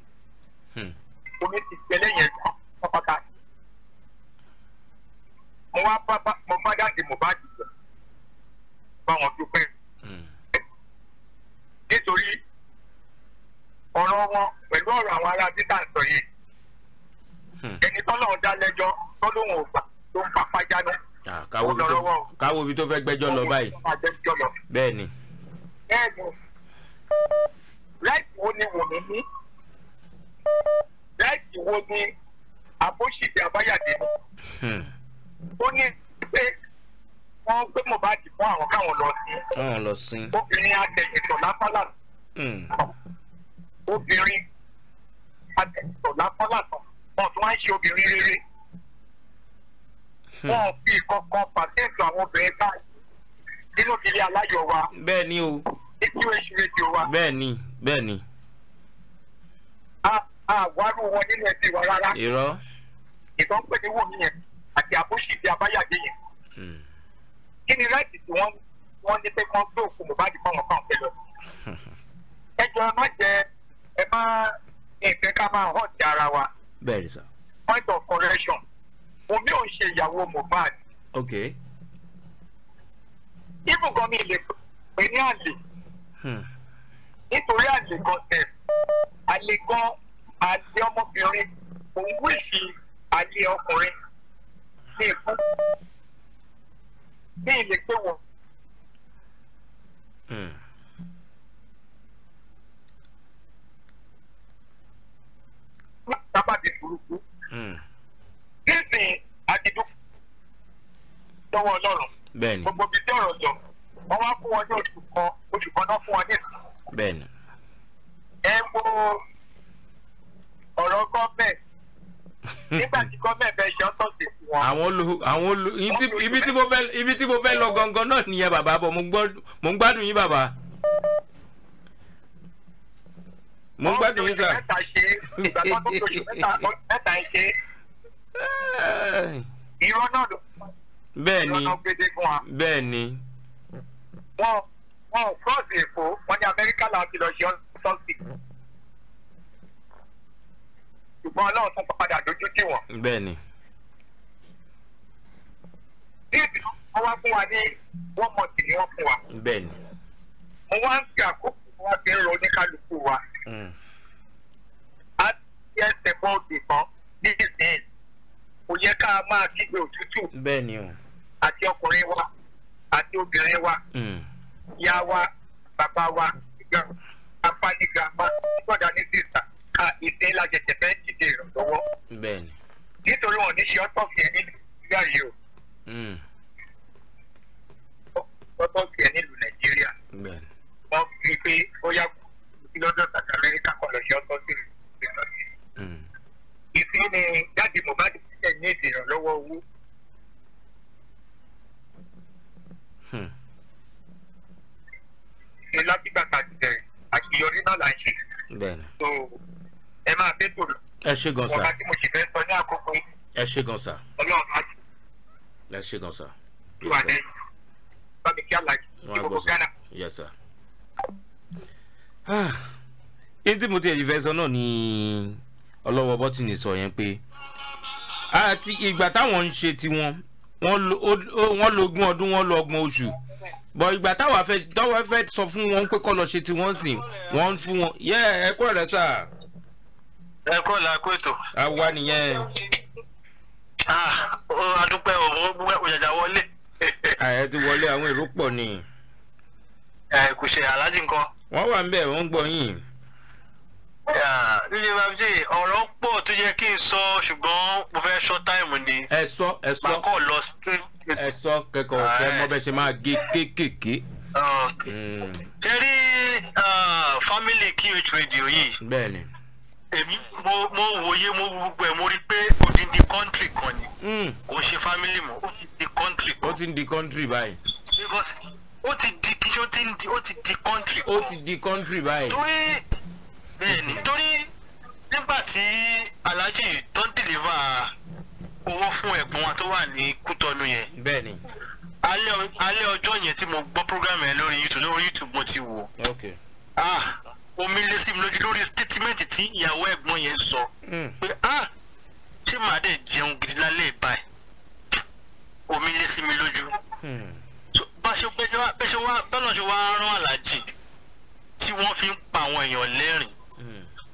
omi ti pẹ́ lẹ́yìn ẹ̀ka pápákà mo wá bá mo bá jáde mo bá dìbò báwọn dúpẹ́ hmm. nítorí ọ̀rọ̀ wọn pẹ̀lú ọ̀rọ̀ àwọn ará títà sọ yìí ẹni tọ́lọ́run dá lẹ́jọ́ tọ́lọ́run ò gbà tó ń papá jáná káwo ibi tó fẹ́ gbẹ́jọ́ lọ báyìí bẹ́ẹ̀ ni. bẹ́ẹ̀ ni right wo ni wùmí ní right wo ni àbóṣìṣẹ́ àbáyàdé ní. Hmm. ó ní pé wọ́n gbé Mohbad fún àwọn káwọn lọ sí. káwọn lọ sí. obìnrin atẹ̀yìntàn lápálà. Hmm. obìnrin atẹ̀yìntàn lápálà tán wọn tún wá ń ṣe obìnrin rere hmm. wọn fi kankan pàṣẹ ìtàn àwọn obìnrin báyìí nínú ìdílé aláyọ̀ wa. bẹ́ẹ̀ ni o. QH radio wa. bẹ́ẹ̀ni bẹ́ẹ̀ni. a a wárò wọn nínú ẹbí wa rárá. irọ́. ìtàn pè ní wòmí yẹn àti àbóṣìbí abáyàdé yẹn. Hmm. kí ni rẹ́ẹ̀tì tí wọ́n wọ́n ní pé kán gbé òkú Mohbad fáwọn kan fẹ́ lọ. ẹ jọ ẹ má jẹ ẹ má ìfẹ́ ká máa hàn sí ara wa. bẹ́ẹ̀ni sá. point of correction omi ò ń ṣe ìyàwó Mohbad. ok. ibùgọ́ mi lè pè ní àlè. Hmm. nítorí àlèkàn tẹ̀ àlèkàn àlè ọmọbìnrin òun wíṣì àlè ọkùnrin ní ikú ní ilé pé wọ́n. sábàdì hmm. burúkú gíìsì hmm. àdìdú lọ́wọ́ ọlọ́run gbogbo bíi tí ọ̀rọ̀ jọ wọ́n wá fún wọn ní oṣù kan oṣù kan náà fún wọn ní ìlú. bẹ́ẹ̀ni. ẹ wo ọ̀rọ̀ gọ́ọ̀mẹ̀ nígbà tí gọ́ọ̀mẹ̀ fẹ́ ṣe ọ́tọ̀ sí wọn. àwọn olú àwọn olú ibi tí mo fẹ́ ibi tí mo fẹ́ lọ gangan náà nìyẹn bàbá bọ̀ mo ń gbádùn yín bàbá. mo ń gbádùn yín sà. mẹ́ta ṣe ìgbà tó tó oṣù mẹ́ta ṣe irọ́ náà ló. bẹ́ẹ̀ni bẹ́ẹ̀ni wọn wọn ò fọ́ọ̀sì èkó wọn ní amẹ́ríkà láti lọ ṣe ọ́sọ́ọ̀sì ṣùgbọ́n ọlọ́run tún padà dojú tì wọ́n. bẹ́ẹ̀ni. bí ìdùnnú wọn wá fún wa ní wọ́n mọ̀ sí ni wọ́n fún wa. bẹ́ẹ̀ni. mo wá ń fi àkókò wa fi ń ro oníkálukú wa. Hmm. a ti ẹsẹ̀ bọ́ọ̀dù kan ní ìsìn kò yẹ ká máa kígbe òtútù. bẹ́ẹ̀ni o. àti ọkùnrin wa àti obìnrin wa hmm. ìyá wa bàbá wa ìgbà apá ní gàmà gbọ́dọ̀ ní sísà ka ìdè lájẹjẹ fẹ́ ìdè ìrànlọ́wọ́. nítorí wọn ò ní ṣe ọtọ́fì ẹ̀ nílùú nàìjíríà yìí o. Hmm. ọtọ́fì ẹ̀ nílùú nàìjíríà. wọ́n fi pé ó kí lọ́dọ̀ tàbí amẹ́ríkà kan lọ ṣe ọtọ́fì ìrànlọ́wọ́. Hmm. ìfín ni jáde Mohbad ṣẹ̀ ní ìdè ìrànlọ́wọ́ owó. Hmm. ní látìgbà tàbí bẹ̀rẹ̀ àṣeyọrí náà là ń ṣe. so ẹ máa fẹ́ tò lọ. ẹ ṣe gan sa. ọba tí mo sì fẹ́ sọ ní àkókò yìí. ẹ sa. ọlọ́run á ti. ẹ ṣe gan sa. tí wàá dẹ́yìn bá mi kí aláàjì kí gbogbo ghana. yes sir. ah. tí mo ti ẹ̀yìn fẹ́ sọ náà ni ọlọ́wọ́ bọ́tìnì sọ yẹn ah, àti ìgbà táwọn ń ṣe tiwọn wọ́n lo ogún ọdún wọ́n lo ọgbọ̀n oṣù bọ̀ ìgbà táwa fẹ́ tọ́wọ́ fẹ́ sọ fún wọn pé kọ́ lọ ṣe tí wọ́n sìn wọ́n ń fún wọn yẹ ẹ kọ́ rẹ sà. ẹ kọ́ là kó ètò. àwa nìyẹn. adúpẹ́ òwò òjàjà wọlé. àyẹ̀ ti wọlé àwọn èrò pọ̀ ni. ẹ kò ṣe aláàjì nǹkan. wọ́n wà ń bẹ̀ wọ́n ń gbọ́ yín nílé babjé ọ̀rọ̀ pọ̀ tó yẹ kí n sọ ṣùgbọ́n mo fẹ́ sọ táìmù ni. ẹ sọ ẹ sọ máa lọ stream. ẹ sọ kẹkọọ fẹ mọ bẹ ṣe máa gé kéékèèké. Hmm. ṣe rí family QH radio yìí. bẹ́ẹ̀ni. èmi mo mo wòye mo gbogbo ẹ mo rí pé odindi country kan ni. Hmm. kò ṣe family mọ́ ó ti di country. ó ti di country báyìí. because ó ti di kí ó ti di country. ó ti di country báyìí. torí bẹ́ẹ̀ni torí nígbà tí alhaji tó ń dìlíva owó fún ẹ̀gbọ́n wa tó wà ní kútọ́nu yẹn. bẹ́ẹ̀ni. alẹ́ ọjọ́ yẹn tí mo gbọ́ program yẹn lórí youtube lórí youtube mo ti wò. ah omi lé sí mi lójú lórí statement tí ìyàwó ẹ̀gbọ́n yẹn sọ. Hmm. pé ah ṣé màá dẹ̀ jẹun gidi lálẹ́ báyìí omi lé sí mi lójú. Hmm. bá a ṣe a ṣe wá bẹ́ẹ̀ náà ṣe wá rán aláàjì tí wọ́n fi ń pa àwọn èèyàn lẹ́rìn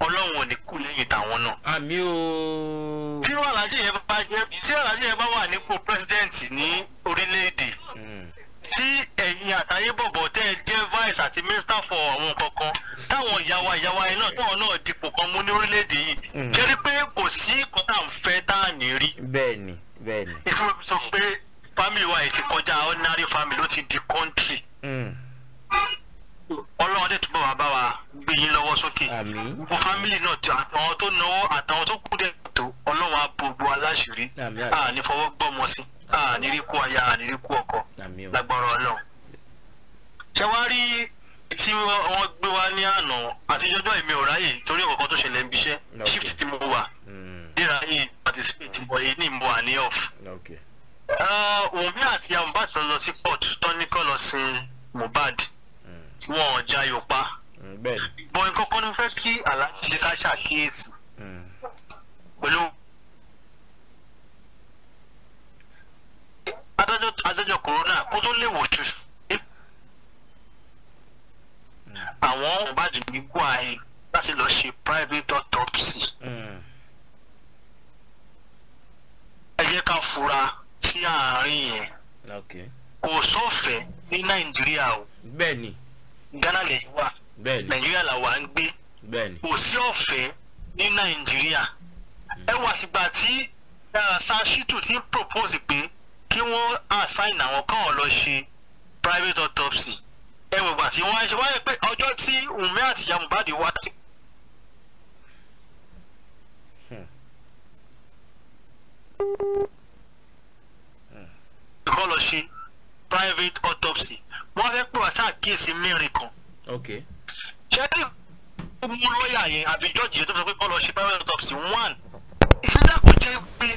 ọlọ́run ò ní kú lẹ́yìn tàwọn náà. àmì o. tí aláàjì yẹn bá jẹ́ tí aláàjì yẹn bá wà nípò president ní orílẹ̀-èdè hmm. tí ẹ̀yin àtayébọ̀bọ̀ tẹ́ ẹ jẹ́ vice àti minister for àwọn kankan táwọn ìyàwó ìyàwó ẹ̀ náà táwọn náà dipò kan mú ní orílẹ̀-èdè yìí jẹ́rí hmm. pé kò sí kọ́tà ń fẹ́ tá à ní rí. bẹẹni bẹẹni. ìfowópamọ́ sọ pé family wa ẹ̀ ti kọjá ordinary family ló ti di country. Hmm ọlọ́run dẹ̀ túbọ̀ wá bá wa gbé yín lọ́wọ́ sókè gbogbo fámìlì náà ti àtàwọn tó náwó àtàwọn tó kú dẹ̀ tó ọlọ́run á bo gbogbo aláṣìírí àní fọwọ́ gbọ́mọ sí àní rí kú aya àní rí kú ọkọ lágbára ọlọ́run. ṣé wàá rí tí wọ́n gbé wá ní àná àtijọ́jọ́ èmi ò ráyè torí ọ̀kọ̀ọ̀kan tó ṣẹlẹ̀ ń bíṣẹ́ shift tí mo wà dira hmm. yìí participate bọ̀ èyí ni mo wà ní off. Ah, Wùnmí àti Mohbad lọ sí port tó ní kọ́ lọ sin Mohbad. Okay. Uh, wọn ò jayò pa mm, bọ̀ nǹkan kan ni mo fẹ́ kí aláàjì ká ṣàkíyèsí mm. pẹ̀lú adájọ́ adájọ́ corona kó tó lè wò ṣoṣo mm. àwọn òǹbàjì nígbó ààyè láti lọ ṣe private autopsy ẹ jẹ́ ká fura sí àárín yẹn kò sọ́fẹ̀ẹ́ ní nàìjíríà o. bẹ́ẹ̀ ni ghana lè wà nàìjíríà làwa ń gbé kò sí ọ̀fẹ́ ní nàìjíríà hmm. ẹ wà sígbà tí eh, sashitu ti ń propose pé kí wọ́n assign àwọn kan lọ ṣe private autopsy ẹ wò gbà tí wọ́n ṣe wáyé pé ọjọ́ tí Wùnmí àti ìyá wá sí. Hmm. Hmm. kọ́ lọ ṣe private autopsy wọ́n fẹ́ pè wá ṣàkíyèsí mẹ́rin kan. ṣẹ́rí mú lọ́ọ̀yà yẹn àbí jọ́ọ̀jì yẹn tó sọ pé kọ́ lọ ṣe private autopsy one ìṣẹ́jà kò jẹ́ pé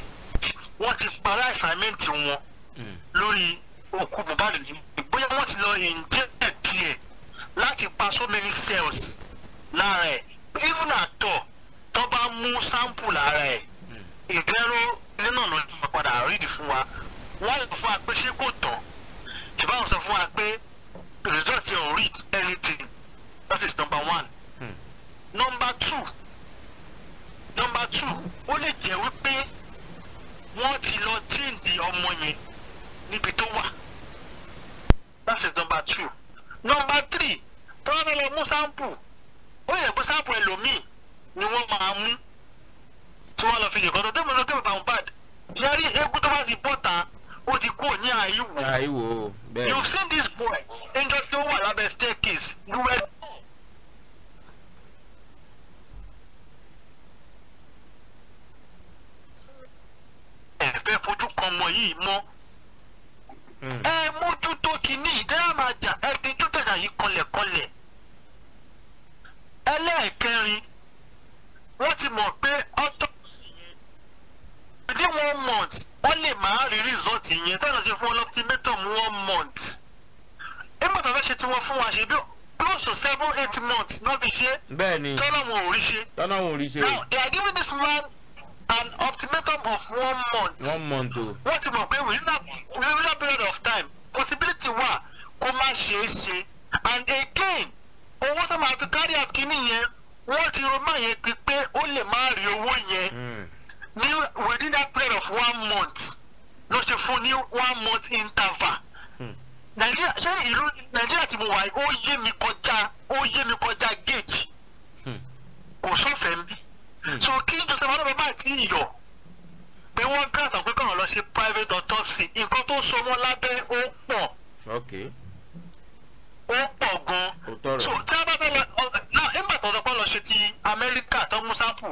wọ́n ti parí assignment wọn lórí òkú Mohbad ní bóyá wọ́n ti lọ ìjẹ́ díẹ̀ láti pa so many cells lára ẹ̀ even àtọ̀ tó bá mú sample lára ẹ̀ ìdẹ́rọ nínú ọ̀nà ìpadà rídìí fún wa wọ́n yóò fún apẹ́ṣẹ́ kò tán ṣùgbọ́n àwọn sọ fún wa pé result yẹn ò read anything that is number one. Hmm. number two number two ó lè jẹ́ wípé wọ́n ti lọ chíǹdì ọmọ yẹn níbi tó wà that is number two. number three tọ́wọ́n lọ mú sample ó yẹ pé sample ẹlòmíì ni wọ́n máa mú tí wọ́n lọ fi yẹ̀kọ́ tó dé mọ́ lọ́kẹ́ bàbá mohbad yẹ́rí egun tó bá ti bọ́ta ó ti kú ní àìwò. àìwò bẹ́ẹ̀. you seen this boy ẹjọ́ tó wà lábẹ́ staircase lúwẹ́. ẹ fẹ́ fojú kan mọ yìí mọ́. Hmm. ẹ mójútó kínní ìdáyà máa jà ẹ ti jútàjà yìí kọlẹ̀kọlẹ̀. ẹlẹ́ẹ̀kẹrin wọ́n ti mọ̀ pé ní result yẹn táwọn ṣe fún optimatum one month nígbà tó fẹ́ ṣe tí wọ́n fún wa ṣe bí close to seven eight months náà fi ṣe bẹ́ẹ̀ni tọ́lọ́wọ̀n ò rí ṣe tọ́lọ́wọ̀n ò rí ṣe now they are giving this man an optimatum of one month one month o wọ́n ti mọ̀ pé within that within that period of time possibility wà kó má ṣe é ṣe and again owó tó máa fi carry out kínní yẹn wọ́n ti ro máa yẹn pé pé ó lè má rí owó yẹn hmm. ní within that period of one month ló ṣe fún ní one month interval hmm. nàìjíríà ṣé ìlú nàìjíríà tí mo wà ó yé mi kọjá ó yé mi kọjá gauge hmm. kò sọfẹ̀ẹ́ mi hmm. so kí joseph adébábá ti yọ pé wọ́n grant àwọn pé lọ ṣe private autopsy nǹkan tó so mọ́ lábẹ́ ó pọ̀ ó pọ̀ gan-an so tí a bá bá lọ náà nígbà tó ń sọpọ́ lọ ṣe ti amẹ́ríkà tó ń mú sáfù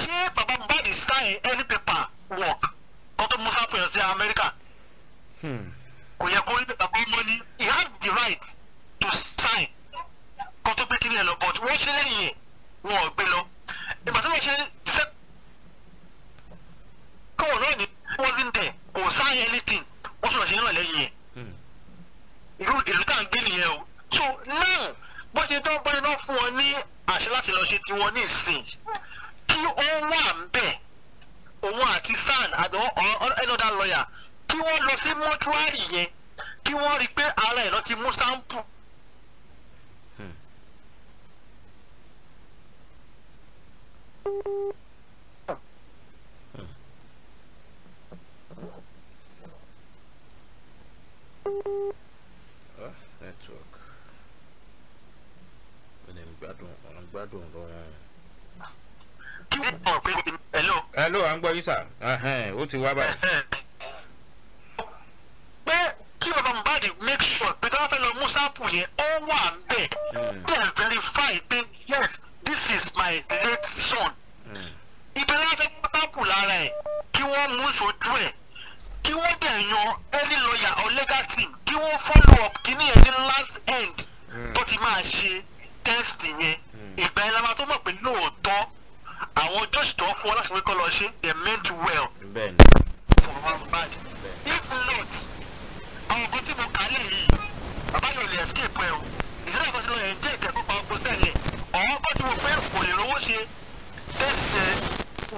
ṣé bàbá Mohbad sign any paper work kó tó musa pèèyàn sí amẹ́ríkà kò yẹ kó rí bàbá ọmọ ní he has the right to sign kó tó gbé kíní ẹ lọ but wọ́n ṣe lẹ́yìn wọn ò gbé lọ ìgbà tí wọ́n ṣe ṣe kó wọ́n lóyún ní wasn't there kò sign anything wọ́n sọ̀rọ̀ ṣe náà lẹ́yìn ẹ̀ hmm. ìlú ìlú tá à ń gbé nìyẹn o so now bó ṣe tán bó ṣe tán fún wọn ní àṣẹ láti lọ ṣe tiwọn ní ìsìn kí ó wà ń bẹ̀ òun àti san àbí another lawyer kí wọ́n lọ sí mọ́túárì yẹn kí wọ́n rí i pé ara ẹ̀ lọ ti mú sáǹpù. thank you hello. hello à ń gbọ́ yín sà ó ti wá báyìí. pé kí bàbá Mohbad make sure pé tí wọ́n fẹ́ lọ mú sample yẹn ó wà ń bẹ̀ then hmm. verify pé yes this is my late son. Hmm. ibẹ̀ láti fẹ́ mú sample lára ẹ̀ kí wọ́n mú ìṣojú ẹ̀ kí wọ́n dẹ̀ yan any lawyer or legal team kí wọ́n follow up kíní ẹ̀ ní last end hmm. tó ti máa ṣe test yẹn ìgbà ẹ̀ la máa tó mọ̀ pé lóòótọ́ àwọn ojú ìṣòro fún wọn láti wí kọ́ lọ ṣe they meant well for Mohbad if not àwọn ọkọ tí mo kà lè yìí bàbá yóò lè escape ẹ o ìṣẹ́lẹ̀ kan ti lọ ẹ̀ ń jẹ́ ìkẹ́kọ̀ọ́ pa ọkọ sẹ́yìn ọ̀hún kọ́ tí mo fẹ́ kò lè rówó ṣe tẹ̀sẹ̀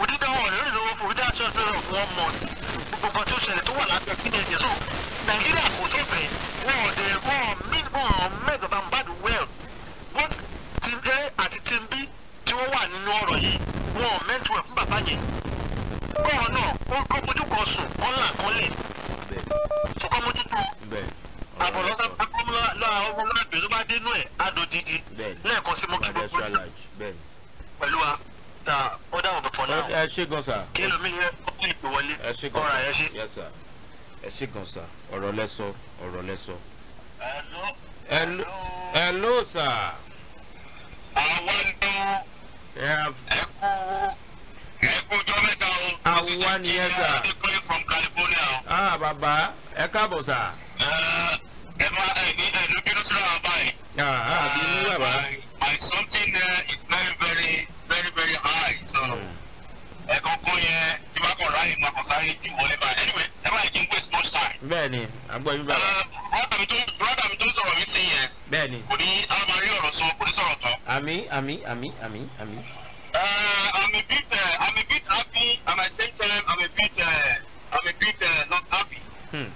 òdídá wọn lórí ìṣòro fún òdídá aṣọ of one month gbogbo nǹkan tí ó ṣẹlẹ̀ tó wà lábẹ́ ìpínlẹ̀ èdè so Nàìjíríà kò tó bẹ̀ wọn ò dẹ̀ wọn mí wọn mẹ́gbàá Mohbad well both team A àti team B wọ́n wà nínú ọ̀rọ̀ yìí wọn ò mẹ́ntu ẹ̀ fún bàbá yẹn bọ́ọ̀ náà ó gbọ́ ojú kan sùn wọ́n là kan lẹ̀ ṣùgbọ́n mo tútù àbọ̀lọ́ náà ọmọ lábẹ́ tó bá dénú ẹ̀ adò dídí lẹ́ẹ̀kan sí mo kí gbogbo pẹ̀lú wa ta order of the for now ẹ ṣe gan sa kí lómi yẹ ọkọ ìpè wọlé ọ̀rọ̀ ẹ ṣe. ẹ ṣe gan sa ọ̀rọ̀ lẹ́sọ ọ̀rọ̀ lẹ́sọ. hello hello sir. àwọn ló ẹ kú jọ mẹ́ta o. àwa nìyẹn sà. ah baba. ẹ káàbọ̀ sà. ẹ máa ẹ ní ẹ ní bínú síra wa báyìí. ah bínú bàbá. my something there is very very very very high so. Mm ẹ̀kan kan yẹn tí wọ́n kàn ráyè máa kàn sáré jù wọlé báyìí anyway ẹ má yẹ kí n waste much time. bẹ́ẹ̀ni agbọ ibi bàbá. brọ́dà mi tó brọ́dà mi tó ń sọ̀rọ̀ mi sí yẹn. bẹ́ẹ̀ni. kò ní a máa rí ọ̀rọ̀ sọ kò ní sọ̀rọ̀ tán. àmì àmì àmì àmì àmì. I'm a bit uh, I'm a bit happy and at the same time I'm a bit uh, I'm a bit uh, not happy. Hmm.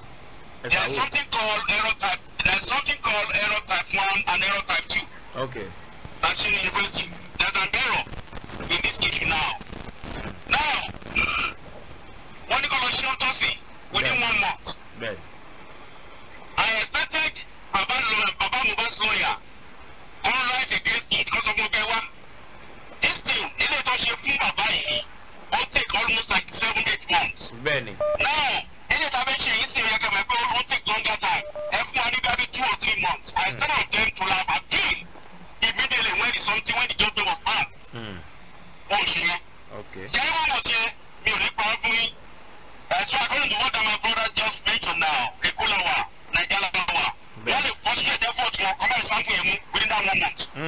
There's yes, something called aerotype. There's something called aerotype one and aerotype two. Okay. That's in university. There's an error in this issue now now wọ́n ní kọ́ lọ ṣe ọ́n tọ́sí within one month I expected baba baba Mohbad's lawyer come rise against it because of fún ọgbẹ́ wa this thing nílé tó ṣe fún bàbá yìí ó take almost like seven eight months now ilé tàbí ṣe yìí sì yẹ kẹfẹ pé ó take longer time ẹ fún wa ní bíi two or three months I instead of them to laugh at me immediately when the something when the judgment was passed. Mm. Oh, she, ṣé ní mọ̀mọ́ tiẹ̀ mi ò ní pa á fún yín ẹ̀sùn according to what my brother just mentioned now èkó la wà nàìjà la wà wọ́n hmm. lè frustrate effort wọn kọ́mọ́ ìsàmù yẹn mú within that moment. I'm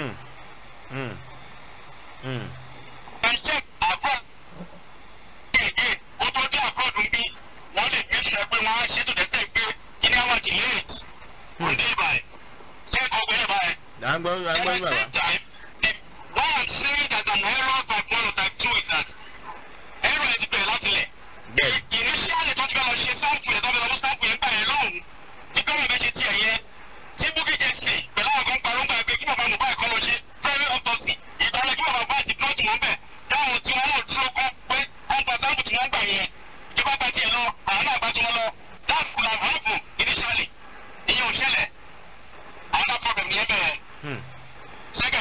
hmm. hmm. check abroad again kó tó dé abroad ń bí wọ́n lè make sure pé wọ́n á ṣe tó dẹ́sẹ̀ pé kí ni àwọn delay it. ń dé ibà ẹ̀ ṣé kò gbé ibà ẹ̀. à at the same time what i'm saying as an error type one or type two is that error ẹ ti bẹ̀rẹ̀ láti lẹ̀. bẹ́ẹ̀ initially tó ti fẹ́ lọ ṣe sample yẹn tó fẹ́ lọ mú sample yẹn gbà yẹn lóhùn tí gómìnà bẹ́ẹ̀ ṣe tiẹ̀ yẹn tí Bukky Jesse pẹ̀lú àwọn kan parọ́ gbà pé kí bàbá Mohbad ẹ̀kọ́ lọ ṣe private autopsy ìgbàlẹ̀ kí bàbá Mohbad ti plọ́ọ̀tù mọ́ bẹ́ẹ̀ táwọn tí wọ́n náà dúró kọ́ pé wọ́n gba sample tí wọ́n gbà yẹn ìjọba gba tiẹ̀ lọ àwọn náà gba tí lọ that could have happened initially ìyẹn ò ṣẹlẹ̀ àwọn problem yẹn bẹ̀rẹ̀ hmm. ṣẹ́gẹ̀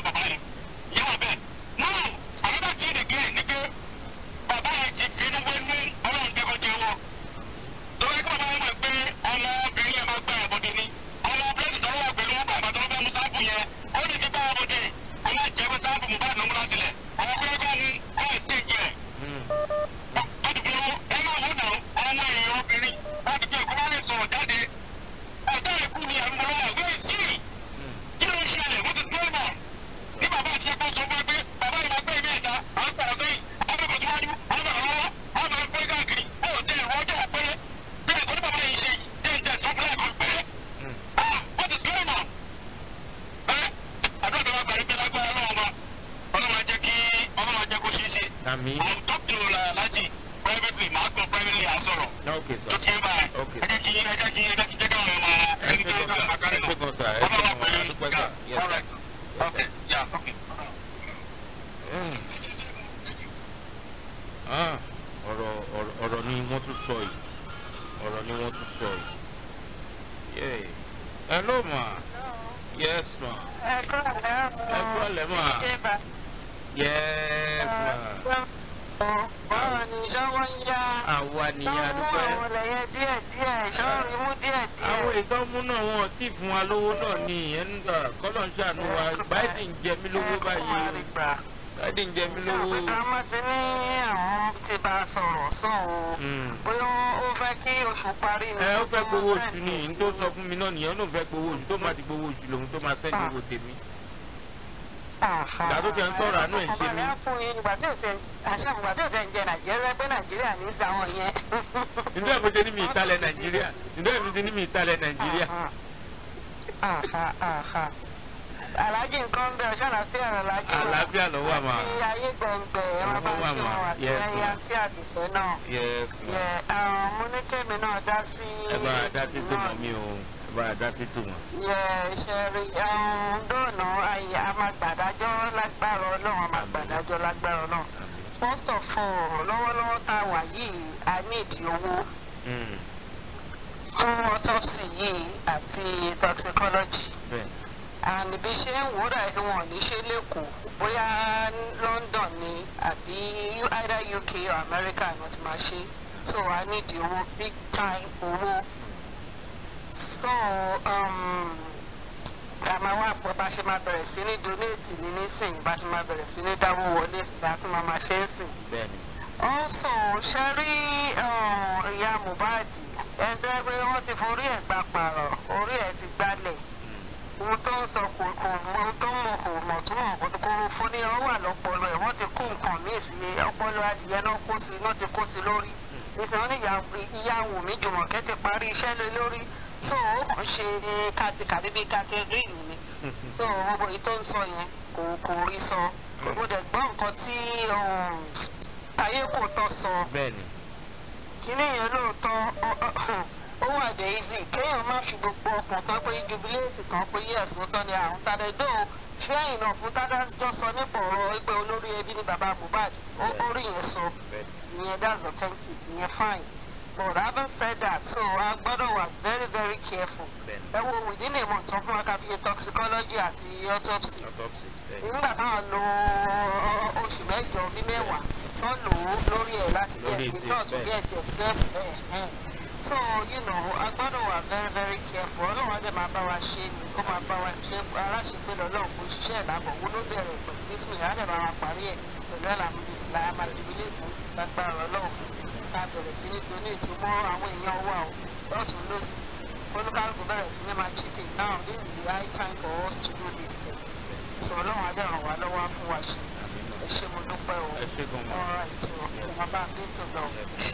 kí oṣù parí ni. ẹ ó fẹ́ gbowó oṣù ni n tó sọ fún mi náà nìyẹn ló ń fẹ́ gbowó oṣù tó máa ti gbowó oṣù lòun tó máa sẹ́ni owó ah. tèmi. ìgbà tó ti ń sọ̀rọ̀ àánú ẹ̀ ń ṣe mí. ìgbà tí ò ti ń jẹ nàìjíríà pé nàìjíríà ní í sàwọn yẹn. ǹjẹ́ mo ti ní nàìjíríà ǹjẹ́ mo ti ní mi aláàjì nǹkan ń bẹ ọṣẹ àlàáfíà aláàjì àlàáfíà ló wà máa àti ayé gbẹngbẹ ẹ máa bá ṣe wọn àti ẹyà àti àbìfẹ náà yẹ àwọn múnikẹ́mi náà dá sí ètò náà bá a dá sí tòmọ. yẹ ṣẹri dọ́ọ̀nà ayé a máa gbàdájọ́ lágbára ọlọ́run a máa gbàdájọ́ lágbára ọlọ́run first of all lọ́wọ́lọ́wọ́ tá a wà yìí a need owó hmm. fún autopsy yìí àti toxicology. Yeah and bí ṣe ń wúrà wọn ò ní ṣe lẹ́kọ̀ọ́ bóyá London ni àbí either UK or America ni wọ́n ti máa ṣe so I need owó big time owó so àmọ́ wà pọ̀ bá ṣe máa bẹ̀rẹ̀ sí ní donate ní nísìnyí bá ṣe máa bẹ̀rẹ̀ sí ní dáwó wọlé ìgbà tó máa máa ṣe é sìn. also ṣe rí um, ìyá Mohbad ẹgbẹ́ pé wọ́n ti forí ẹ̀ gbà pààrọ̀ orí ẹ̀ ti gbálẹ̀ ohun tó ń sọ kò kò mọ ohun tó ń mọ kò mọ tó mọ kò kò fún ní ọ wà lọpọlọ ẹ wọn ti kó nǹkan míì sí ọpọlọ adìyẹ náà kó sí náà ti kó sí lórí nísìnyí wọn ní ìyá wù mí jùmọ̀kẹ́ ti parí iṣẹ́ lé lórí so ó kàn ṣe kàtìkàtì bíi kàtì green ni so gbogbo èyí tó ń sọ yẹn kò kò rí sọ mo dẹ̀ gbọ́ nǹkan tí ayé kò tọ́ sọ kíní yẹn lóòótọ́ ó wà jẹ́ easy kéèyàn má fi gbogbo ọkàn tán pé jubileeti kan pé yes ó tán ni àrùn tàdé dó fẹ́yìn náà fún tádájọ́ sọ nípa ọ̀rọ̀ ẹgbẹ́ olórí ẹbí ní baba Mohbad ó borí yẹn sọ ìyẹn that's authentic ìyẹn fine but having said that so a gbọ́dọ̀ wà very very careful ẹ wo within a month tán fún akabiye toxicology àti autopsy nígbà táwọn lo oṣù mẹ́jọ bí mẹ́wàá tó lò ó lórí ẹ̀ láti jẹ́ ṣe tó ọ̀tún bí ẹ̀ tiẹ̀ so you know a gbọ́dọ̀ wà very very careful ọlọ́run adé máa bá wa ṣe ni ó máa bá wa ṣe aláṣepé lọ́lọ́run kò ṣiṣẹ́ ìlàbọ̀ wo ló bẹ̀rẹ̀ pẹ̀lú bísímìlì adé máa wa parí ẹ̀ pẹ̀lú àlàmúlẹ̀ àmàlùmílẹ̀ tó gbàgbára ọlọ́run ká bẹ̀rẹ̀ sí ní toní ìtumọ̀ àwọn èèyàn wà ó lọ́tún lọ́sì olúkálùkù bẹ̀rẹ̀ sí ní máa chipping now this is the high time for us to do this thing so ọlọ́run adé ràn wá lọ́wọ́ fún wa ṣe ẹ ṣe mo dúpẹ́ o all right o bá a bí tó lọ ṣe.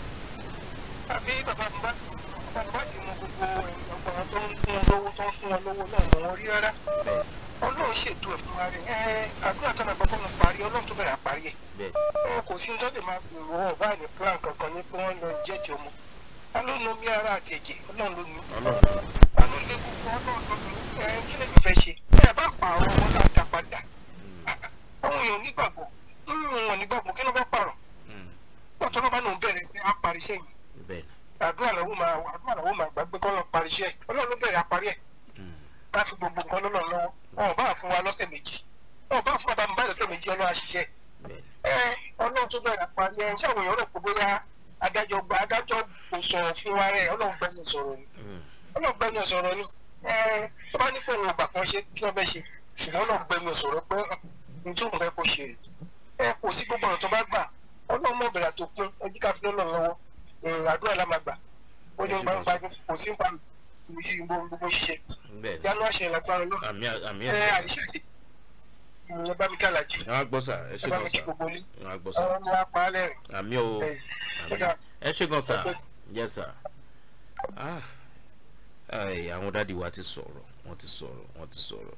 àbí bàbá mi bá bàbá mi bá yìí mọ gbogbo ọgbọ̀n tó ń fún wọn lówó tó ń fún wọn lówó náà mọ̀ wọ́n rí rárá ọlọ́run ṣètò ẹ̀ fún wa rẹ̀ ẹ àdúrà tán àgbà fọ́nà parí ọlọ́run tó bẹ̀rẹ̀ àparí ẹ̀ ẹ kò sí tó lè máa fi rọ ọ̀bá ní plan kankan ní pé wọ́n lọ jẹ́ ti ọmọ ọlọ́run ló ara àti ẹ̀jẹ̀ ọlọ́run ló ọlọ́run ọlọ́run ló ẹ kí lè fẹ́ ṣe ẹ hmm. bá pààrọ̀ ọmọ náà ta àdúrà lọ́wọ́ máa àdúrà lọ́wọ́ máa gbàgbé kọ́ lọ́n parí iṣẹ́ ọlọ́run bẹ̀rẹ̀ àparí ẹ̀ hmm. ká fi gbogbo nǹkan lọ́lọ́ lọ́wọ́ wọn bá fún wa lọ́sẹ̀ méjì wọn bá fún bàbá mi lọ́sẹ̀ méjì ọlọ́run àṣìṣe ẹ ọlọ́run tó bẹ̀rẹ̀ àparí ẹ ṣé àwọn èèyàn rẹ̀ kó bóyá adájọ́ gba adájọ́ kò sọ̀rọ̀ fún wa rẹ̀ ọlọ́run gbẹ́yìn sọ̀rọ̀ ni hmm. ọlọ́run gbẹ́yìn sọ̀rọ̀ ni ẹ àdúrà la máa gbà ó jẹ́ nípa nípa kò sí nípa mi sí gbogbo ṣiṣẹ́ yánú àṣẹ ìlàgbára náà ẹ àdìsá ṣe ìyẹn bá mi kí alájí ẹ wá gbọ́ sà ẹ ṣe gan sà ẹ wá gbọ́ sà ọ̀rọ̀ ni wàá pa á lẹ́rìn àmì o ẹ ṣe gan sà yẹ sà àwọn dáàdi wa ti sọ̀rọ̀ wọ́n ti sọ̀rọ̀ wọ́n ti sọ̀rọ̀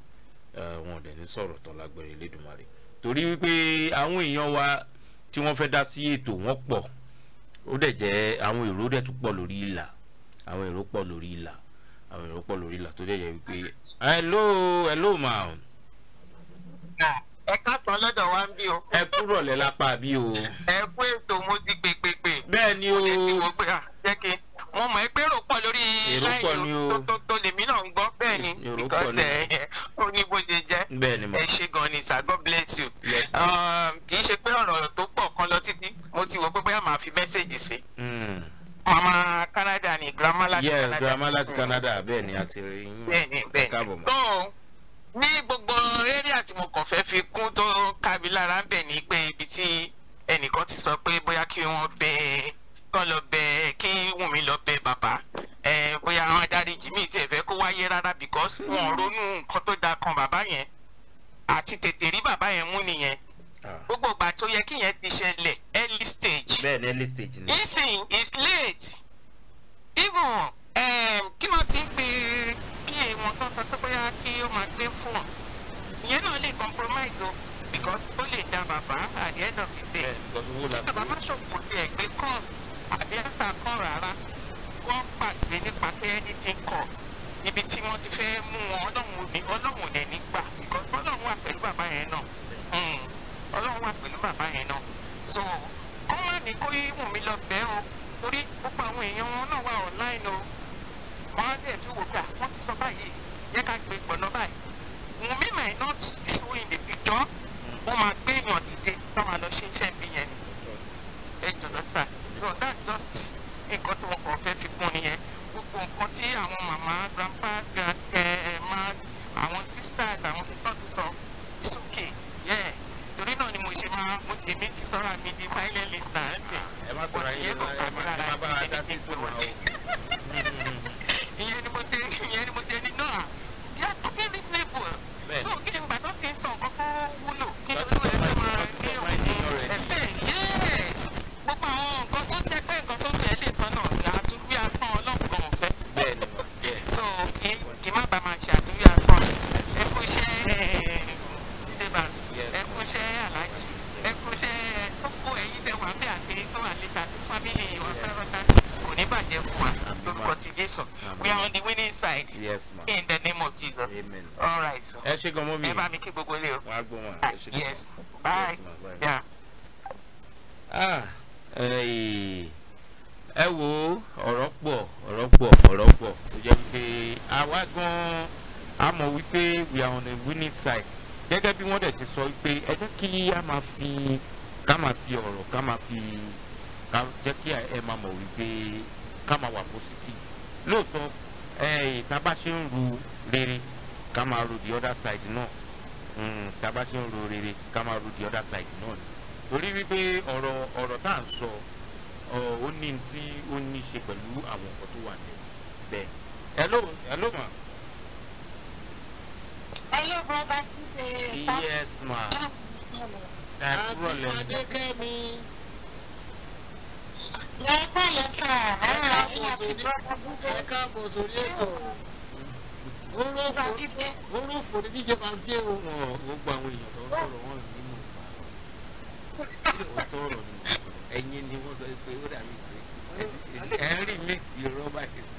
wọn ò dẹ̀ ní sọ̀rọ̀ tán lágbẹ̀rẹ̀ lẹ́dùnmarè torí wípé àwọn èèyàn wa tí wọ́n fẹ́ dá sí ètò wọn pọ̀ ó dẹ̀ jẹ́ àwọn èrò dẹ̀ tún pọ̀ lórí ìlà àwọn èrò pọ̀ lórí ìlà àwọn èrò pọ̀ lórí ìlà tó dẹ̀ jẹ́ wípé hello hello ma. ẹ káàsán lọ́dọ̀ wa ń bí o. ẹ kúrò lẹ́ lápá bí o. ẹ kú ètò mo ti pèpèpè. bẹ́ẹ̀ ni o. mo lè ti wọ́n à jẹ́ kí n mo mọ̀ pé èrò pọ̀ lórí láì tó lèmi náà ń gbọ́ bẹ́ẹ̀ ni because eh, ó ní bó ṣe jẹ́ ẹ ṣe gan ni sir God bless you um, kì í ṣe pé ọ̀rọ̀ tó pọ̀ kan lọ títí mo ti wò pé bóyá màá fi mẹ́sẹ̀gì sí mama Canada ni grandma láti yeah, Canada yeah grandma láti hmm. Canada bẹ́ẹ̀ ni àti bẹ́ẹ̀ ni bẹ́ẹ̀ ni tó ní gbogbo area tí mo kàn fẹ́ fi kún tó kábi lára ń bẹ̀ ni pé ibi tí ẹnìkan ti sọ pé bóyá kí wọ́n bẹ́ẹ̀ kọ́ lọ bẹ kí Wùnmí lọ bẹ bàbá ẹ bóyá àwọn adáríjì mi ti ẹ̀fẹ́ kó wáyé rárá because wọn ronú nǹkan tó da kan bàbá yẹn àti tètè rí bàbá yẹn mú nìyẹn ah. gbogbo ìgbà tó yẹ kí yẹn ti ṣẹlẹ̀ early stage bẹ́ẹ̀ni early stage ni ìsìn is late even um, kí wọ́n ti ń pe pa wọn tó sọ pé bóyá kí ó máa gbé fún ọ ìyẹn náà lè compromise o because ó lè da bàbá at the end of the day bàbá má ṣòkòtò ẹ̀gbẹ́ kan àbí ẹ̀sà rárá wọ́n pàgbé nípa pé ẹni ti kọ̀ ibi tí wọ́n ti fẹ́ mú wọn ọlọ́run ọlọ́run dẹ̀ nígbà because ọlọ́run wà pẹ̀lú bàbá yẹn náà hmm, ọlọ́run wà pẹ̀lú bàbá yẹn náà so kọ́ má ní kó wù mí lọ bẹ́ẹ̀ o torí gbogbo àwọn èèyàn wọn náà wà online o wọ́n á dẹ̀ tún wò pé àwọn ti sọ báyìí yẹ ká gbé gbọ̀nà báyìí wù mí might not nìyẹn gbogbo nǹkan tí àwọn màmá grandpa grandma eh, eh, àwọn sisters àwọn tó ti sọ it's okay yeah torí náà ni mo ṣe máa mo ti èmi ti sọ́ra mi di silent listener ẹ̀ ṣe kò ní yẹ kó máa ro the other side náà hmm, tá ṣe ń ro rere ká máa ro the other side náà ni torí wípé ọ̀rọ̀ ọ̀rọ̀ tá à ń sọ ó ní tí ó ní ṣe pẹ̀lú àwọn nǹkan tó wà nílẹ̀ bẹ́ẹ̀ hello hello ma. hello brother Jide. yes ma. àti adékẹ́mi. lẹ́kọ̀ọ́ yẹn sà àwọn àti brother Jide. ẹ̀ka ètò. ó rò fún mi oró fò ní jíjẹ máa jẹ́ o. wọn àwọn èèyàn tó sọ̀rọ̀ wọn ní mọ̀ ọ́ sọ̀rọ̀ ni ẹ̀yin ni wọ́n sọ pé ó dàbí pé ẹ̀ ń rí mèsì rọ́bà tètè.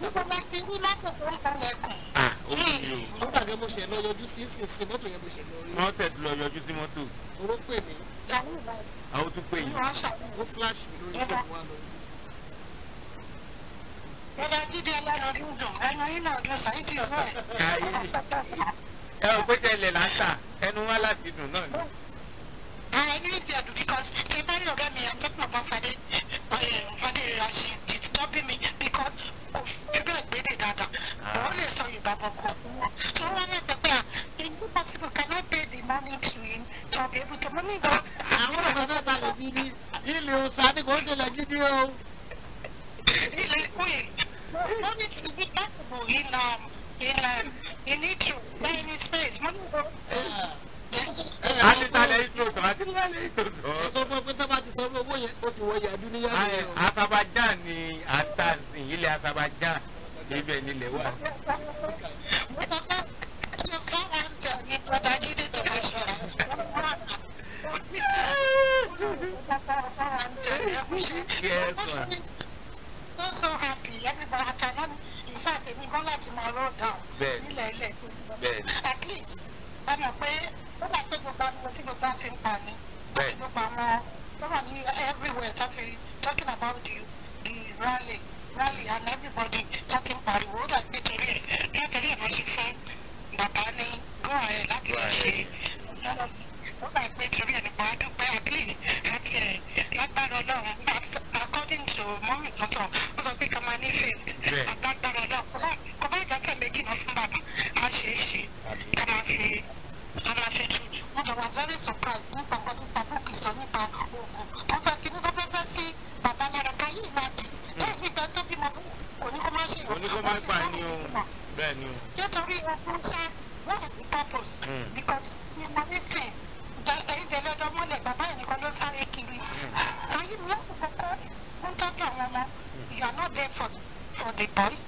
níbo la ti rí látòkò ìkàlẹ̀ kan. ah ó kì í o. mo ṣe lọ yọjú sí sísìn mọ́tò yẹn mo ṣe lọ rí. wọ́n lọ yọjú sí mọ́tò. oró pè mí. àwọn tún pè yín. ó flash mi lórí fóònù wa lọ bàbá jíde ẹlẹ́nu dúndùn ẹnu yín náà dùn ṣáìdì ọ̀rọ̀ ẹ̀. ẹ ò péjẹ ilẹ̀ lásà ẹnu wá láti dùn náà ni. ẹni ní ìjẹ̀dù because ṣe bá rí ọ̀rẹ́ mi àtọ́pọ̀ bá fadé fadé rashi disturbing me because kò fi bẹ́ẹ̀ gbéde dáadáa but ó lè sọ yorùbá bọ̀ kó. so wọ́n ní ẹ̀sẹ̀ pé it's not possible can I pay the money to him to be able to money go. àwọn ọ̀rọ̀ mẹ́ta lè gidi ilé òsàn àti kò ń ṣẹlẹ̀ gidi o. ilé ìkúyè mo ní to be comfortable in um, in um, in intro in space mo ní ko. Adétalẹ̀ ìtòtò Adétalẹ̀ ìtòtò. Sọ fún pé tábà ti sọ fún owó yẹn ó ti wọ ìyá dúdú ni Atazin ilẹ̀ Azerbaijan ibẹ̀ nílẹ̀ wà. Mo sọ pé ṣe fún oúnjẹ ní Bọ́dà Jídé tó bá ṣọ́ra. Yes, so so happy everybody àtàwọn in fact èmi go like tomorrow down nílẹ̀ ilẹ̀ gbogbo at least a mọ̀ pé ó gbà pé gbogbo àwọn tí gbogbo àfi ń pa ni àti gbogbo àwọn tó wà ní everywhere tó talking about the the rally rally and everybody talking pariwo ó dà pé torí ẹ̀ nítorí ẹ̀ wọ́n ṣe fún bàbá ní gómà ẹ̀ láti lè ṣe ó dà pé torí ẹ̀ nípa dúpẹ́ at least àti ẹ̀ lágbára ọlọ́run gbà according to mọ́mí kan sọ ó sọ pé ká máa ní faith àtàgbára náà kò bá ìdákẹ́ méjì lọ fún bàbá a ṣe é ṣe ká máa fi ká máa fi kí mo dẹ̀ wà very surprised nípa ọkọ nípa búùkì sọ nípa oògùn wọ́n fẹ́ kí ní tó fẹ́ fẹ́ sí bàbá lára ká yí ìmá jì tó sì gbà tó bímọ fún kò ní kó o. nítorí ọkùnrin sá what is for, for the boys?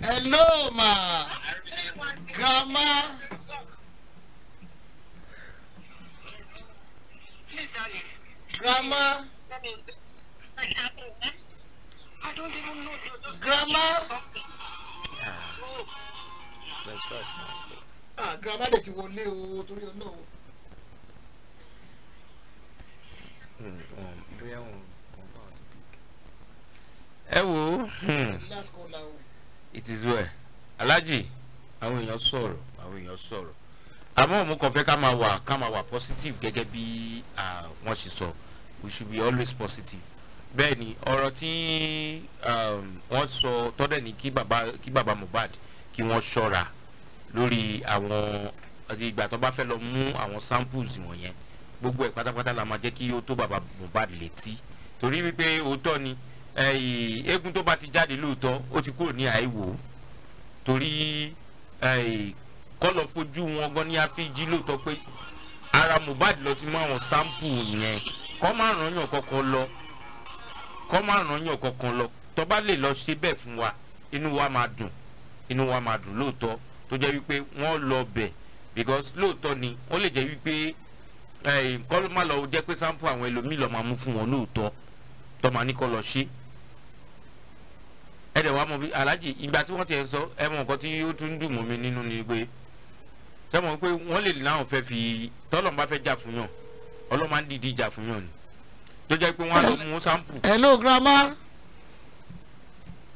Hello, ma. Grandma. Grandma. I don't even know. Grandma. Ah, grandma dẹ̀ ti wọlé o torí ọ náà. Hmm, um, bóyá wọn kàn bá wọn tó bí. Ẹ wo. Hmm. Last call la o it is well alhaji àwọn èèyàn sọ̀rọ̀ àwọn èèyàn sọ̀rọ̀ àmọ́ òun kàn fẹ́ ká máa wà ká máa wà positive gẹ́gẹ́ bí wọ́n ṣe sọ we should be always positive bẹ́ẹ̀ ni ọ̀rọ̀ tí um, wọ́n sọ tọ́dẹ̀ ní kí baba kí baba Mohbad kí wọ́n ṣọ́ra lórí àwọn ìgbà tó bá fẹ́ lọ mú àwọn samples wọ̀nyẹn gbogbo ẹ̀ pátápátá la máa jẹ́ kí ó tó baba Mohbad létí torí wípé òótọ́ ni eégún tó bá ti jáde lóòótọ́ ó ti kúrò ní àìwò torí kọ́lọ̀ fojú wọn gan ní àfíjí lóòótọ́ pé ara Mohbad lọ ti mú àwọn sáǹpù yẹn kọ́ má ràn yàn kankan lọ kọ́ má ràn yàn kankan lọ tó bá lè lọ ṣe bẹ́ẹ̀ fún wa inú wa máa dùn inú wa máa dùn lóòótọ́ tó jẹ́ wípé wọ́n lọ bẹ̀ because lóòótọ́ ni ó lè jẹ́ wípé kọ́ ló má lọ jẹ́ pé sáǹpù àwọn ẹlòmíì lọ́ọ́ máa mú fún wọn lóòótọ́ tó máa ní kọ́ lọ ṣe ẹ dẹ̀ wá mọ̀ bí alájì ìgbà tí wọ́n ti sọ ẹ mọ̀ nǹkan tí ó tún dùn mọ́ mi nínú ni pé ṣé mọ̀ pé wọ́n lè láwọn fẹ́ fi tọ́lọ̀ bá fẹ́ jà fún yàn ọlọ́run máa ń dìdí jà fún yàn ni tó jẹ́ pé wọ́n á lọ mú sample. hello grandma.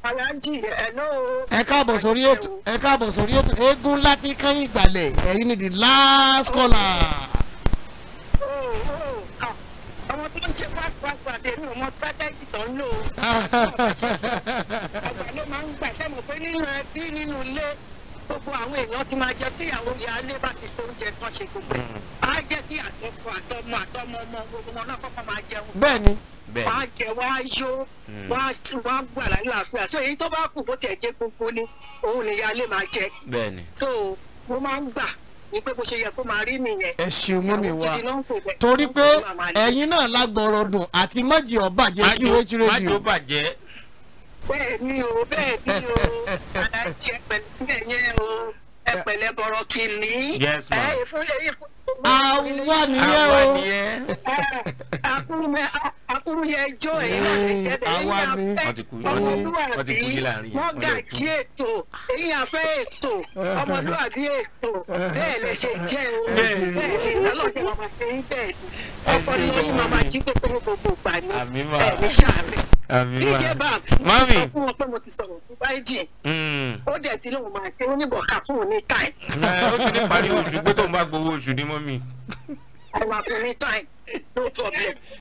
alájì hello. ẹ káàbọ̀ sórí ètò ẹ káàbọ̀ sórí ètò eégún láti kẹ́yìn ìgbàlẹ̀ ẹ̀yin ni the last caller. wọ́n ṣe fast fast fast èmi ò mọ strategy tó ń lò ó. àgbà ló máa ń gbà ṣàmọ̀ pé nínú ẹbí nínú ilé gbogbo àwọn èèyàn ti máa jẹ tíyàwó ìyáálé bá ti so oúnjẹ kan ṣe gbogbo ẹ̀ á hmm. jẹ́ kí àtọkọ àtọmọ àtọmọ ọmọ gbogbo wọn náà kọ́kọ́ máa jẹun. bẹ́ẹ̀ni bẹ́ẹ̀ni wàá jẹ wàá yó hmm. wàá tún wàá gbà lálàáfíà so èyí tó bá kù bó tiẹ̀ jẹ gbogbo ni òun ni ìyáálé máa jẹ. bẹ́ẹ̀ni so mo máa ń gbà ni pé bó ṣe yẹ kó máa rí nìyẹn. ẹ ṣeun mọ́mí wa torí pé ẹ̀yin náà lágbọ̀rọ̀ dùn àti mọ́jì ọ̀bàjẹ́ kí wọ́n ti rédíò. bẹ́ẹ̀ ni o bẹ́ẹ̀ ni o alájẹ pẹ̀lú ẹ̀yẹ o ẹ pẹ̀lẹ́ bọ̀rọ̀ kìnìún ẹ̀ ìfúnlẹ̀ yìí àwọn nìyẹn o akúrúyẹ ẹjọ́ èyí náà ti jẹ́ bẹ́ẹ̀ èyí náà fẹ́ ọmọlúwàbí wọ́n gà kí ètò èyí náà fẹ́ ètò ọmọlúwàbí ètò bẹ́ẹ̀ lè ṣe jẹ́ o bẹ́ẹ̀ ni ọlọ́dẹ màmá ṣe ń bẹ́ẹ̀ ni ọkọ ni wọ́n yí màmá jí kókó ní gbogbo ìgbà ni ẹ̀ ní sàárẹ̀ díje bank sọ fún wọn pé mo ti sọ̀rọ̀ fún báyìí hmm. ó dẹ̀ ti lóun máa ṣe oníbọ̀ká fún òní táì. ó ti ní pariwo oṣù pé tóun bá gbowó oṣù ni mo mummy. I will have time. No problem.